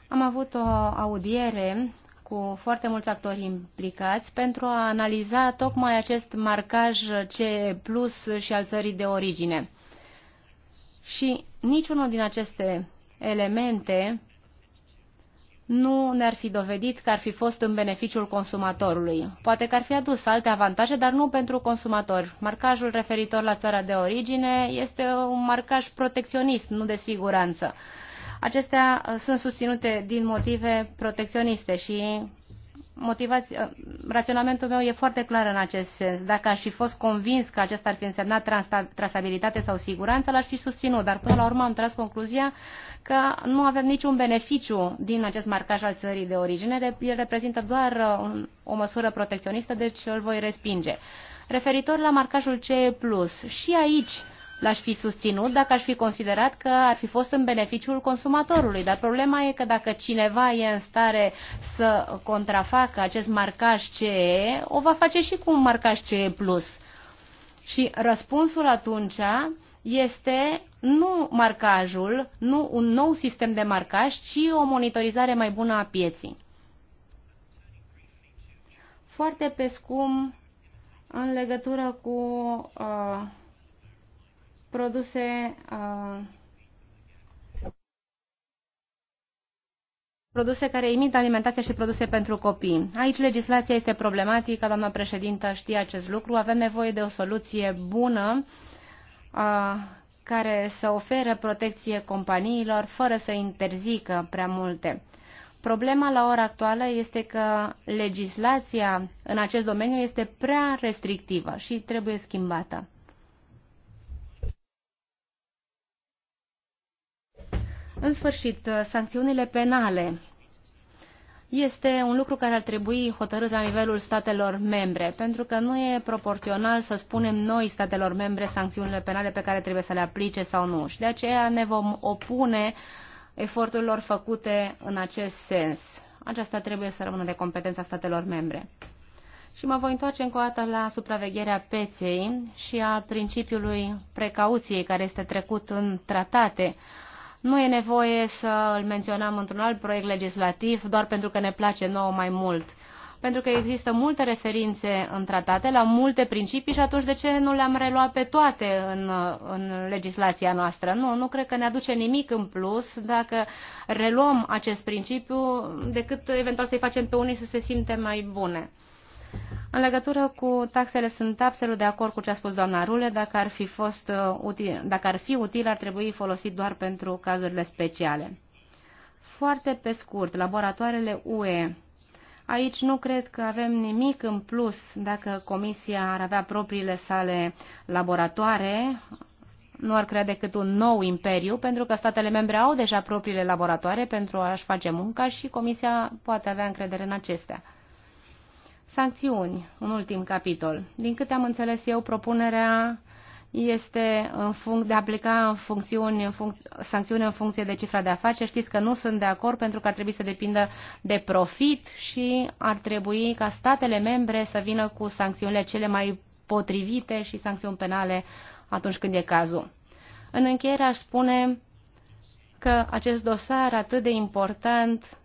am avut o audiere cu foarte mulți actori implicați pentru a analiza tocmai acest marcaj C plus și al țării de origine. Și niciunul din aceste elemente nu ne-ar fi dovedit că ar fi fost în beneficiul consumatorului. Poate că ar fi adus alte avantaje, dar nu pentru consumator. Marcajul referitor la țara de origine este un marcaj protecționist, nu de siguranță. Acestea uh, sunt susținute din motive protecționiste și motivați, uh, raționamentul meu e foarte clar în acest sens. Dacă aș fi fost convins că acesta ar fi însemnat trasabilitate sau siguranță, l-aș fi susținut, dar până la urmă am tras concluzia că nu avem niciun beneficiu din acest marcaj al țării de origine, el reprezintă doar uh, o măsură protecționistă, deci îl voi respinge. Referitor la marcajul CE+, și aici l-aș fi susținut dacă aș fi considerat că ar fi fost în beneficiul consumatorului. Dar problema e că dacă cineva e în stare să contrafacă acest marcaj CE, o va face și cu un marcaj CE+. Și răspunsul atunci este nu marcajul, nu un nou sistem de marcaj, ci o monitorizare mai bună a pieții. Foarte pe scum, în legătură cu uh, produse uh, produse care imită alimentația și produse pentru copii. Aici legislația este problematică, doamna președintă știe acest lucru. Avem nevoie de o soluție bună uh, care să ofere protecție companiilor fără să interzică prea multe. Problema la ora actuală este că legislația în acest domeniu este prea restrictivă și trebuie schimbată. În sfârșit, sancțiunile penale este un lucru care ar trebui hotărât la nivelul statelor membre, pentru că nu e proporțional să spunem noi statelor membre sancțiunile penale pe care trebuie să le aplice sau nu. Și de aceea ne vom opune eforturilor făcute în acest sens. Aceasta trebuie să rămână de competența statelor membre. Și mă voi întoarce încă o dată la supravegherea peței și a principiului precauției care este trecut în tratate nu e nevoie să îl menționăm într-un alt proiect legislativ doar pentru că ne place nouă mai mult. Pentru că există multe referințe în tratate la multe principii și atunci de ce nu le-am reluat pe toate în, în legislația noastră? Nu, nu cred că ne aduce nimic în plus dacă reluăm acest principiu decât eventual să-i facem pe unii să se simte mai bune. În legătură cu taxele, sunt absolut de acord cu ce a spus doamna Rule. Dacă ar fi, fost uh, util, dacă ar, fi util, ar trebui folosit doar pentru cazurile speciale. Foarte pe scurt, laboratoarele UE. Aici nu cred că avem nimic în plus dacă Comisia ar avea propriile sale laboratoare, nu ar crea decât un nou imperiu, pentru că statele membre au deja propriile laboratoare pentru a-și face munca și Comisia poate avea încredere în acestea. Sancțiuni, un ultim capitol. Din câte am înțeles eu, propunerea este în func- de a aplica în funcțiuni, în func- sancțiuni în funcție de cifra de afaceri. Știți că nu sunt de acord pentru că ar trebui să depindă de profit și ar trebui ca statele membre să vină cu sancțiunile cele mai potrivite și sancțiuni penale atunci când e cazul. În încheiere aș spune că acest dosar atât de important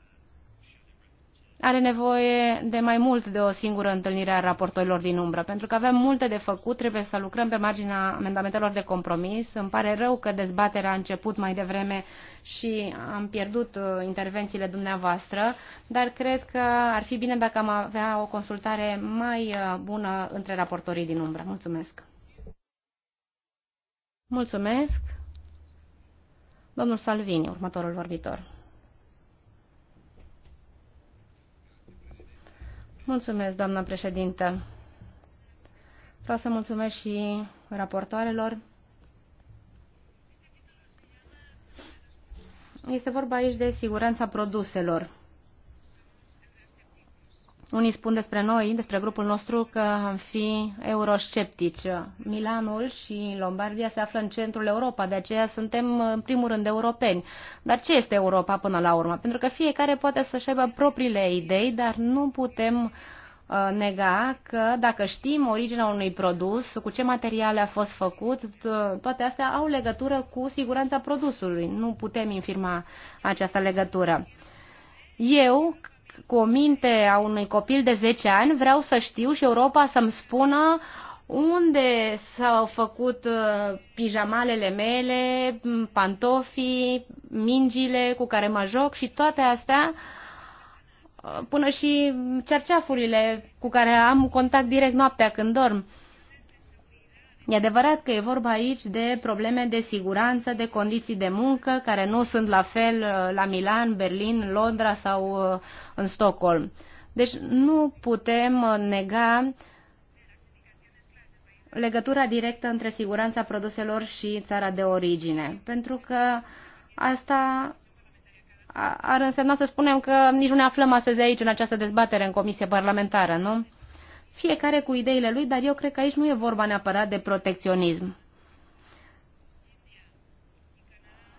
are nevoie de mai mult de o singură întâlnire a raportorilor din umbră, pentru că avem multe de făcut, trebuie să lucrăm pe marginea amendamentelor de compromis. Îmi pare rău că dezbaterea a început mai devreme și am pierdut uh, intervențiile dumneavoastră, dar cred că ar fi bine dacă am avea o consultare mai uh, bună între raportorii din umbră. Mulțumesc! Mulțumesc! Domnul Salvini, următorul vorbitor. Mulțumesc, doamna președintă. Vreau să mulțumesc și raportoarelor. Este vorba aici de siguranța produselor. Unii spun despre noi, despre grupul nostru, că am fi eurosceptici. Milanul și Lombardia se află în centrul Europa, de aceea suntem în primul rând europeni. Dar ce este Europa până la urmă? Pentru că fiecare poate să-și aibă propriile idei, dar nu putem uh, nega că dacă știm originea unui produs, cu ce materiale a fost făcut, toate astea au legătură cu siguranța produsului. Nu putem infirma această legătură. Eu, cu o minte a unui copil de 10 ani, vreau să știu și Europa să-mi spună unde s-au făcut uh, pijamalele mele, pantofii, mingile cu care mă joc și toate astea, uh, până și cerceafurile cu care am contact direct noaptea când dorm. E adevărat că e vorba aici de probleme de siguranță, de condiții de muncă, care nu sunt la fel uh, la Milan, Berlin, Londra sau uh, în Stockholm. Deci nu putem uh, nega legătura directă între siguranța produselor și țara de origine, pentru că asta ar însemna să spunem că nici nu ne aflăm astăzi aici în această dezbatere în Comisie Parlamentară, nu? fiecare cu ideile lui, dar eu cred că aici nu e vorba neapărat de protecționism.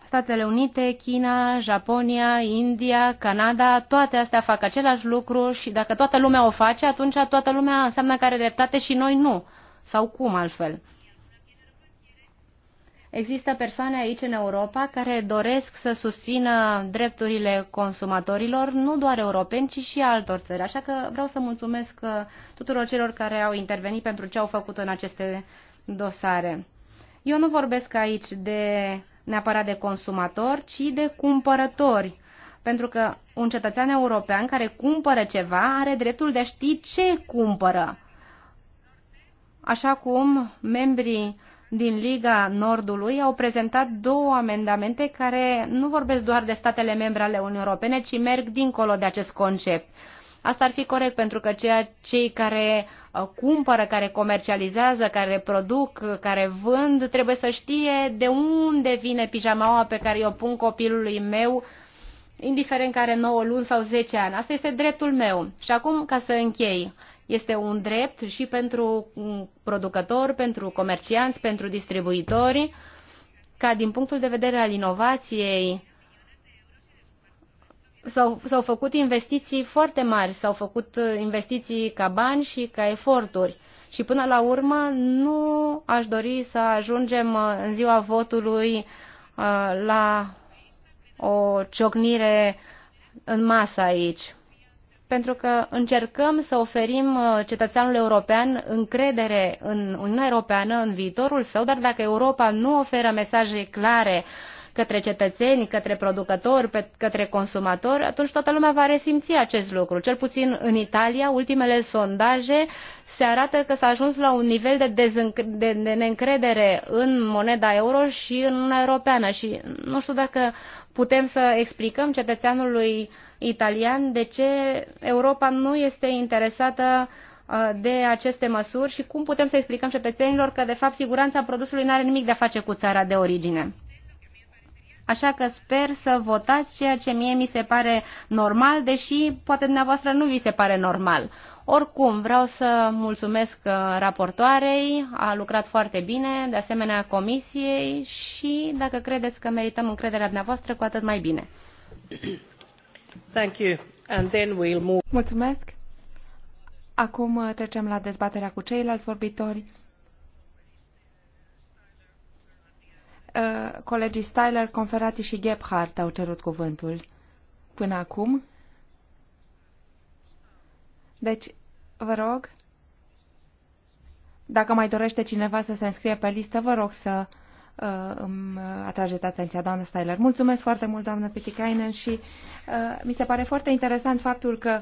Statele Unite, China, Japonia, India, Canada, toate astea fac același lucru și dacă toată lumea o face, atunci toată lumea înseamnă că are dreptate și noi nu. Sau cum altfel? Există persoane aici în Europa care doresc să susțină drepturile consumatorilor, nu doar europeni, ci și altor țări. Așa că vreau să mulțumesc uh, tuturor celor care au intervenit pentru ce au făcut în aceste dosare. Eu nu vorbesc aici de neapărat de consumatori, ci de cumpărători. Pentru că un cetățean european care cumpără ceva are dreptul de a ști ce cumpără. Așa cum membrii din Liga Nordului au prezentat două amendamente care nu vorbesc doar de statele membre ale Uniunii Europene, ci merg dincolo de acest concept. Asta ar fi corect pentru că ceea cei care uh, cumpără, care comercializează, care produc, care vând, trebuie să știe de unde vine pijamaua pe care o pun copilului meu, indiferent care 9 luni sau 10 ani. Asta este dreptul meu. Și acum, ca să închei, este un drept și pentru producători, pentru comercianți, pentru distribuitori, ca din punctul de vedere al inovației s-au, făcut investiții foarte mari, s-au făcut uh, investiții ca bani și ca eforturi. Și până la urmă nu aș dori să ajungem uh, în ziua votului uh, la o ciocnire în masă aici pentru că încercăm să oferim uh, cetățeanului european încredere în Uniunea Europeană, în viitorul său, dar dacă Europa nu oferă mesaje clare către cetățeni, către producători, către consumatori, atunci toată lumea va resimți acest lucru. Cel puțin în Italia, ultimele sondaje se arată că s-a ajuns la un nivel de, dezenc- de, de neîncredere în moneda euro și în Uniunea Europeană. Și nu știu dacă putem să explicăm cetățeanului italian de ce Europa nu este interesată uh, de aceste măsuri și cum putem să explicăm cetățenilor că, de fapt, siguranța produsului nu are nimic de a face cu țara de origine. Așa că sper să votați ceea ce mie mi se pare normal, deși poate dumneavoastră nu vi se pare normal. Oricum, vreau să mulțumesc uh, raportoarei, a lucrat foarte bine, de asemenea comisiei și dacă credeți că merităm încrederea dumneavoastră, cu atât mai bine. Mulțumesc. Acum uh, trecem la dezbaterea cu ceilalți vorbitori. Uh, colegii Styler, Conferati și Gebhardt au cerut cuvântul până acum. Deci, vă rog, dacă mai dorește cineva să se înscrie pe listă, vă rog să uh, îmi atrage atenția, doamnă Styler. Mulțumesc foarte mult, doamnă Pitikainen, și uh, mi se pare foarte interesant faptul că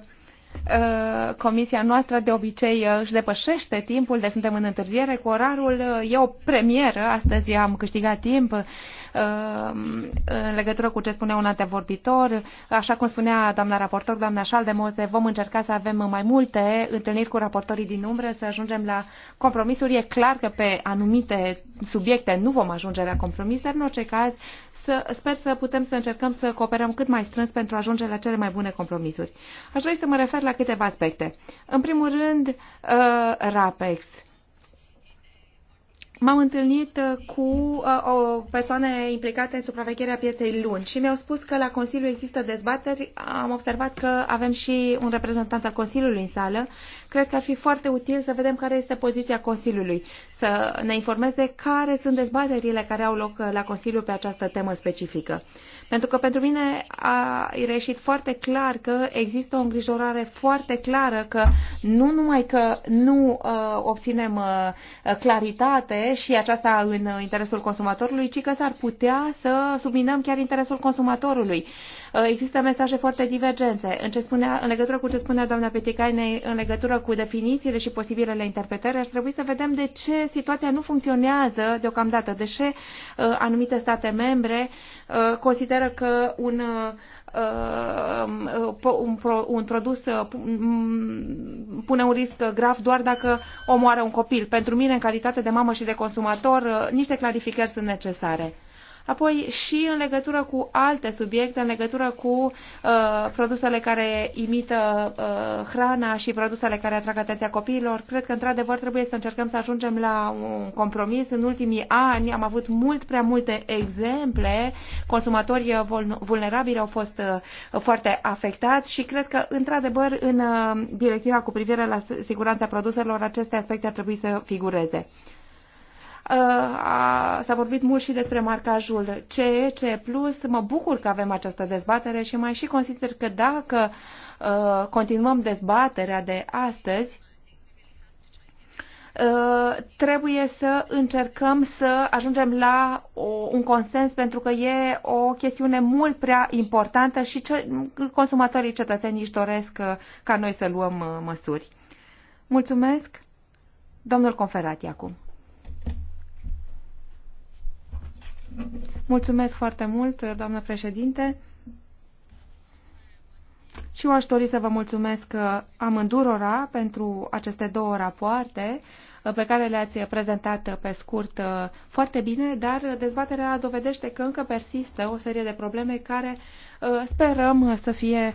uh, comisia noastră de obicei uh, își depășește timpul, deci suntem în întârziere cu orarul. Uh, e o premieră, astăzi am câștigat timp. Um, în legătură cu ce spunea un antevorbitor. Așa cum spunea doamna raportor, doamna Șaldemose, vom încerca să avem mai multe întâlniri cu raportorii din umbră, să ajungem la compromisuri. E clar că pe anumite subiecte nu vom ajunge la compromis, dar în orice caz să, sper să putem să încercăm să cooperăm cât mai strâns pentru a ajunge la cele mai bune compromisuri. Aș vrea să mă refer la câteva aspecte. În primul rând, uh, RAPEX. M-am întâlnit uh, cu uh, o persoană implicată în supravegherea pieței luni și mi-au spus că la Consiliu există dezbateri. Am observat că avem și un reprezentant al Consiliului în sală Cred că ar fi foarte util să vedem care este poziția Consiliului, să ne informeze care sunt dezbaterile care au loc uh, la Consiliu pe această temă specifică. Pentru că pentru mine a reieșit foarte clar că există o îngrijorare foarte clară că nu numai că nu uh, obținem uh, uh claritate și aceasta în interesul consumatorului, ci că s-ar putea să subminăm chiar interesul consumatorului. Uh, Uh, există mesaje foarte divergențe în, ce spunea, în legătură cu ce spunea doamna Peticaine, în legătură cu definițiile și posibilele interpretări. Ar trebui să vedem de ce situația nu funcționează deocamdată, de ce uh, anumite state membre uh, consideră că un um, un, pro, un produs pune un risc grav doar dacă omoară un copil. Pentru mine, în calitate de mamă și de consumator, niște clarificări sunt necesare. Apoi și în legătură cu alte subiecte, în legătură cu uh, produsele care imită uh, hrana și produsele care atrag atenția copiilor, cred că într-adevăr trebuie să încercăm să ajungem la un compromis. În ultimii ani am avut mult prea multe exemple, consumatorii vulnerabili au fost uh, foarte afectați și cred că într-adevăr în uh, directiva cu privire la siguranța produselor aceste aspecte ar trebui să figureze. Uh, s-a vorbit mult și despre marcajul CE, CE+. Mă bucur că avem această dezbatere și mai și consider că dacă uh, continuăm dezbaterea de astăzi, uh, trebuie să încercăm să ajungem la un consens pentru că e o chestiune mult prea importantă și consumatorii cetățenii își doresc ca noi să luăm măsuri. Mulțumesc. Domnul Conferati acum. Mulțumesc foarte mult, doamnă președinte. Și eu aș dori să vă mulțumesc amândurora pentru aceste două rapoarte pe care le-ați prezentat pe scurt foarte bine, dar dezbaterea dovedește că încă persistă o serie de probleme care sperăm să fie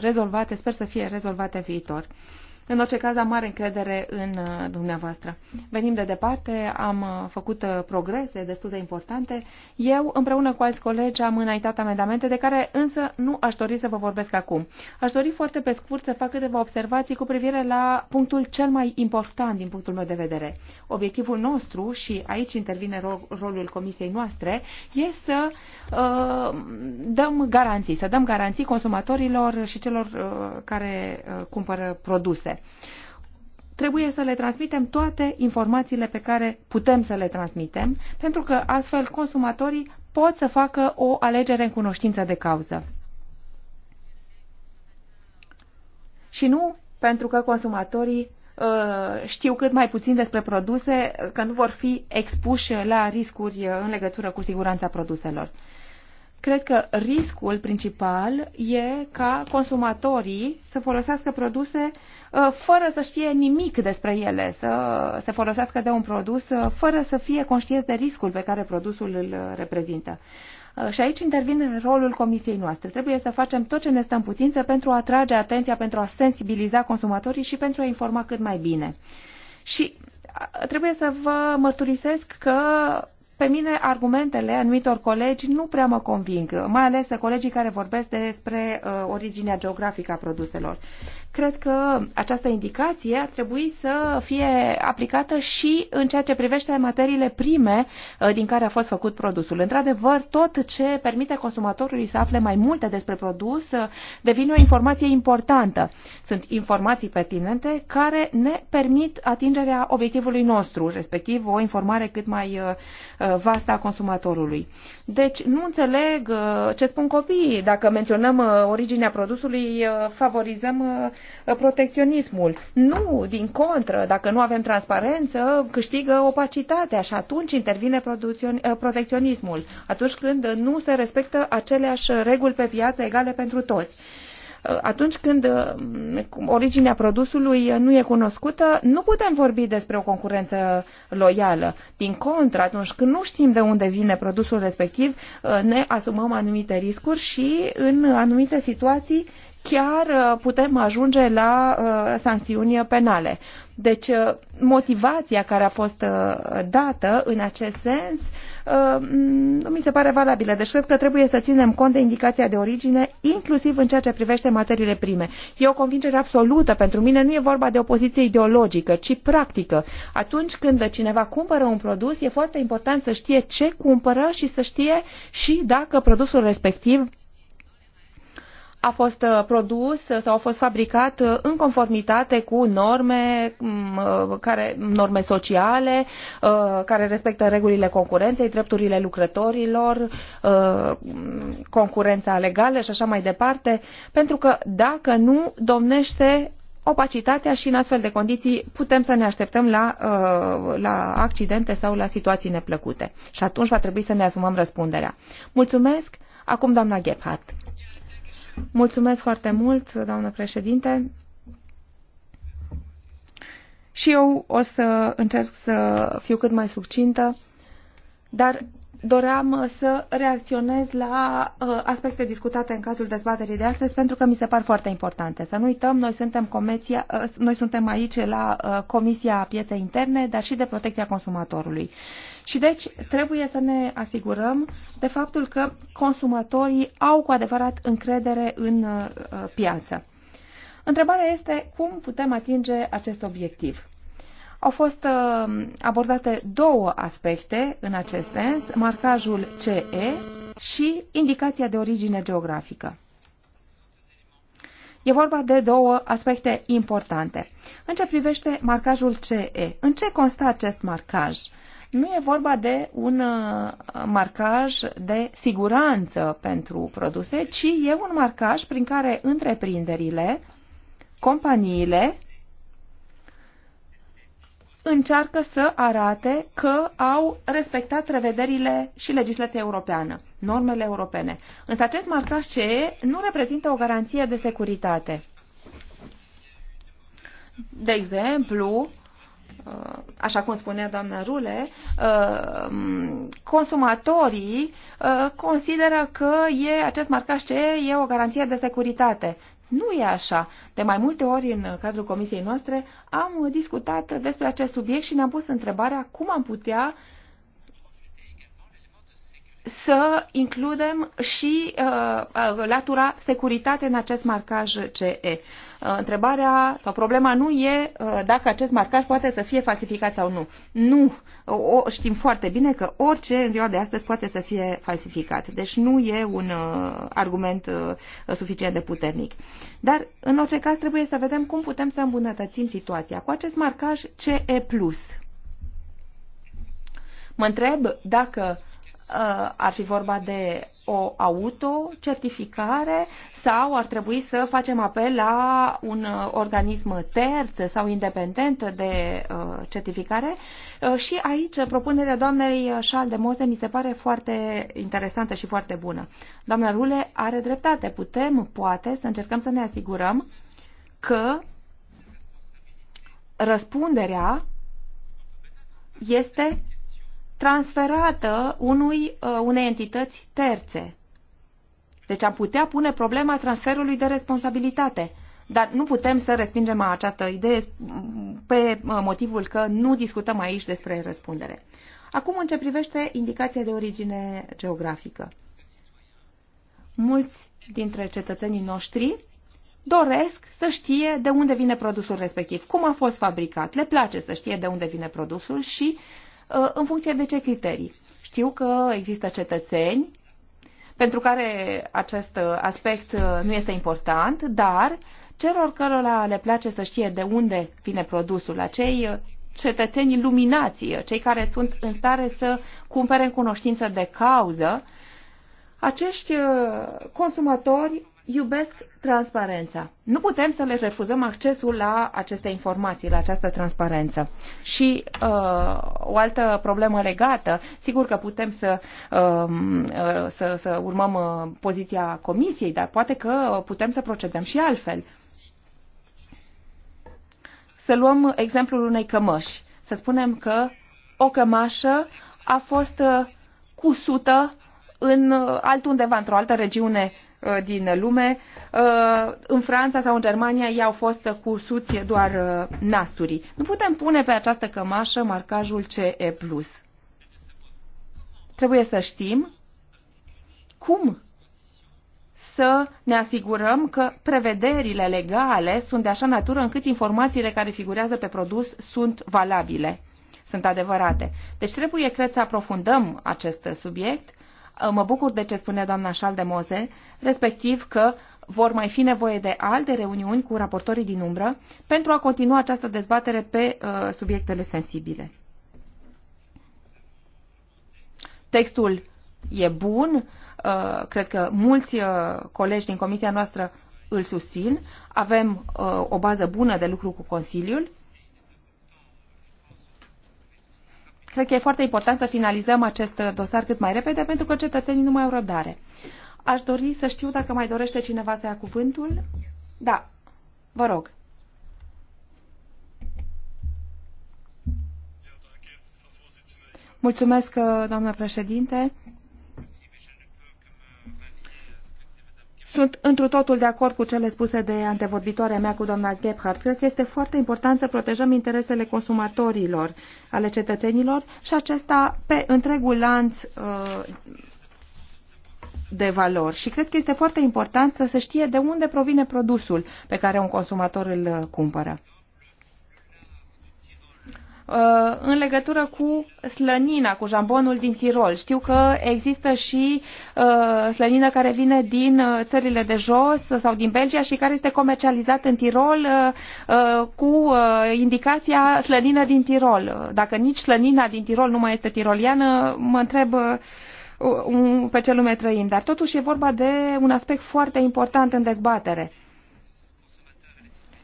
rezolvate, sper să fie rezolvate în viitor. În orice caz, am mare încredere în uh, dumneavoastră. Venim de departe, am uh, făcut uh, progrese destul de importante. Eu, împreună cu alți colegi, am înaintat amendamente de care însă nu aș dori să vă vorbesc acum. Aș dori foarte pe scurt să fac câteva observații cu privire la punctul cel mai important din punctul meu de vedere. Obiectivul nostru, și aici intervine rolul comisiei noastre, e să uh, dăm garanții, să dăm garanții consumatorilor și celor uh, care uh, cumpără produse. Trebuie să le transmitem toate informațiile pe care putem să le transmitem, pentru că astfel consumatorii pot să facă o alegere în cunoștință de cauză. Și nu pentru că consumatorii uh, știu cât mai puțin despre produse, că nu vor fi expuși la riscuri uh, în legătură cu siguranța produselor. Cred că riscul principal e ca consumatorii să folosească produse Uh, fără să știe nimic despre ele, să se folosească de un produs uh, fără să fie conștienți de riscul pe care produsul îl uh, reprezintă. Și aici intervine rolul comisiei noastre. Trebuie să facem tot ce ne stă în putință pentru a atrage atenția, pentru a sensibiliza consumatorii și pentru a informa cât mai bine. Și trebuie să vă mărturisesc că pe mine argumentele anumitor colegi nu prea mă conving, mai ales colegii care vorbesc despre uh, originea geografică a produselor. Cred că această indicație ar trebui să fie aplicată și în ceea ce privește materiile prime uh, din care a fost făcut produsul. Într-adevăr, tot ce permite consumatorului să afle mai multe despre produs uh, devine o informație importantă. Sunt informații pertinente care ne permit atingerea obiectivului nostru, respectiv o informare cât mai uh, vastă a consumatorului. Deci nu înțeleg ce spun copiii. Dacă menționăm originea produsului, favorizăm Uh, protecționismul. Nu, din contră, dacă nu avem transparență, câștigă opacitatea și atunci intervine uh, protecționismul, atunci când nu se respectă aceleași reguli pe piață egale pentru toți uh, atunci când originea produsului nu e cunoscută, nu putem vorbi despre o concurență loială. Din contră, atunci când nu știm de unde vine produsul respectiv, ne asumăm anumite riscuri și în anumite situații chiar uh, putem ajunge la uh, sancțiuni penale. Deci uh, motivația care a fost dată în acest sens nu mi se pare valabilă. Deci cred că trebuie să ținem cont de indicația de origine, inclusiv în ceea ce privește materiile prime. E o convingere absolută pentru mine, nu e vorba de o poziție ideologică, ci practică. Atunci când cineva cumpără un produs, e foarte important să știe ce cumpără și să știe și dacă produsul respectiv a fost uh, produs uh, sau a fost fabricat uh, în conformitate cu norme, mm, care, norme sociale, care respectă regulile concurenței, drepturile lucrătorilor, concurența legală și așa mai departe, pentru că dacă nu domnește opacitatea și în astfel de condiții putem să ne așteptăm la, la accidente sau la situații neplăcute. Și atunci va trebui să ne asumăm răspunderea. Mulțumesc! Acum doamna Gebhardt. Mulțumesc foarte mult, doamnă președinte. Și eu o să încerc să fiu cât mai succintă, dar doream uh, să reacționez la uh, aspecte discutate în cazul dezbaterii de astăzi, pentru că mi se par foarte importante. Să nu uităm, noi suntem, comeția, uh, noi suntem aici la Comisia Pieței Interne, dar și de protecția consumatorului. Și deci trebuie să ne asigurăm de faptul că consumatorii au cu adevărat încredere în piață. Întrebarea este cum putem atinge acest obiectiv. Au fost uh, abordate două aspecte în acest sens, marcajul CE și indicația de origine geografică. E vorba de două aspecte importante. În ce privește marcajul CE, în ce constă acest marcaj? Nu e vorba de un uh, marcaj de siguranță pentru produse, ci e un marcaj prin care întreprinderile, companiile încearcă să arate că au respectat prevederile și legislația europeană, normele europene. Însă acest marcaj CE nu reprezintă o garanție de securitate. De exemplu, uh, așa cum spunea doamna Rule, uh, consumatorii uh, consideră că e, acest marcaj CE e o garanție de securitate. Nu e așa. De mai multe ori în cadrul comisiei noastre am discutat despre acest subiect și ne-am pus întrebarea cum am putea uh, să includem și uh, uh, latura securitate în acest marcaj CE. Uh, întrebarea sau problema nu e uh, dacă acest marcaj poate să fie falsificat sau nu. Nu. O, știm foarte bine că orice în ziua de astăzi poate să fie falsificat. Deci nu e un uh, argument uh, suficient de puternic. Dar, în orice caz, trebuie să vedem cum putem să îmbunătățim situația cu acest marcaj CE+. Mă întreb dacă uh, Uh, ar fi vorba de o autocertificare sau ar trebui să facem apel la un uh, organism terț sau independent de uh, certificare. Și aici propunerea doamnei Șal de Moze mi se pare foarte interesantă și foarte bună. Doamna Rule are dreptate. Putem, poate, să încercăm să ne asigurăm că răspunderea este transferată unui, uh, unei entități terțe. Deci am putea pune problema transferului de responsabilitate. Dar nu putem să respingem această idee pe uh, motivul că nu discutăm aici despre răspundere. Acum, în ce privește indicația de origine geografică. Mulți dintre cetățenii noștri doresc să știe de unde vine produsul respectiv, cum a fost fabricat, le place să știe de unde vine produsul și Uh, în funcție de ce criterii. Știu că există cetățeni pentru care acest uh, aspect uh, nu este important, dar celor cărora le place să știe de unde vine produsul, acei cetățeni iluminați, cei care sunt în stare să cumpere în cunoștință de cauză, acești consumatori iubesc transparența. Nu putem să le refuzăm accesul la aceste informații, la această transparență. Și uh, o altă problemă legată, sigur că putem să, um, uh, să, să urmăm uh, poziția comisiei, dar poate că putem să procedăm și altfel. Să luăm exemplul unei cămăși. Să spunem că o cămașă a fost uh, cusută în uh, altundeva, într-o altă regiune Uh, din lume. Uh, în Franța sau în Germania i-au fost cu suție doar uh, nasturii. Nu putem pune pe această cămașă marcajul CE+. Trebuie să știm cum să ne asigurăm că prevederile legale sunt de așa natură încât informațiile care figurează pe produs sunt valabile, sunt adevărate. Deci trebuie, cred, să aprofundăm acest subiect Uh, mă bucur de ce spunea doamna de Moze, respectiv că vor mai fi nevoie de alte reuniuni cu raportorii din umbră pentru a continua această dezbatere pe uh, subiectele sensibile. Textul e bun, uh, cred că mulți uh, colegi din comisia noastră îl susțin, avem uh, o bază bună de lucru cu Consiliul Cred că e foarte important să finalizăm acest dosar cât mai repede, pentru că cetățenii nu mai au răbdare. Aș dori să știu dacă mai dorește cineva să ia cuvântul. Da, vă rog. Mulțumesc, doamnă președinte. Sunt întru totul de acord cu cele spuse de antevorbitoarea mea cu doamna Gebhardt. Cred că este foarte important să protejăm interesele consumatorilor, ale cetățenilor și acesta pe întregul lanț uh, de valori. Și cred că este foarte important să se știe de unde provine produsul pe care un consumator îl cumpără. Uh, în legătură cu slănina, cu jambonul din Tirol. Știu că există și uh, slănină care vine din uh, țările de jos sau din Belgia și care este comercializată în Tirol cu indicația slănină din Tirol. Dacă nici slănina din Tirol nu mai este tiroliană, mă întreb pe ce lume trăim. Dar totuși e vorba de un aspect foarte important în dezbatere.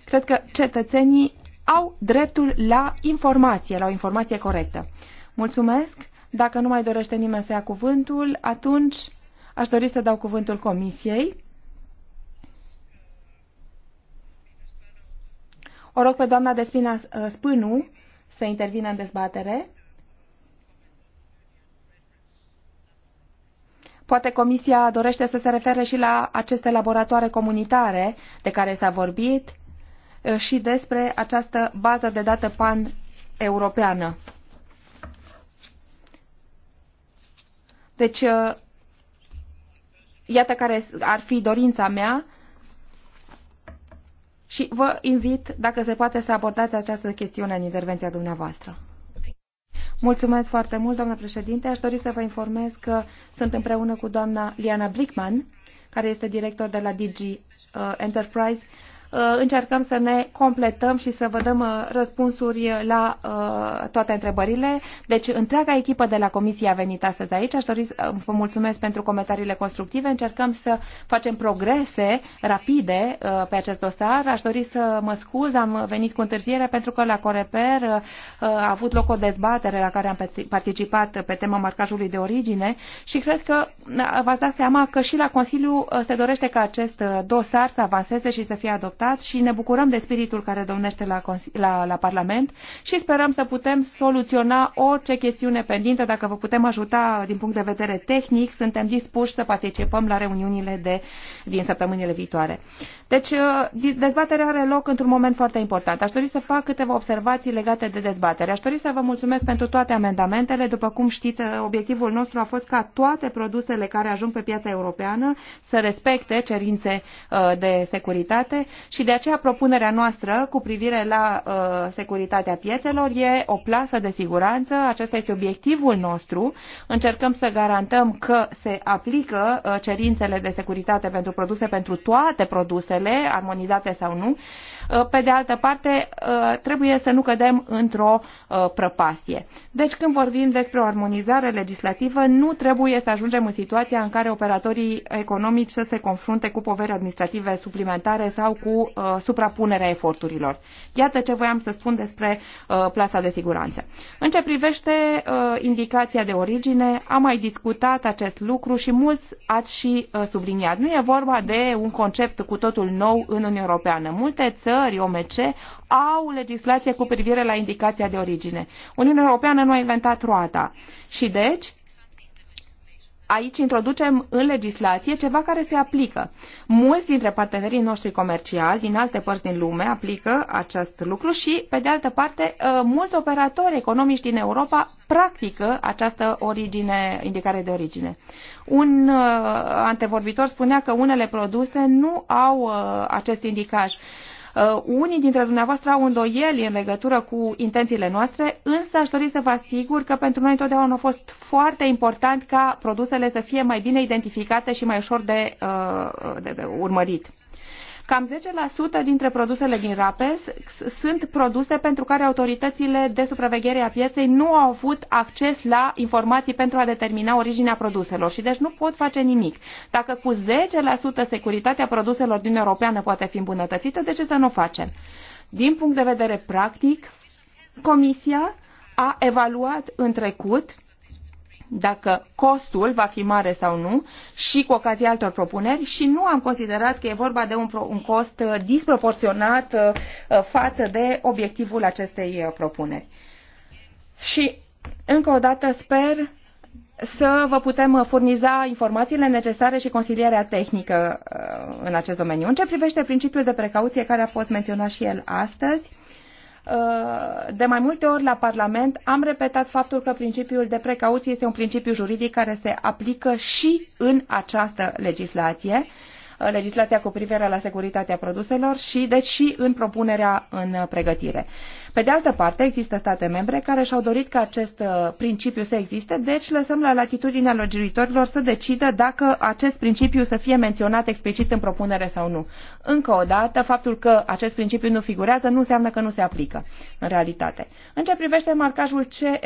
Cred că cetățenii au dreptul la informație, la o informație corectă. Mulțumesc! Dacă nu mai dorește nimeni să ia cuvântul, atunci aș dori să dau cuvântul Comisiei. O rog pe doamna Despina uh, Spânu să intervină în dezbatere. Poate Comisia dorește să se refere și la aceste laboratoare comunitare de care s-a vorbit, Uh, și despre această bază de date pan-europeană. Deci, uh, iată care ar fi dorința mea și vă invit, dacă se poate, să abordați această chestiune în intervenția dumneavoastră. Mulțumesc foarte mult, doamnă președinte. Aș dori să vă informez că sunt împreună cu doamna Liana Brickman, care este director de la DG uh, Enterprise, Uh, încercăm să ne completăm și să vă dăm uh, răspunsuri la uh, toate întrebările. Deci, întreaga echipă de la Comisie a venit astăzi aici. Aș dori să vă mulțumesc pentru comentariile constructive. Încercăm să facem progrese rapide pe acest dosar. Aș dori să mă scuz, am venit cu întârziere pentru că la Coreper a avut loc o dezbatere la care am participat pe tema marcajului de origine și cred că v-ați dat seama că și la Consiliu se dorește ca acest dosar să avanseze și să fie adoptat respectat și ne bucurăm de spiritul care domnește la, la, la Parlament și sperăm să putem soluționa orice chestiune pendintă. Dacă vă putem ajuta din punct de vedere tehnic, suntem dispuși să participăm la reuniunile de, din săptămânile viitoare. Deci, uh, dezbaterea are loc într-un moment foarte important. Aș dori să fac câteva observații legate de dezbatere. Aș dori să vă mulțumesc pentru toate amendamentele. După cum știți, uh, obiectivul nostru a fost ca toate produsele care ajung pe piața europeană să respecte cerințe uh, de securitate și de aceea propunerea noastră cu privire la uh, securitatea piețelor e o plasă de siguranță. Acesta este obiectivul nostru. Încercăm să garantăm că se aplică uh, cerințele de securitate pentru produse, pentru toate produsele, armonizate sau nu. Uh, pe de altă parte, uh, trebuie să nu cădem într-o uh, prăpastie. Deci când vorbim despre o armonizare legislativă, nu trebuie să ajungem în situația în care operatorii economici să se confrunte cu poveri administrative suplimentare sau cu uh, suprapunerea eforturilor. Iată ce voiam să spun despre uh, plasa de siguranță. În ce privește uh, indicația de origine, am mai discutat acest lucru și mulți ați și uh, subliniat. Nu e vorba de un concept cu totul nou în Uniunea Europeană. Multe țări OMC au legislație cu privire la indicația de origine. Uniunea Europeană nu a inventat roata și deci aici introducem în legislație ceva care se aplică. Mulți dintre partenerii noștri comerciali din alte părți din lume aplică acest lucru și, pe de altă parte, uh, mulți operatori economici din Europa practică această origine, indicare de origine. Un uh, antevorbitor spunea că unele produse nu au uh, acest indicaj Uh, unii dintre dumneavoastră au îndoieli în legătură cu intențiile noastre, însă aș dori să vă asigur că pentru noi întotdeauna a fost foarte important ca produsele să fie mai bine identificate și mai ușor de, uh, de, de urmărit. Cam 10% dintre produsele din RAPES sunt produse pentru care autoritățile de supraveghere a pieței nu au avut acces la informații pentru a determina originea produselor și deci nu pot face nimic. Dacă cu 10% securitatea produselor din Europeană poate fi îmbunătățită, de ce să nu o facem? Din punct de vedere practic, Comisia a evaluat în trecut dacă costul va fi mare sau nu și cu ocazia altor propuneri și nu am considerat că e vorba de un, un cost uh, disproporționat uh, uh, față de obiectivul acestei propuneri. Și, încă o dată, sper să vă putem furniza informațiile necesare și consilierea tehnică în acest domeniu. În ce privește principiul de precauție care a fost menționat și el astăzi, Uh, de mai multe ori la Parlament am repetat faptul că principiul de precauție este un principiu juridic care se aplică și în această legislație. Uh, legislația cu privire la securitatea produselor și deci și în propunerea în uh, pregătire. Pe de altă parte, există state membre care și-au dorit ca acest uh, principiu să existe, deci lăsăm la latitudinea logiuitorilor să decidă dacă acest principiu să fie menționat explicit în propunere sau nu. Încă o dată, faptul că acest principiu nu figurează nu înseamnă că nu se aplică în realitate. În ce privește marcajul CE+,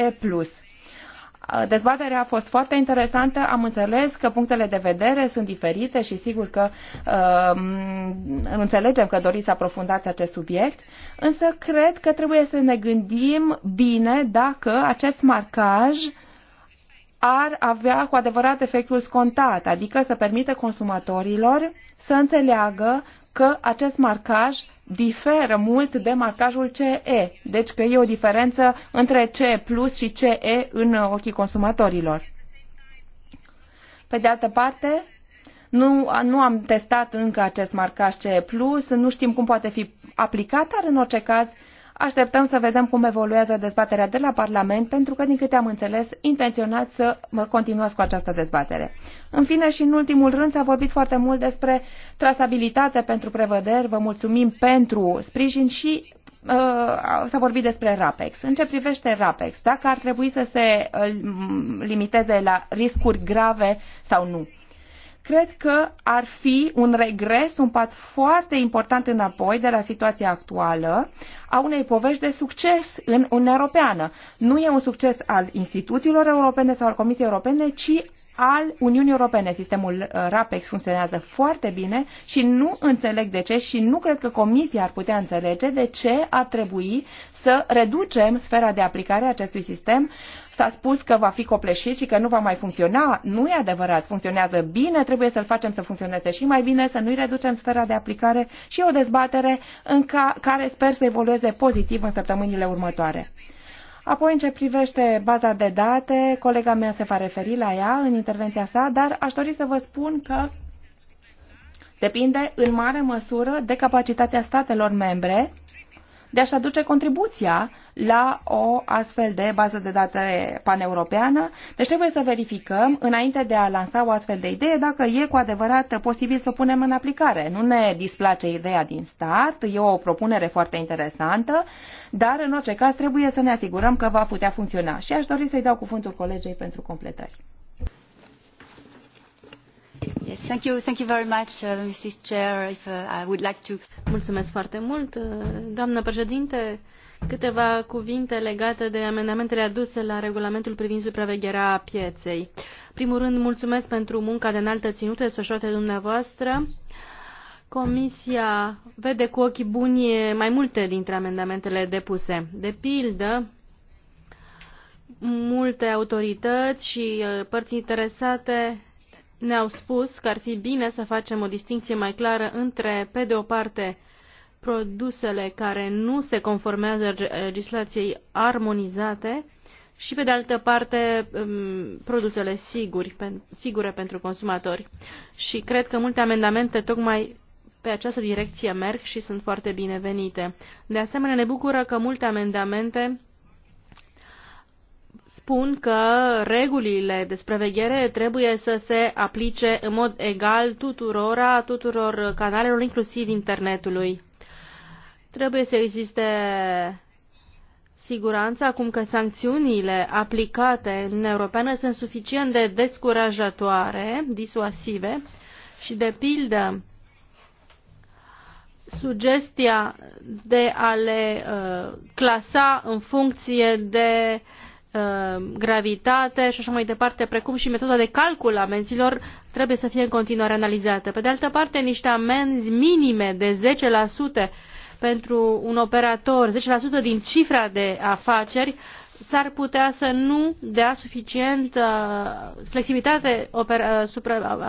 Dezbaterea a fost foarte interesantă, am înțeles că punctele de vedere sunt diferite și sigur că uh, înțelegem că doriți să aprofundați acest subiect, însă cred că trebuie să ne gândim bine dacă acest marcaj ar avea cu adevărat efectul scontat, adică să permită consumatorilor să înțeleagă că acest marcaj diferă mult de marcajul CE, deci că e o diferență între CE plus și CE în ochii consumatorilor. Pe de altă parte, nu, nu am testat încă acest marcaj CE+, plus, nu știm cum poate fi aplicat, dar în orice caz Așteptăm să vedem cum evoluează dezbaterea de la Parlament, pentru că, din câte am înțeles, intenționați să continuați cu această dezbatere. În fine și în ultimul rând s-a vorbit foarte mult despre trasabilitate pentru prevederi. Vă mulțumim pentru sprijin și uh, s-a vorbit despre RAPEX. În ce privește RAPEX, dacă ar trebui să se uh, limiteze la riscuri grave sau nu. Cred că ar fi un regres, un pas foarte important înapoi de la situația actuală a unei povești de succes în Uniunea Europeană. Nu e un succes al instituțiilor europene sau al Comisiei Europene, ci al Uniunii Europene. Sistemul uh, RAPEX funcționează foarte bine și nu înțeleg de ce și nu cred că Comisia ar putea înțelege de ce ar trebui să reducem sfera de aplicare a acestui sistem S-a spus că va fi copleșit și că nu va mai funcționa. Nu e adevărat, funcționează bine, trebuie să-l facem să funcționeze și mai bine, să nu-i reducem sfera de aplicare și o dezbatere în ca, care sper să evolueze pozitiv în săptămânile următoare. Apoi, în ce privește baza de date, colega mea se va referi la ea în intervenția sa, dar aș dori să vă spun că depinde în mare măsură de capacitatea statelor membre de a-și aduce contribuția la o astfel de bază de date paneuropeană. Deci trebuie să verificăm, înainte de a lansa o astfel de idee, dacă e cu adevărat posibil să o punem în aplicare. Nu ne displace ideea din start, e o propunere foarte interesantă, dar în orice caz trebuie să ne asigurăm că va putea funcționa. Și aș dori să-i dau cuvântul colegei pentru completări. Mulțumesc foarte mult, uh, doamnă președinte. Câteva cuvinte legate de amendamentele aduse la regulamentul privind supravegherea pieței. Primul rând, mulțumesc pentru munca de înaltă ținută desfășurată de dumneavoastră. Comisia vede cu ochii buni mai multe dintre amendamentele depuse. De pildă, multe autorități și uh, părți interesate ne-au spus că ar fi bine să facem o distinție mai clară între, pe de o parte, produsele care nu se conformează legislației armonizate și, pe de altă parte, um, produsele siguri, sigure pentru consumatori. Și cred că multe amendamente tocmai pe această direcție merg și sunt foarte binevenite. De asemenea, ne bucură că multe amendamente spun că regulile de supraveghere trebuie să se aplice în mod egal tuturora, tuturor canalelor, inclusiv internetului. Trebuie să existe siguranță, acum că sancțiunile aplicate în Europeană sunt suficient de descurajatoare, disuasive și, de pildă, sugestia de a le uh, clasa în funcție de uh, Uh, gravitate și așa mai departe, precum și metoda de calcul a menzilor, trebuie să fie în continuare analizată. Pe de altă parte, niște amenzi minime de 10% pentru un operator, 10% din cifra de afaceri, s-ar putea să nu dea suficient uh, flexibilitate uh,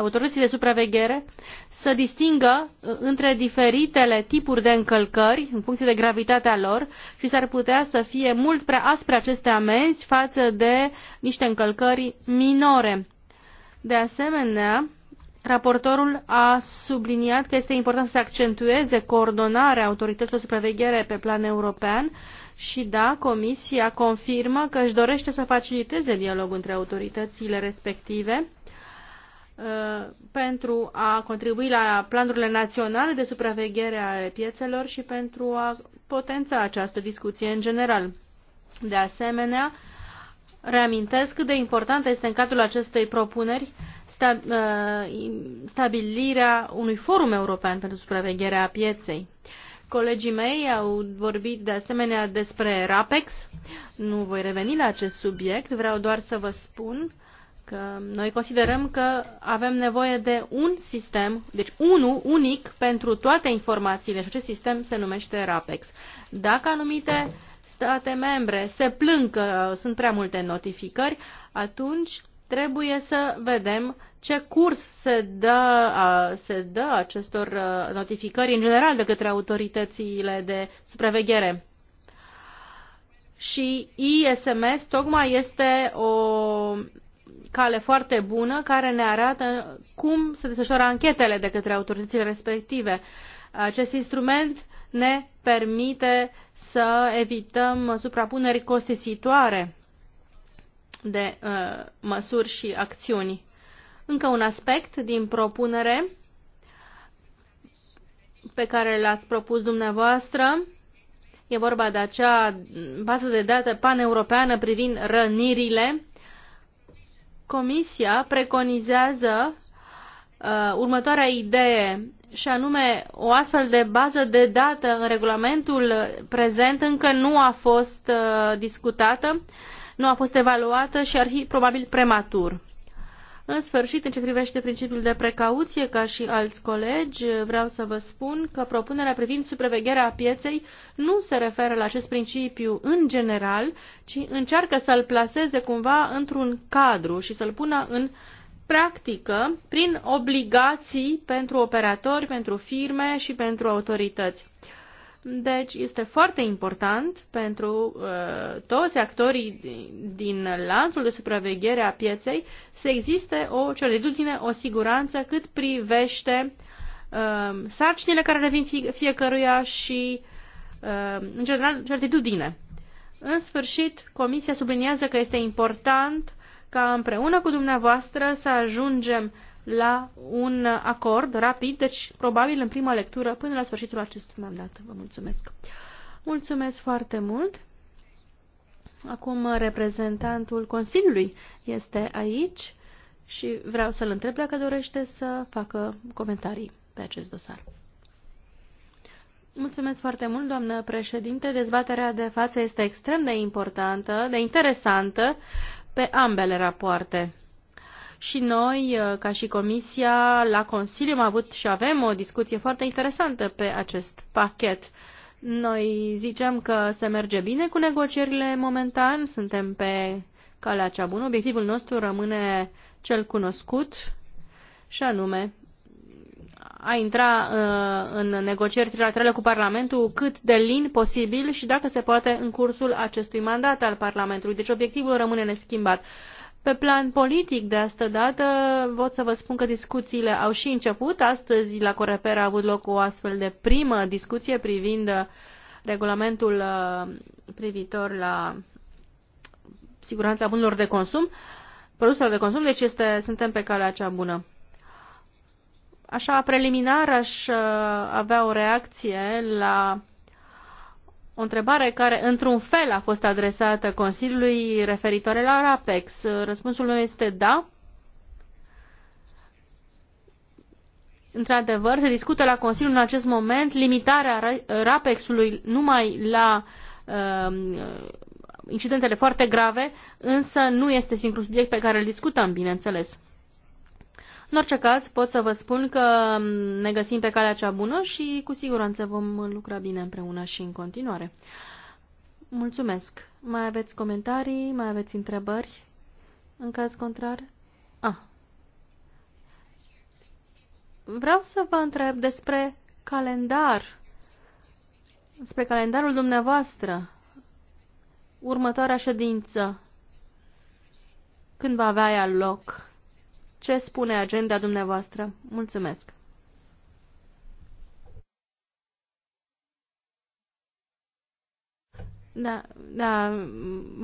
autorității de supraveghere să distingă uh, între diferitele tipuri de încălcări în funcție de gravitatea lor și s-ar putea să fie mult prea aspre aceste amenzi față de niște încălcări minore. De asemenea, Raportorul a subliniat că este important să se accentueze coordonarea autorităților de supraveghere pe plan european și da, Comisia confirmă că își dorește să faciliteze dialogul între autoritățile respective uh, pentru a contribui la planurile naționale de supraveghere ale piețelor și pentru a potența această discuție în general. De asemenea, reamintesc cât de importantă este în cadrul acestei propuneri uh, stabilirea unui forum european pentru supravegherea pieței. Colegii mei au vorbit de asemenea despre RAPEX. Nu voi reveni la acest subiect, vreau doar să vă spun că noi considerăm că avem nevoie de un sistem, deci unul unic pentru toate informațiile și acest sistem se numește RAPEX. Dacă anumite state membre se plâng că sunt prea multe notificări, atunci trebuie să vedem ce curs se dă, se dă acestor notificări în general de către autoritățile de supraveghere. Și ISMS tocmai este o cale foarte bună care ne arată cum se desfășoară anchetele de către autoritățile respective. Acest instrument ne permite să evităm suprapuneri costisitoare de uh, măsuri și acțiuni. Încă un aspect din propunere pe care l-ați propus dumneavoastră. E vorba de acea bază de date paneuropeană privind rănirile. Comisia preconizează uh, următoarea idee și anume o astfel de bază de date în regulamentul prezent încă nu a fost uh, discutată, nu a fost evaluată și ar fi probabil prematur. În sfârșit, în ce privește principiul de precauție, ca și alți colegi, vreau să vă spun că propunerea privind supravegherea pieței nu se referă la acest principiu în general, ci încearcă să-l plaseze cumva într-un cadru și să-l pună în practică prin obligații pentru operatori, pentru firme și pentru autorități. Deci este foarte important pentru uh, toți actorii din lanțul de supraveghere a pieței să existe o certitudine, o siguranță cât privește uh, sarcinile care revin fie, fiecăruia și, uh, în general, certitudine. În sfârșit, Comisia subliniază că este important ca împreună cu dumneavoastră să ajungem la un acord rapid, deci probabil în prima lectură până la sfârșitul acestui mandat. Vă mulțumesc! Mulțumesc foarte mult! Acum reprezentantul Consiliului este aici și vreau să-l întreb dacă dorește să facă comentarii pe acest dosar. Mulțumesc foarte mult, doamnă președinte. Dezbaterea de față este extrem de importantă, de interesantă pe ambele rapoarte și noi, uh, ca și Comisia, la Consiliu am avut și avem o discuție foarte interesantă pe acest pachet. Noi zicem că se merge bine cu negocierile momentan, suntem pe calea cea bună. Obiectivul nostru rămâne cel cunoscut și anume a intra uh, în negocieri trilaterale cu Parlamentul cât de lin posibil și dacă se poate în cursul acestui mandat al Parlamentului. Deci obiectivul rămâne neschimbat. Uh, pe plan politic, de asta dată, pot să vă spun că discuțiile au și început. Astăzi, la Coreper, a avut loc o astfel de primă discuție privind uh, regulamentul uh, privitor la siguranța bunurilor de consum, produselor de consum, deci este, suntem pe calea cea bună. Așa, preliminar, aș uh, avea o reacție la o întrebare care, într-un fel, a fost adresată Consiliului referitoare la RAPEX. Răspunsul meu este da. Într-adevăr, se discută la Consiliu în acest moment limitarea RAPEX-ului numai la uh, incidentele foarte grave, însă nu este singurul subiect pe care îl discutăm, bineînțeles. În orice caz, pot să vă spun că mm, ne găsim pe calea cea bună și cu siguranță vom lucra bine împreună și în continuare. Mulțumesc. Mai aveți comentarii? Mai aveți întrebări? În caz contrar? Ah. Vreau să vă întreb despre calendar. Despre calendarul dumneavoastră. Următoarea ședință. Când va avea ea loc? ce spune agenda dumneavoastră. Mulțumesc! Da, da, vă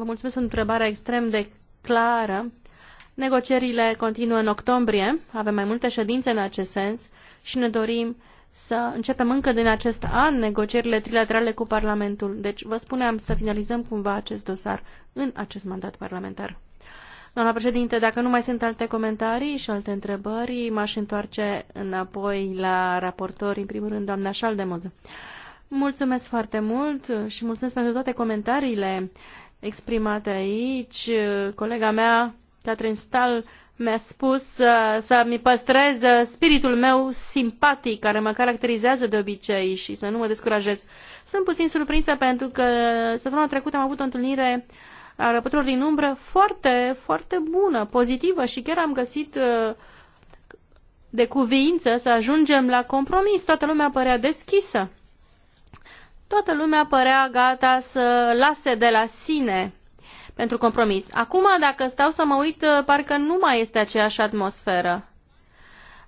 mulțumesc pentru întrebarea extrem de clară. Negocierile continuă în octombrie, avem mai multe ședințe în acest sens și ne dorim să începem încă din acest an negocierile trilaterale cu Parlamentul. Deci vă spuneam să finalizăm cumva acest dosar în acest mandat parlamentar. Doamna președinte, dacă nu mai sunt alte comentarii și alte întrebări, m-aș întoarce înapoi la raportori, în primul rând, doamna Șaldemoză. Mulțumesc foarte mult și mulțumesc pentru toate comentariile exprimate aici. Colega mea, Catherine Stahl, mi-a spus uh, să mi păstrez uh, spiritul meu simpatic, care mă caracterizează de obicei și să nu mă descurajez. Sunt puțin surprinsă pentru că uh, săptămâna trecută am avut o întâlnire uh, a răpăturilor din umbră foarte, foarte bună, pozitivă și chiar am găsit uh, de cuviință să ajungem la compromis. Toată lumea părea deschisă. Toată lumea părea gata să lase de la sine pentru compromis. Acum, dacă stau să mă uit, uh, parcă nu mai este aceeași atmosferă.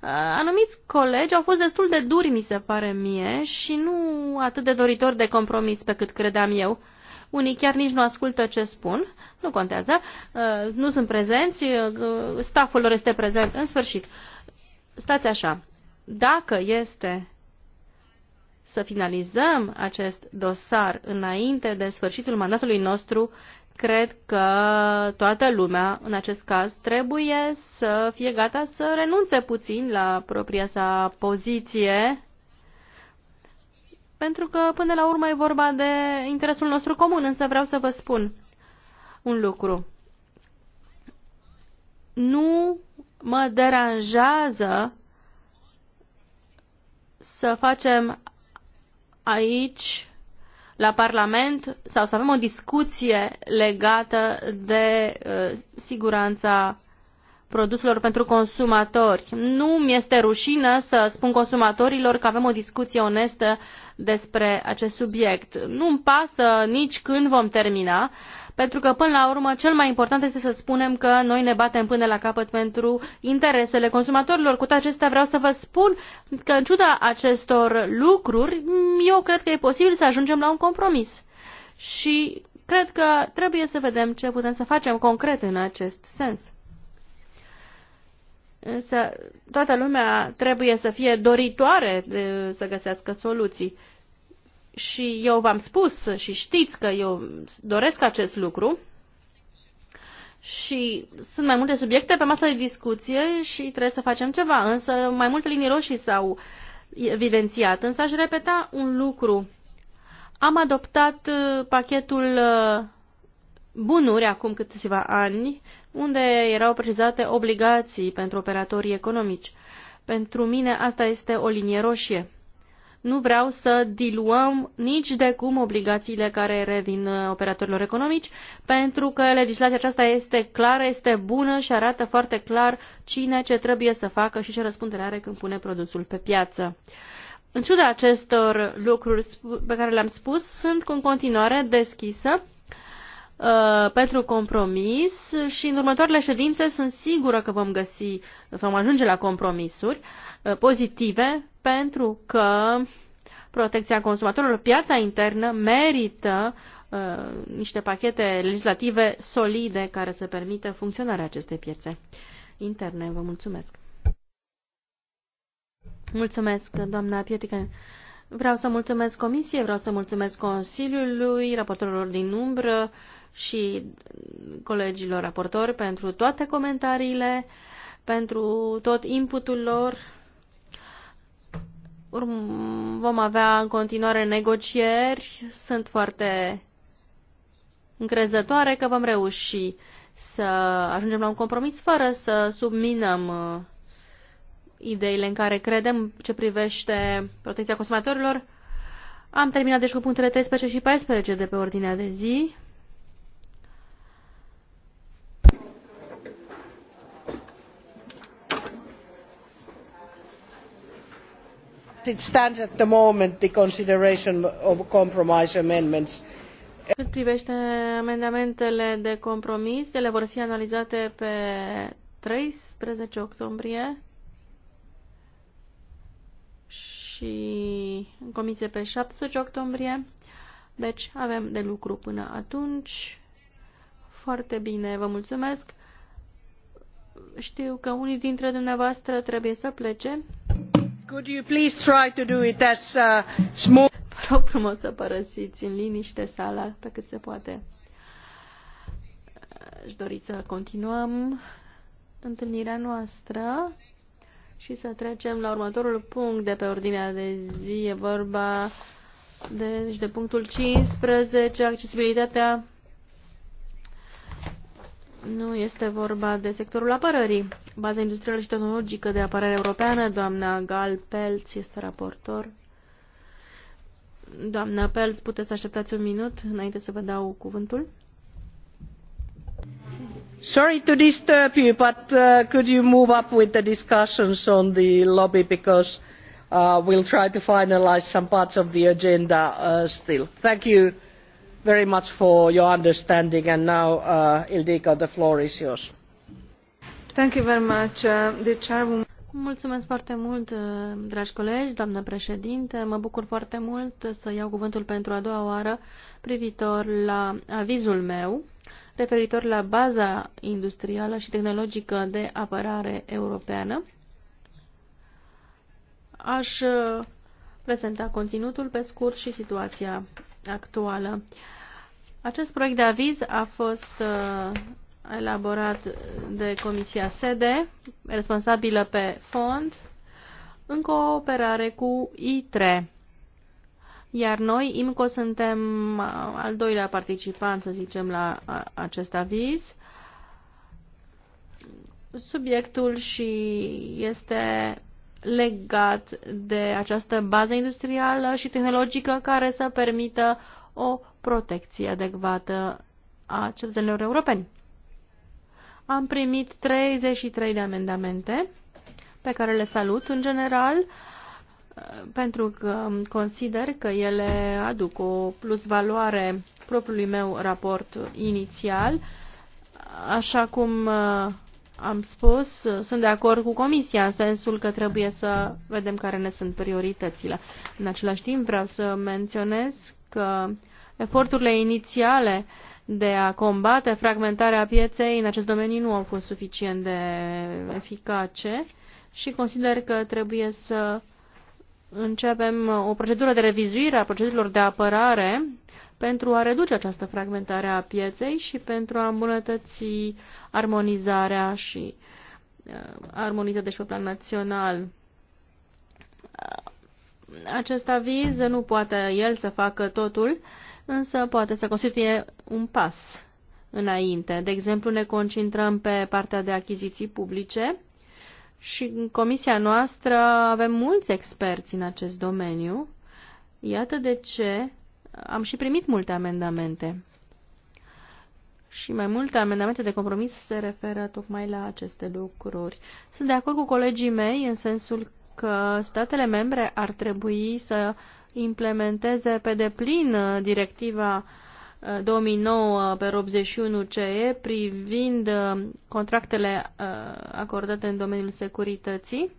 Uh, anumiți colegi au fost destul de duri, mi se pare mie, și nu atât de doritori de compromis pe cât credeam eu unii chiar nici nu ascultă ce spun, nu contează, uh, nu sunt prezenți, uh, staful lor este prezent, în sfârșit. Stați așa, dacă este să finalizăm acest dosar înainte de sfârșitul mandatului nostru, cred că toată lumea, în acest caz, trebuie să fie gata să renunțe puțin la propria sa poziție pentru că până la urmă e vorba de interesul nostru comun, însă vreau să vă spun un lucru. Nu mă deranjează să facem aici la Parlament sau să avem o discuție legată de uh, siguranța produselor pentru consumatori. Nu mi este rușină să spun consumatorilor că avem o discuție onestă despre acest subiect. Nu-mi pasă nici când vom termina, pentru că până la urmă cel mai important este să spunem că noi ne batem până la capăt pentru interesele consumatorilor. Cu acestea vreau să vă spun că în ciuda acestor lucruri, eu cred că e posibil să ajungem la un compromis. Și cred că trebuie să vedem ce putem să facem concret în acest sens. Însă toată lumea trebuie să fie doritoare de, să găsească soluții și eu v-am spus și știți că eu doresc acest lucru și sunt mai multe subiecte pe masa de discuție și trebuie să facem ceva, însă mai multe linii roșii s-au evidențiat. Însă aș repeta un lucru. Am adoptat uh, pachetul uh, bunuri acum câțiva ani, unde erau precizate obligații pentru operatorii economici. Pentru mine asta este o linie roșie nu vreau să diluăm nici de cum obligațiile care revin uh, operatorilor economici, pentru că legislația aceasta este clară, este bună și arată foarte clar cine ce trebuie să facă și ce răspundere are când pune produsul pe piață. În ciuda acestor lucruri pe care le-am spus, sunt cu continuare deschisă Uh, pentru compromis și în următoarele ședințe sunt sigură că vom găsi, vom ajunge la compromisuri uh, pozitive pentru că protecția consumatorilor, piața internă merită uh, niște pachete legislative solide care să permită funcționarea acestei piețe interne. Vă mulțumesc! Mulțumesc, doamna Pietică. Vreau să mulțumesc Comisiei, vreau să mulțumesc Consiliului, raportorilor din umbră și colegilor raportori pentru toate comentariile, pentru tot inputul lor. Vom avea în continuare negocieri. Sunt foarte încrezătoare că vom reuși să ajungem la un compromis fără să subminăm uh, ideile în care credem ce privește protecția consumatorilor. Am terminat deci cu punctele 13 și 14 de pe ordinea de zi. as it stands at the moment the consideration of compromise amendments cât privește amendamentele de compromis, ele vor fi analizate pe 13 octombrie și în comisie pe 17 octombrie. Deci avem de lucru până atunci. Foarte bine, vă mulțumesc. Știu că unii dintre dumneavoastră trebuie să plece. Could you please uh, Vă rog frumos să părăsiți în liniște sala pe cât se poate. Aș dori să continuăm întâlnirea noastră și să trecem la următorul punct de pe ordinea de zi. E vorba deci de punctul 15, accesibilitatea nu este vorba de sectorul apărării. Baza industrială și tehnologică de apărare europeană, doamna Gal Pelț este raportor. Doamna Pelț, puteți să așteptați un minut înainte să vă dau cuvântul? Sorry to disturb you, but uh, could you move up with the discussions on the lobby because uh, we'll try to finalize some parts of the agenda uh, still. Thank you very much for your understanding and now uh, Ildiko, the floor is yours. Thank you very much, the uh, chairwoman. Mulțumesc foarte mult, uh, dragi colegi, doamnă președinte. Mă bucur foarte mult să iau cuvântul pentru a doua oară privitor la avizul meu referitor la baza industrială și tehnologică de apărare europeană. Aș uh, prezenta conținutul pe scurt și situația actuală. Acest proiect de aviz a fost uh, elaborat de Comisia SEDE, responsabilă pe fond, în cooperare cu E3, Iar noi, IMCO, suntem uh, al doilea participant, să zicem, la acest aviz. Subiectul și este legat de această bază industrială și tehnologică care să permită o protecție adecvată a cetățenilor europeni. Am primit 33 de amendamente pe care le salut în general pentru că consider că ele aduc o plusvaloare propriului meu raport inițial, așa cum am spus, sunt de acord cu Comisia în sensul că trebuie să vedem care ne sunt prioritățile. În același timp vreau să menționez că eforturile inițiale de a combate fragmentarea pieței în acest domeniu nu au fost suficient de eficace și consider că trebuie să începem o procedură de revizuire a procedurilor de apărare pentru a reduce această fragmentare a pieței și pentru a îmbunătăți armonizarea și uh, armonizarea deci pe plan național. Uh, acest aviz nu poate el să facă totul, însă poate să constituie un pas înainte. De exemplu, ne concentrăm pe partea de achiziții publice și în comisia noastră avem mulți experți în acest domeniu. Iată de ce am și primit multe amendamente. Și mai multe amendamente de compromis se referă tocmai la aceste lucruri. Sunt de acord cu colegii mei în sensul că statele membre ar trebui să implementeze pe deplin uh, directiva 2009 pe 81 CE privind uh, contractele uh, acordate în domeniul securității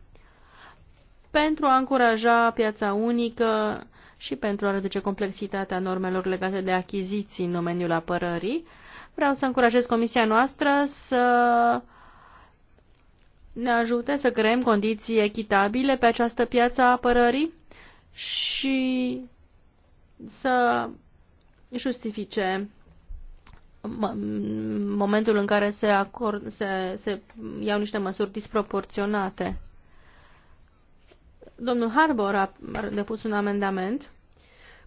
pentru a încuraja piața unică și pentru a reduce complexitatea normelor legate de achiziții în domeniul apărării. Vreau să încurajez comisia noastră să ne ajute să creăm condiții echitabile pe această piață a apărării și să justifice momentul în care se, acord, se, se iau niște măsuri disproporționate. Domnul Harbour a depus un amendament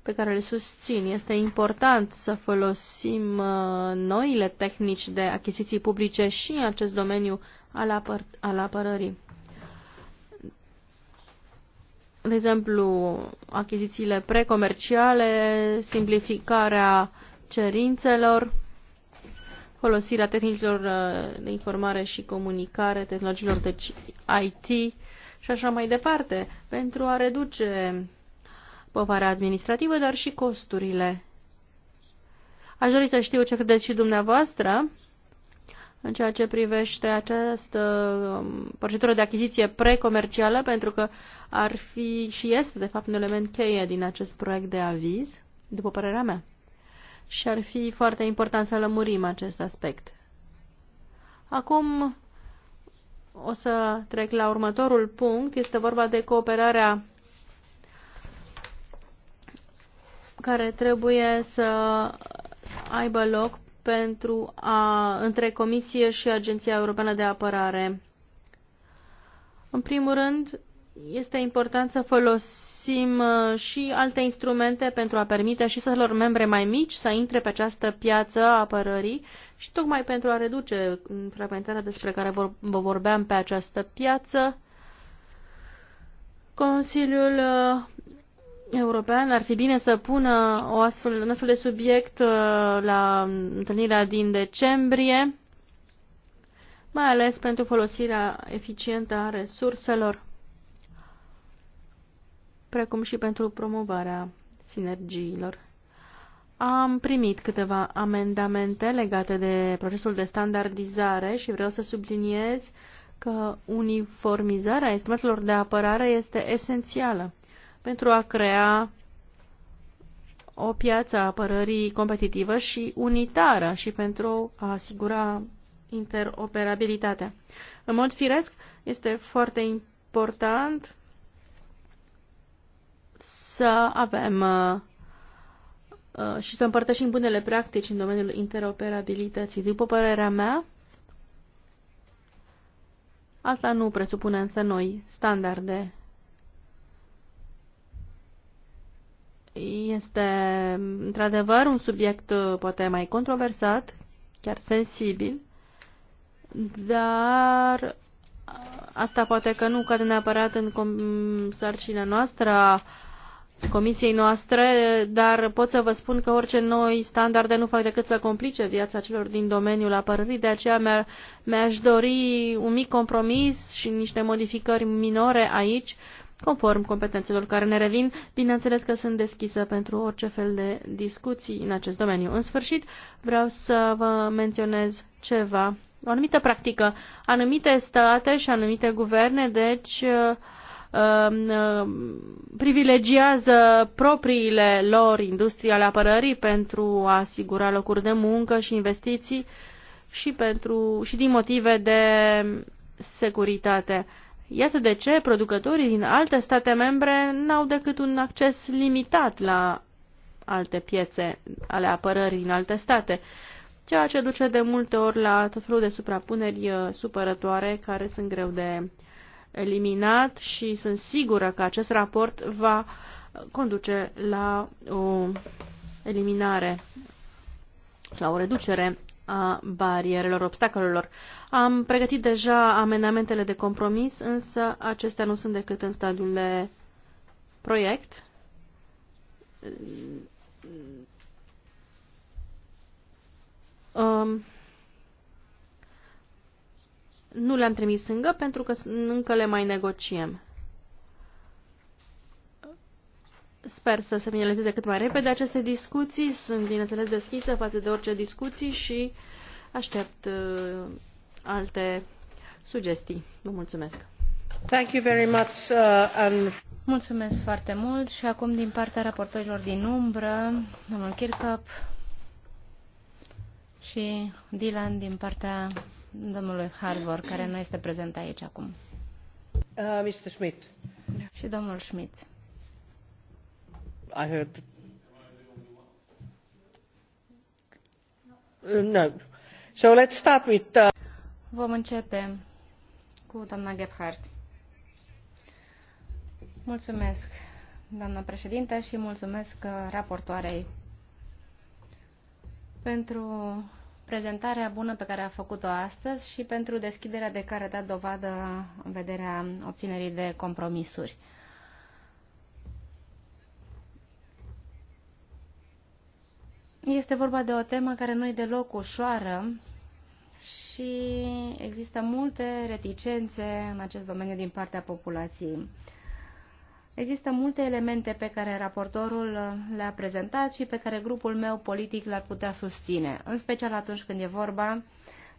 pe care îl susțin. Este important să folosim uh, noile tehnici de achiziții publice și în acest domeniu al, apăr al apărării. De exemplu, achizițiile precomerciale, simplificarea cerințelor, folosirea tehnicilor uh, de informare și comunicare, tehnologiilor de IT și așa mai departe, pentru a reduce povara administrativă, dar și costurile. Aș dori să știu ce credeți și dumneavoastră în ceea ce privește această um, procedură de achiziție precomercială, pentru că ar fi și este, de fapt, un element cheie din acest proiect de aviz, după părerea mea. Și ar fi foarte important să lămurim acest aspect. Acum, o să trec la următorul punct. Este vorba de cooperarea care trebuie să aibă loc pentru a, între Comisie și Agenția Europeană de Apărare. În primul rând, este important să folosim uh, și alte instrumente pentru a permite și celor membre mai mici să intre pe această piață a apărării și tocmai pentru a reduce mm, fragmentarea despre care vă vorbeam pe această piață. Consiliul uh, european ar fi bine să pună o astfel, un astfel de subiect uh, la întâlnirea din decembrie, mai ales pentru folosirea eficientă a resurselor precum și pentru promovarea sinergiilor. Am primit câteva amendamente legate de procesul de standardizare și vreau să subliniez că uniformizarea instrumentelor de apărare este esențială pentru a crea o piață a apărării competitivă și unitară și pentru a asigura interoperabilitatea. În mod firesc, este foarte important să avem uh, uh, și să împărtășim bunele practici în domeniul interoperabilității. După părerea mea, asta nu presupune însă noi standarde. Este într-adevăr un subiect uh, poate mai controversat, chiar sensibil, dar asta poate că nu cade neapărat în sarcina noastră comisiei noastre, dar pot să vă spun că orice noi standarde nu fac decât să complice viața celor din domeniul apărării, de aceea mi aș dori un mic compromis și niște modificări minore aici, conform competențelor care ne revin. Bineînțeles că sunt deschisă pentru orice fel de discuții în acest domeniu. În sfârșit, vreau să vă menționez ceva. O anumită practică. Anumite state și anumite guverne, deci, Um, um, privilegiază propriile lor industrie ale apărării pentru a asigura locuri de muncă și investiții și, pentru, și din motive de securitate. Iată de ce producătorii din alte state membre n-au decât un acces limitat la alte piețe ale apărării în alte state, ceea ce duce de multe ori la tot felul de suprapuneri uh, supărătoare care sunt greu de uh, eliminat și sunt sigură că acest raport va conduce la o eliminare sau o reducere a barierelor, obstacolelor. Am pregătit deja amendamentele de compromis, însă acestea nu sunt decât în stadiul de proiect. Um, nu le-am trimis încă pentru că încă le mai negociem. Sper să se finalizeze cât mai repede aceste discuții. Sunt, bineînțeles, deschisă față de orice discuții și aștept uh, alte sugestii. Vă mulțumesc! Thank you very much, uh, and... Mulțumesc foarte mult și acum din partea raportorilor din umbră, domnul Kirchhoff și Dylan din partea domnului Harbour, care nu este prezent aici acum. Uh, Mr. Schmidt. Și domnul Schmidt. I heard uh, No. So let's start with, uh... vom începe cu doamna gebhardt. mulțumesc doamna președintă și mulțumesc uh, raportoarei pentru prezentarea bună pe care a făcut-o astăzi și pentru deschiderea de care a dat dovadă în vederea obținerii de compromisuri. Este vorba de o temă care nu e deloc ușoară și există multe reticențe în acest domeniu din partea populației. Există multe elemente pe care raportorul le-a prezentat și pe care grupul meu politic le-ar putea susține, în special atunci când e vorba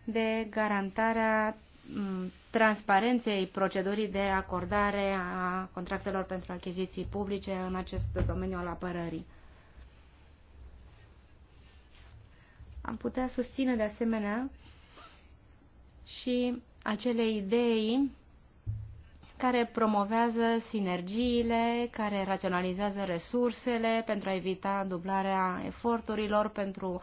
de garantarea transparenței procedurii de acordare a contractelor pentru achiziții publice în acest domeniu al apărării. Am putea susține de asemenea și acele idei care promovează sinergiile, care raționalizează resursele pentru a evita dublarea eforturilor, pentru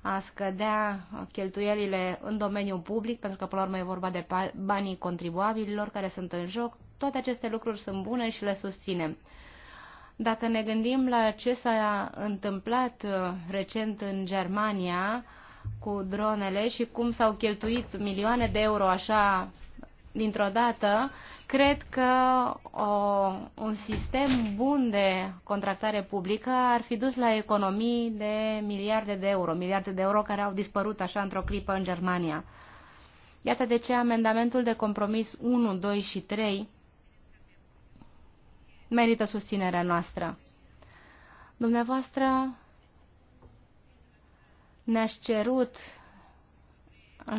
a scădea cheltuielile în domeniul public, pentru că, până la urmă, e vorba de banii contribuabililor care sunt în joc. Toate aceste lucruri sunt bune și le susținem. Dacă ne gândim la ce s-a întâmplat uh, recent în Germania cu dronele și cum s-au cheltuit milioane de euro așa dintr-o dată, cred că o, un sistem bun de contractare publică ar fi dus la economii de miliarde de euro, miliarde de euro care au dispărut așa într-o clipă în Germania. Iată de ce amendamentul de compromis 1, 2 și 3 merită susținerea noastră. Dumneavoastră ne-ați cerut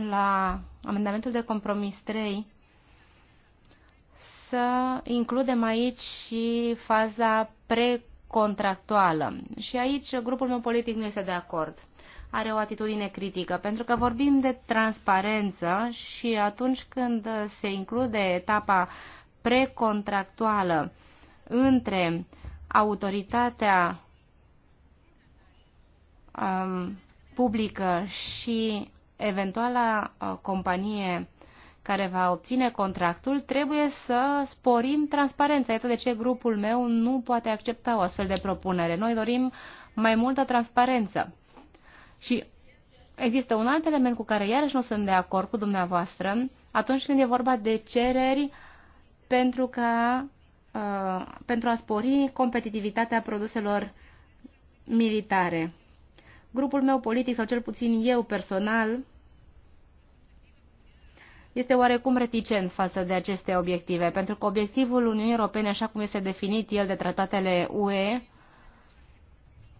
la amendamentul de compromis 3 să includem aici și faza precontractuală. Și aici grupul meu politic nu este de acord. Are o atitudine critică, pentru că vorbim de transparență și atunci când se include etapa precontractuală între autoritatea um, publică și eventuala uh, companie care va obține contractul, trebuie să sporim transparența. Iată de ce grupul meu nu poate accepta o astfel de propunere. Noi dorim mai multă transparență. Și există un alt element cu care iarăși nu sunt de acord cu dumneavoastră, atunci când e vorba de cereri pentru, ca, uh, pentru a spori competitivitatea produselor militare. Grupul meu politic, sau cel puțin eu personal, este oarecum reticent față de aceste obiective, pentru că obiectivul Uniunii Europene, așa cum este definit el de tratatele UE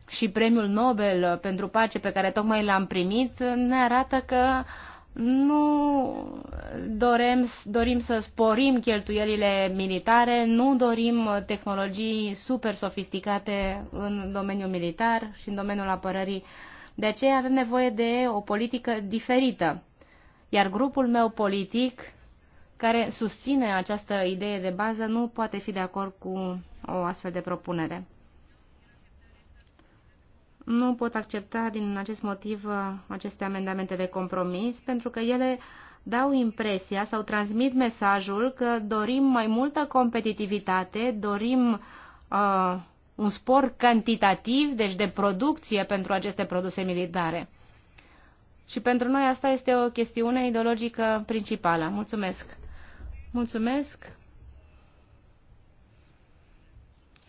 și premiul Nobel pentru pace pe care tocmai l-am primit, ne arată că nu dorem, dorim să sporim cheltuielile militare, nu dorim tehnologii super sofisticate în domeniul militar și în domeniul apărării. De aceea avem nevoie de o politică diferită iar grupul meu politic, care susține această idee de bază, nu poate fi de acord cu o astfel de propunere. Nu pot accepta din acest motiv uh, aceste amendamente de compromis, pentru că ele dau impresia sau transmit mesajul că dorim mai multă competitivitate, dorim uh, un spor cantitativ, deci de producție pentru aceste produse militare. Și pentru noi asta este o chestiune ideologică principală. Mulțumesc! Mulțumesc!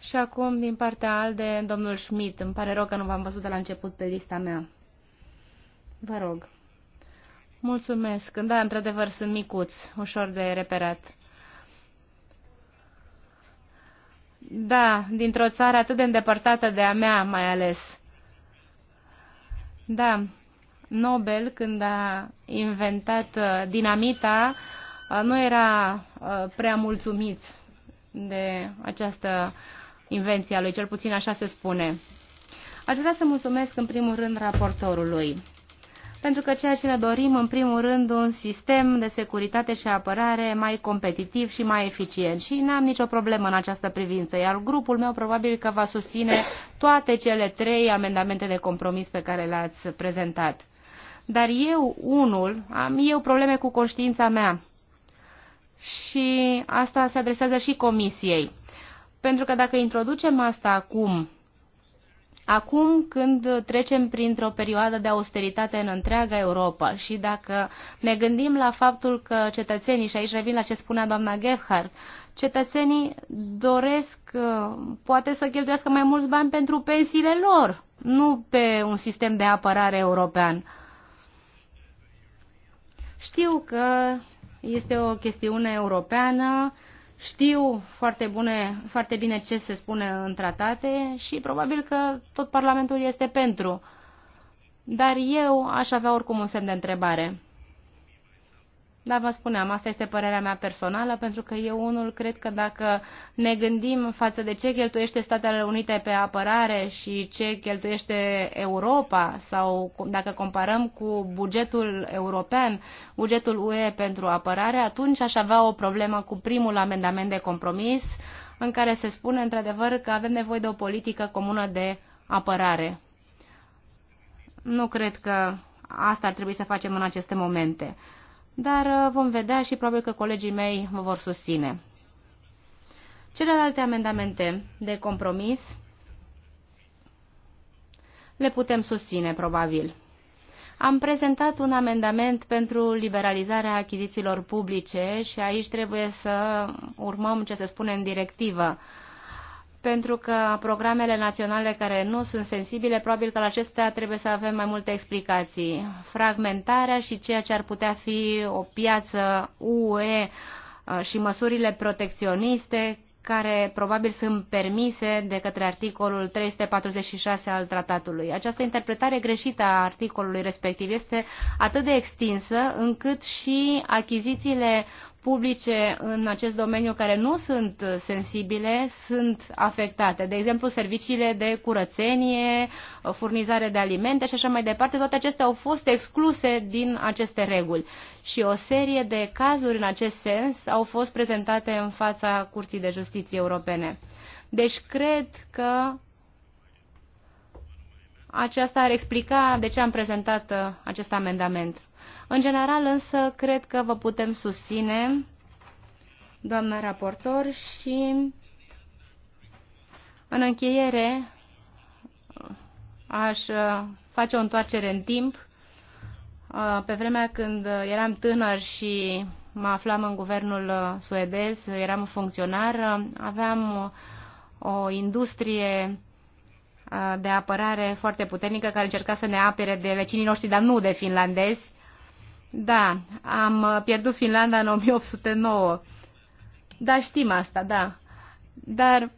Și acum, din partea ALDE, domnul Schmidt. Îmi pare rău că nu v-am văzut de la început pe lista mea. Vă rog. Mulțumesc. Da, într-adevăr, sunt micuț, ușor de reperat. Da, dintr-o țară atât de îndepărtată de a mea, mai ales. Da, Nobel, când a inventat uh, dinamita, uh, nu era uh, prea mulțumit de această invenție a lui, cel puțin așa se spune. Aș vrea să mulțumesc în primul rând raportorului, pentru că ceea ce ne dorim în primul rând un sistem de securitate și apărare mai competitiv și mai eficient și n-am nicio problemă în această privință, iar grupul meu probabil că va susține toate cele trei amendamente de compromis pe care le-ați prezentat. Dar eu, unul, am eu probleme cu conștiința mea. Și asta se adresează și comisiei. Pentru că dacă introducem asta acum, Acum când trecem printr-o perioadă de austeritate în întreaga Europa și dacă ne gândim la faptul că cetățenii, și aici revin la ce spunea doamna Gebhardt, cetățenii doresc uh, poate să cheltuiască mai mulți bani pentru pensiile lor, nu pe un sistem de apărare european. Știu că este o chestiune europeană, știu foarte, bune, foarte bine ce se spune în tratate și probabil că tot Parlamentul este pentru. Dar eu aș avea oricum un semn de întrebare. Dar vă spuneam, asta este părerea mea personală, pentru că eu unul cred că dacă ne gândim față de ce cheltuiește Statele Unite pe apărare și ce cheltuiește Europa, sau dacă comparăm cu bugetul european, bugetul UE pentru apărare, atunci aș avea o problemă cu primul amendament de compromis, în care se spune într-adevăr că avem nevoie de o politică comună de apărare. Nu cred că asta ar trebui să facem în aceste momente dar uh, vom vedea și probabil că colegii mei mă vor susține. Celelalte amendamente de compromis le putem susține, probabil. Am prezentat un amendament pentru liberalizarea achizițiilor publice și aici trebuie să urmăm ce se spune în directivă. Uh, pentru că programele naționale care nu sunt sensibile, probabil că la acestea trebuie să avem mai multe explicații. Fragmentarea și ceea ce ar putea fi o piață UE uh, și măsurile protecționiste care probabil sunt permise de către articolul 346 al tratatului. Această interpretare greșită a articolului respectiv este atât de extinsă încât și achizițiile publice în acest domeniu care nu sunt sensibile sunt afectate. De exemplu, serviciile de curățenie, furnizare de alimente și așa mai departe, toate acestea au fost excluse din aceste reguli. Și o serie de cazuri în acest sens au fost prezentate în fața Curții de Justiție Europene. Deci cred că aceasta ar explica de ce am prezentat uh, acest amendament. În general însă cred că vă putem susține, doamna raportor, și în încheiere aș uh, face o întoarcere în timp. Uh, pe vremea când eram tânăr și mă aflam în guvernul uh, suedez, eram funcționar, aveam o industrie de apărare foarte puternică care încerca să ne apere de vecinii noștri, dar nu de finlandezi. Da, am uh, pierdut Finlanda în 1809. Da, știm asta, da. Dar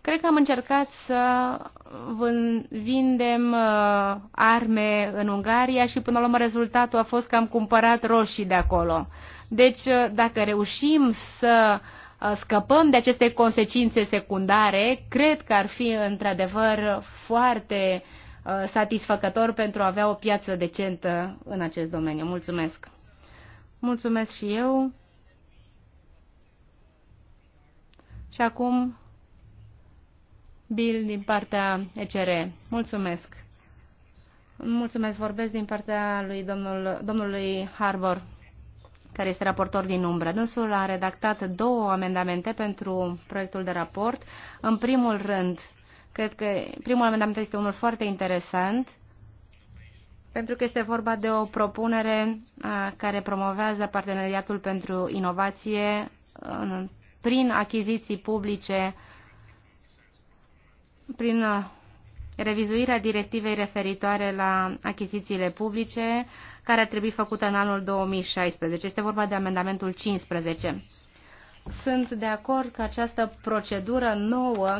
Cred că am încercat să vindem uh, arme în Ungaria și până la urmă rezultatul a fost că am cumpărat roșii de acolo. Deci uh, dacă reușim să uh, scăpăm de aceste consecințe secundare, cred că ar fi într-adevăr foarte uh, Uh, satisfăcător pentru a avea o piață decentă în acest domeniu. Mulțumesc! Mulțumesc și eu! Și acum, Bill din partea ECR. Mulțumesc! Mulțumesc, vorbesc din partea lui domnul, domnului Harbour, care este raportor din umbră. Dânsul a redactat două amendamente pentru proiectul de raport. În primul rând, Cred că primul amendament este unul foarte interesant, pentru că este vorba de o propunere uh, care promovează parteneriatul pentru inovație prin achiziții publice, prin uh, revizuirea directivei referitoare la achizițiile publice, care ar trebui făcută în anul 2016. Este vorba de amendamentul 15. Sunt de acord că această procedură nouă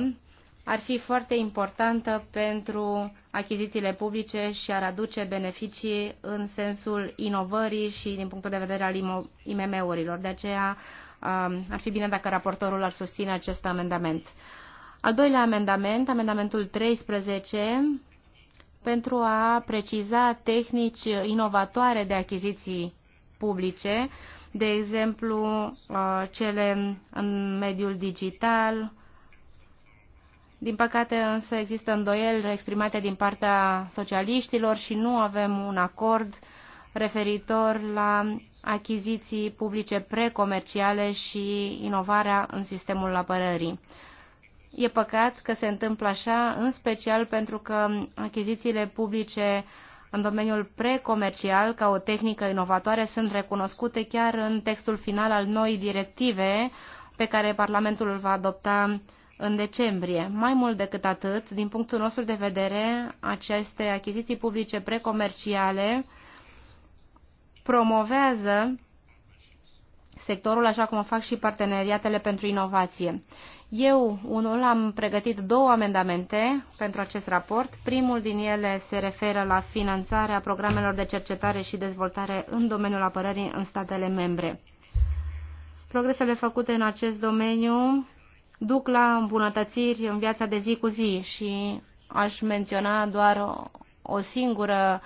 ar fi foarte importantă pentru achizițiile publice și ar aduce beneficii în sensul inovării și din punctul de vedere al IMM-urilor. De aceea um, ar fi bine dacă raportorul ar susține acest amendament. Al doilea amendament, amendamentul 13, pentru a preciza tehnici inovatoare de achiziții publice, de exemplu uh, cele în mediul digital, din păcate însă există îndoieli exprimate din partea socialiștilor și nu avem un acord referitor la achiziții publice precomerciale și inovarea în sistemul apărării. E păcat că se întâmplă așa, în special pentru că achizițiile publice în domeniul precomercial, ca o tehnică inovatoare, sunt recunoscute chiar în textul final al noii directive pe care Parlamentul îl va adopta în decembrie. Mai mult decât atât, din punctul nostru de vedere, aceste achiziții publice precomerciale promovează sectorul, așa cum o fac și parteneriatele pentru inovație. Eu, unul, am pregătit două amendamente pentru acest raport. Primul din ele se referă la finanțarea programelor de cercetare și dezvoltare în domeniul apărării în statele membre. Progresele făcute în acest domeniu duc la îmbunătățiri în viața de zi cu zi și aș menționa doar o, o singură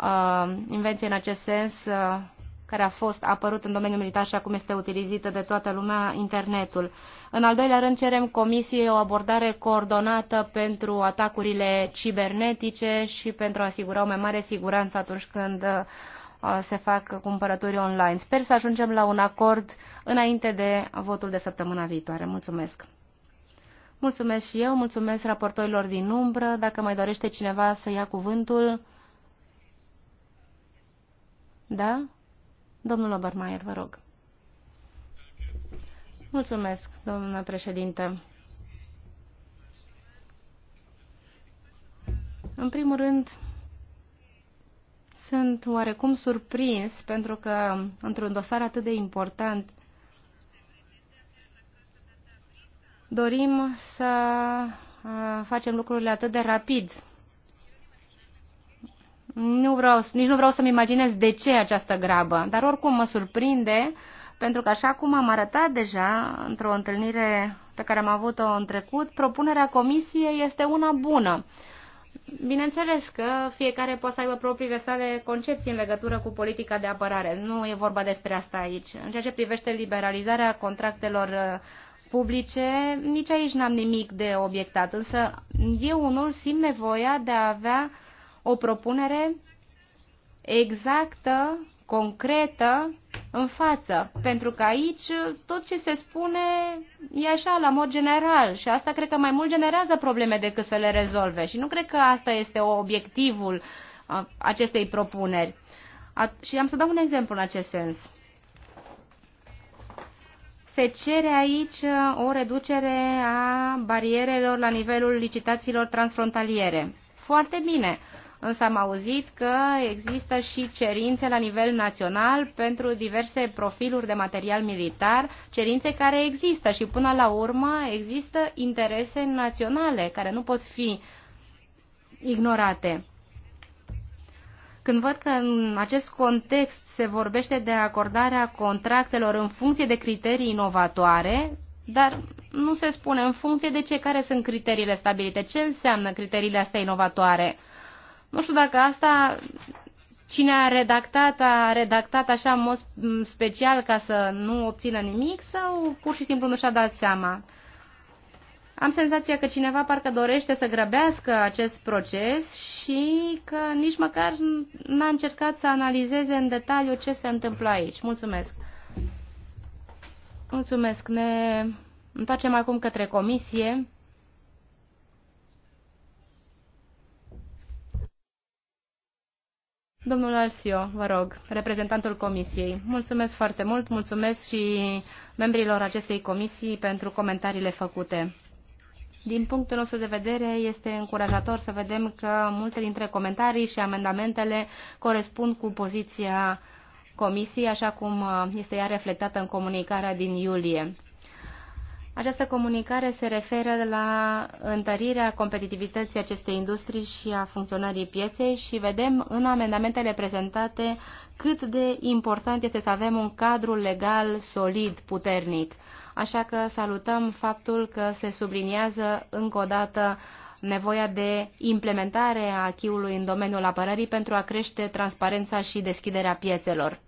uh, invenție în acest sens uh, care a fost apărut în domeniul militar și acum este utilizată de toată lumea, internetul. În al doilea rând, cerem Comisiei o abordare coordonată pentru atacurile cibernetice și pentru a asigura o mai mare siguranță atunci când uh, se fac cumpărături online. Sper să ajungem la un acord înainte de votul de săptămâna viitoare. Mulțumesc! Mulțumesc și eu, mulțumesc raportorilor din umbră. Dacă mai dorește cineva să ia cuvântul... Da? Domnul Obermaier, vă rog. Mulțumesc, domnule președinte. În primul rând, sunt oarecum surprins pentru că într-un dosar atât de important dorim să uh, facem lucrurile atât de rapid. Nu vreau, nici nu vreau să-mi imaginez de ce această grabă, dar oricum mă surprinde, pentru că așa cum am arătat deja într-o întâlnire pe care am avut-o în trecut, propunerea comisiei este una bună. Bineînțeles că fiecare poate să aibă propriile sale concepții în legătură cu politica de apărare. Nu e vorba despre asta aici. În ceea ce privește liberalizarea contractelor uh, publice, nici aici n-am nimic de obiectat, însă eu unul simt nevoia de a avea o propunere exactă, concretă, în față, pentru că aici tot ce se spune e așa, la mod general și asta cred că mai mult generează probleme decât să le rezolve și nu cred că asta este obiectivul uh, acestei propuneri. și am să dau un exemplu în acest sens se cere aici uh, o reducere a barierelor la nivelul licitațiilor transfrontaliere. Foarte bine, însă am auzit că există și cerințe la nivel național pentru diverse profiluri de material militar, cerințe care există și până la urmă există interese naționale care nu pot fi ignorate. Când văd că în acest context se vorbește de acordarea contractelor în funcție de criterii inovatoare, dar nu se spune în funcție de ce care sunt criteriile stabilite. Ce înseamnă criteriile astea inovatoare? Nu știu dacă asta cine a redactat, a redactat așa în mod special ca să nu obțină nimic sau pur și simplu nu și-a dat seama. Am senzația că cineva parcă dorește să grăbească acest proces și că nici măcar n-a încercat să analizeze în detaliu ce se întâmplă aici. Mulțumesc! Mulțumesc! Ne întoarcem acum către comisie. Domnul Alsio, vă rog, reprezentantul Comisiei. Mulțumesc foarte mult, mulțumesc și membrilor acestei comisii pentru comentariile făcute. Din punctul nostru de vedere, este încurajator să vedem că multe dintre comentarii și amendamentele corespund cu poziția Comisiei, așa cum uh, este ea reflectată în comunicarea din iulie. Această comunicare se referă la întărirea competitivității acestei industrii și a funcționării pieței și vedem în amendamentele prezentate cât de important este să avem un cadru legal solid, puternic așa că salutăm faptul că se subliniază încă o dată nevoia de implementare a achiului în domeniul apărării pentru a crește transparența și deschiderea piețelor.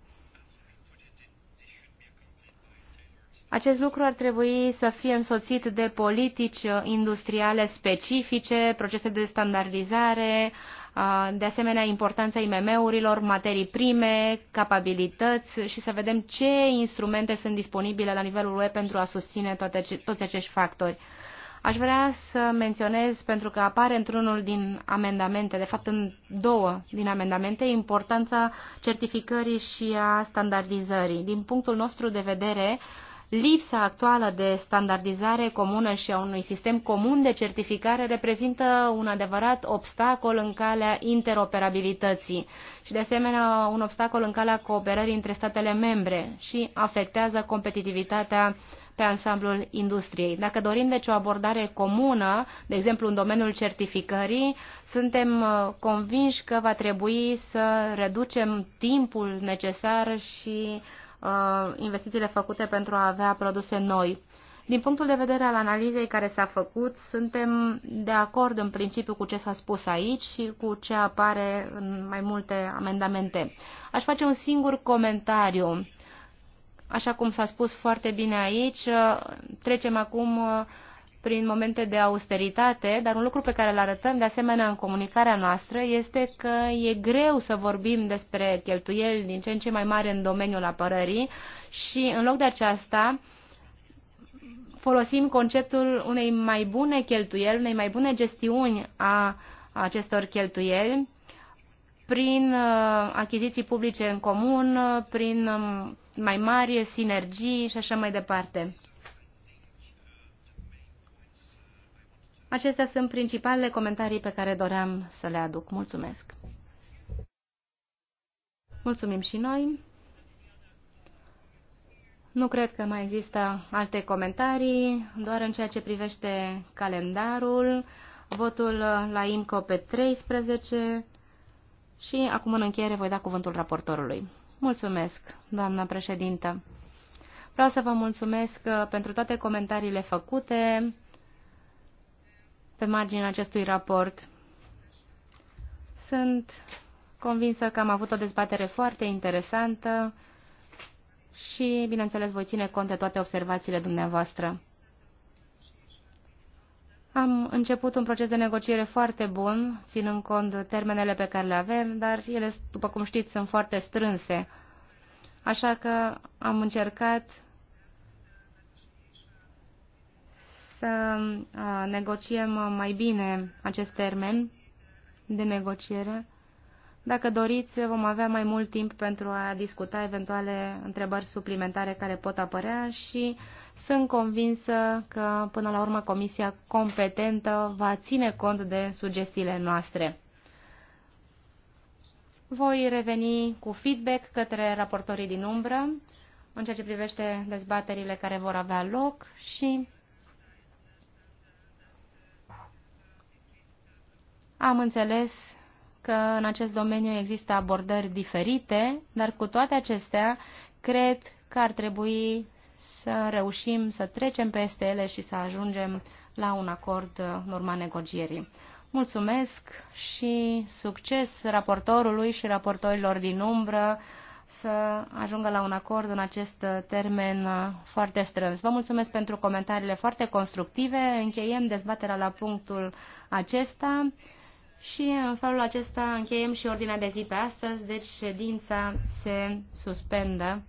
Acest lucru ar trebui să fie însoțit de politici industriale specifice, procese de standardizare, uh, de asemenea importanța IMM-urilor, materii prime, capabilități și să vedem ce instrumente sunt disponibile la nivelul UE pentru a susține toate, toți acești factori. Aș vrea să menționez, pentru că apare într-unul din amendamente, de fapt în două din amendamente, importanța certificării și a standardizării. Din punctul nostru de vedere, uh, Lipsa actuală de standardizare comună și a unui sistem comun de certificare reprezintă un adevărat obstacol în calea interoperabilității și, de asemenea, un obstacol în calea cooperării între statele membre și afectează competitivitatea pe ansamblul industriei. Dacă dorim deci o abordare comună, de exemplu în domeniul certificării, suntem uh, convinși că va trebui să reducem timpul necesar și Uh, investițiile făcute pentru a avea produse noi. Din punctul de vedere al analizei care s-a făcut, suntem de acord în principiu cu ce s-a spus aici și cu ce apare în mai multe amendamente. Aș face un singur comentariu. Așa cum s-a spus foarte bine aici, uh, trecem acum uh, prin momente de austeritate, dar un lucru pe care îl arătăm de asemenea în comunicarea noastră este că e greu să vorbim despre cheltuieli din ce în ce mai mari în domeniul apărării și în loc de aceasta folosim conceptul unei mai bune cheltuieli, unei mai bune gestiuni a acestor cheltuieli prin uh, achiziții publice în comun, uh, prin um, mai mari sinergii și așa mai departe. Acestea sunt principalele comentarii pe care doream să le aduc. Mulțumesc! Mulțumim și noi! Nu cred că mai există alte comentarii, doar în ceea ce privește calendarul, votul la IMCO pe 13 și acum în încheiere voi da cuvântul raportorului. Mulțumesc, doamna președintă. Vreau să vă mulțumesc uh, pentru toate comentariile făcute pe marginea acestui raport. Sunt convinsă că am avut o dezbatere foarte interesantă și, bineînțeles, voi ține cont de toate observațiile dumneavoastră. Am început un proces de negociere foarte bun, ținând cont termenele pe care le avem, dar ele, după cum știți, sunt foarte strânse. Așa că am încercat să negociem mai bine acest termen de negociere. Dacă doriți, vom avea mai mult timp pentru a discuta eventuale întrebări suplimentare care pot apărea și sunt convinsă că, până la urmă, comisia competentă va ține cont de sugestiile noastre. Voi reveni cu feedback către raportorii din umbră în ceea ce privește dezbaterile care vor avea loc și Am înțeles că în acest domeniu există abordări diferite, dar cu toate acestea, cred că ar trebui să reușim să trecem peste ele și să ajungem la un acord în urma negocierii. Mulțumesc și succes raportorului și raportorilor din umbră să ajungă la un acord în acest termen foarte strâns. Vă mulțumesc pentru comentariile foarte constructive. Încheiem dezbaterea la punctul acesta. Și în felul acesta încheiem și ordinea de zi pe astăzi, deci ședința se suspendă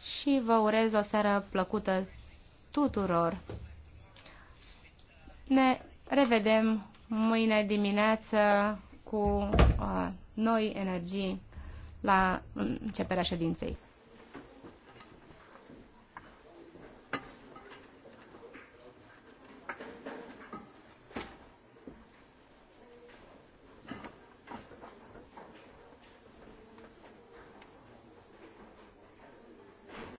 și vă urez o seară plăcută tuturor. Ne revedem mâine dimineață cu uh, noi energii la începerea ședinței.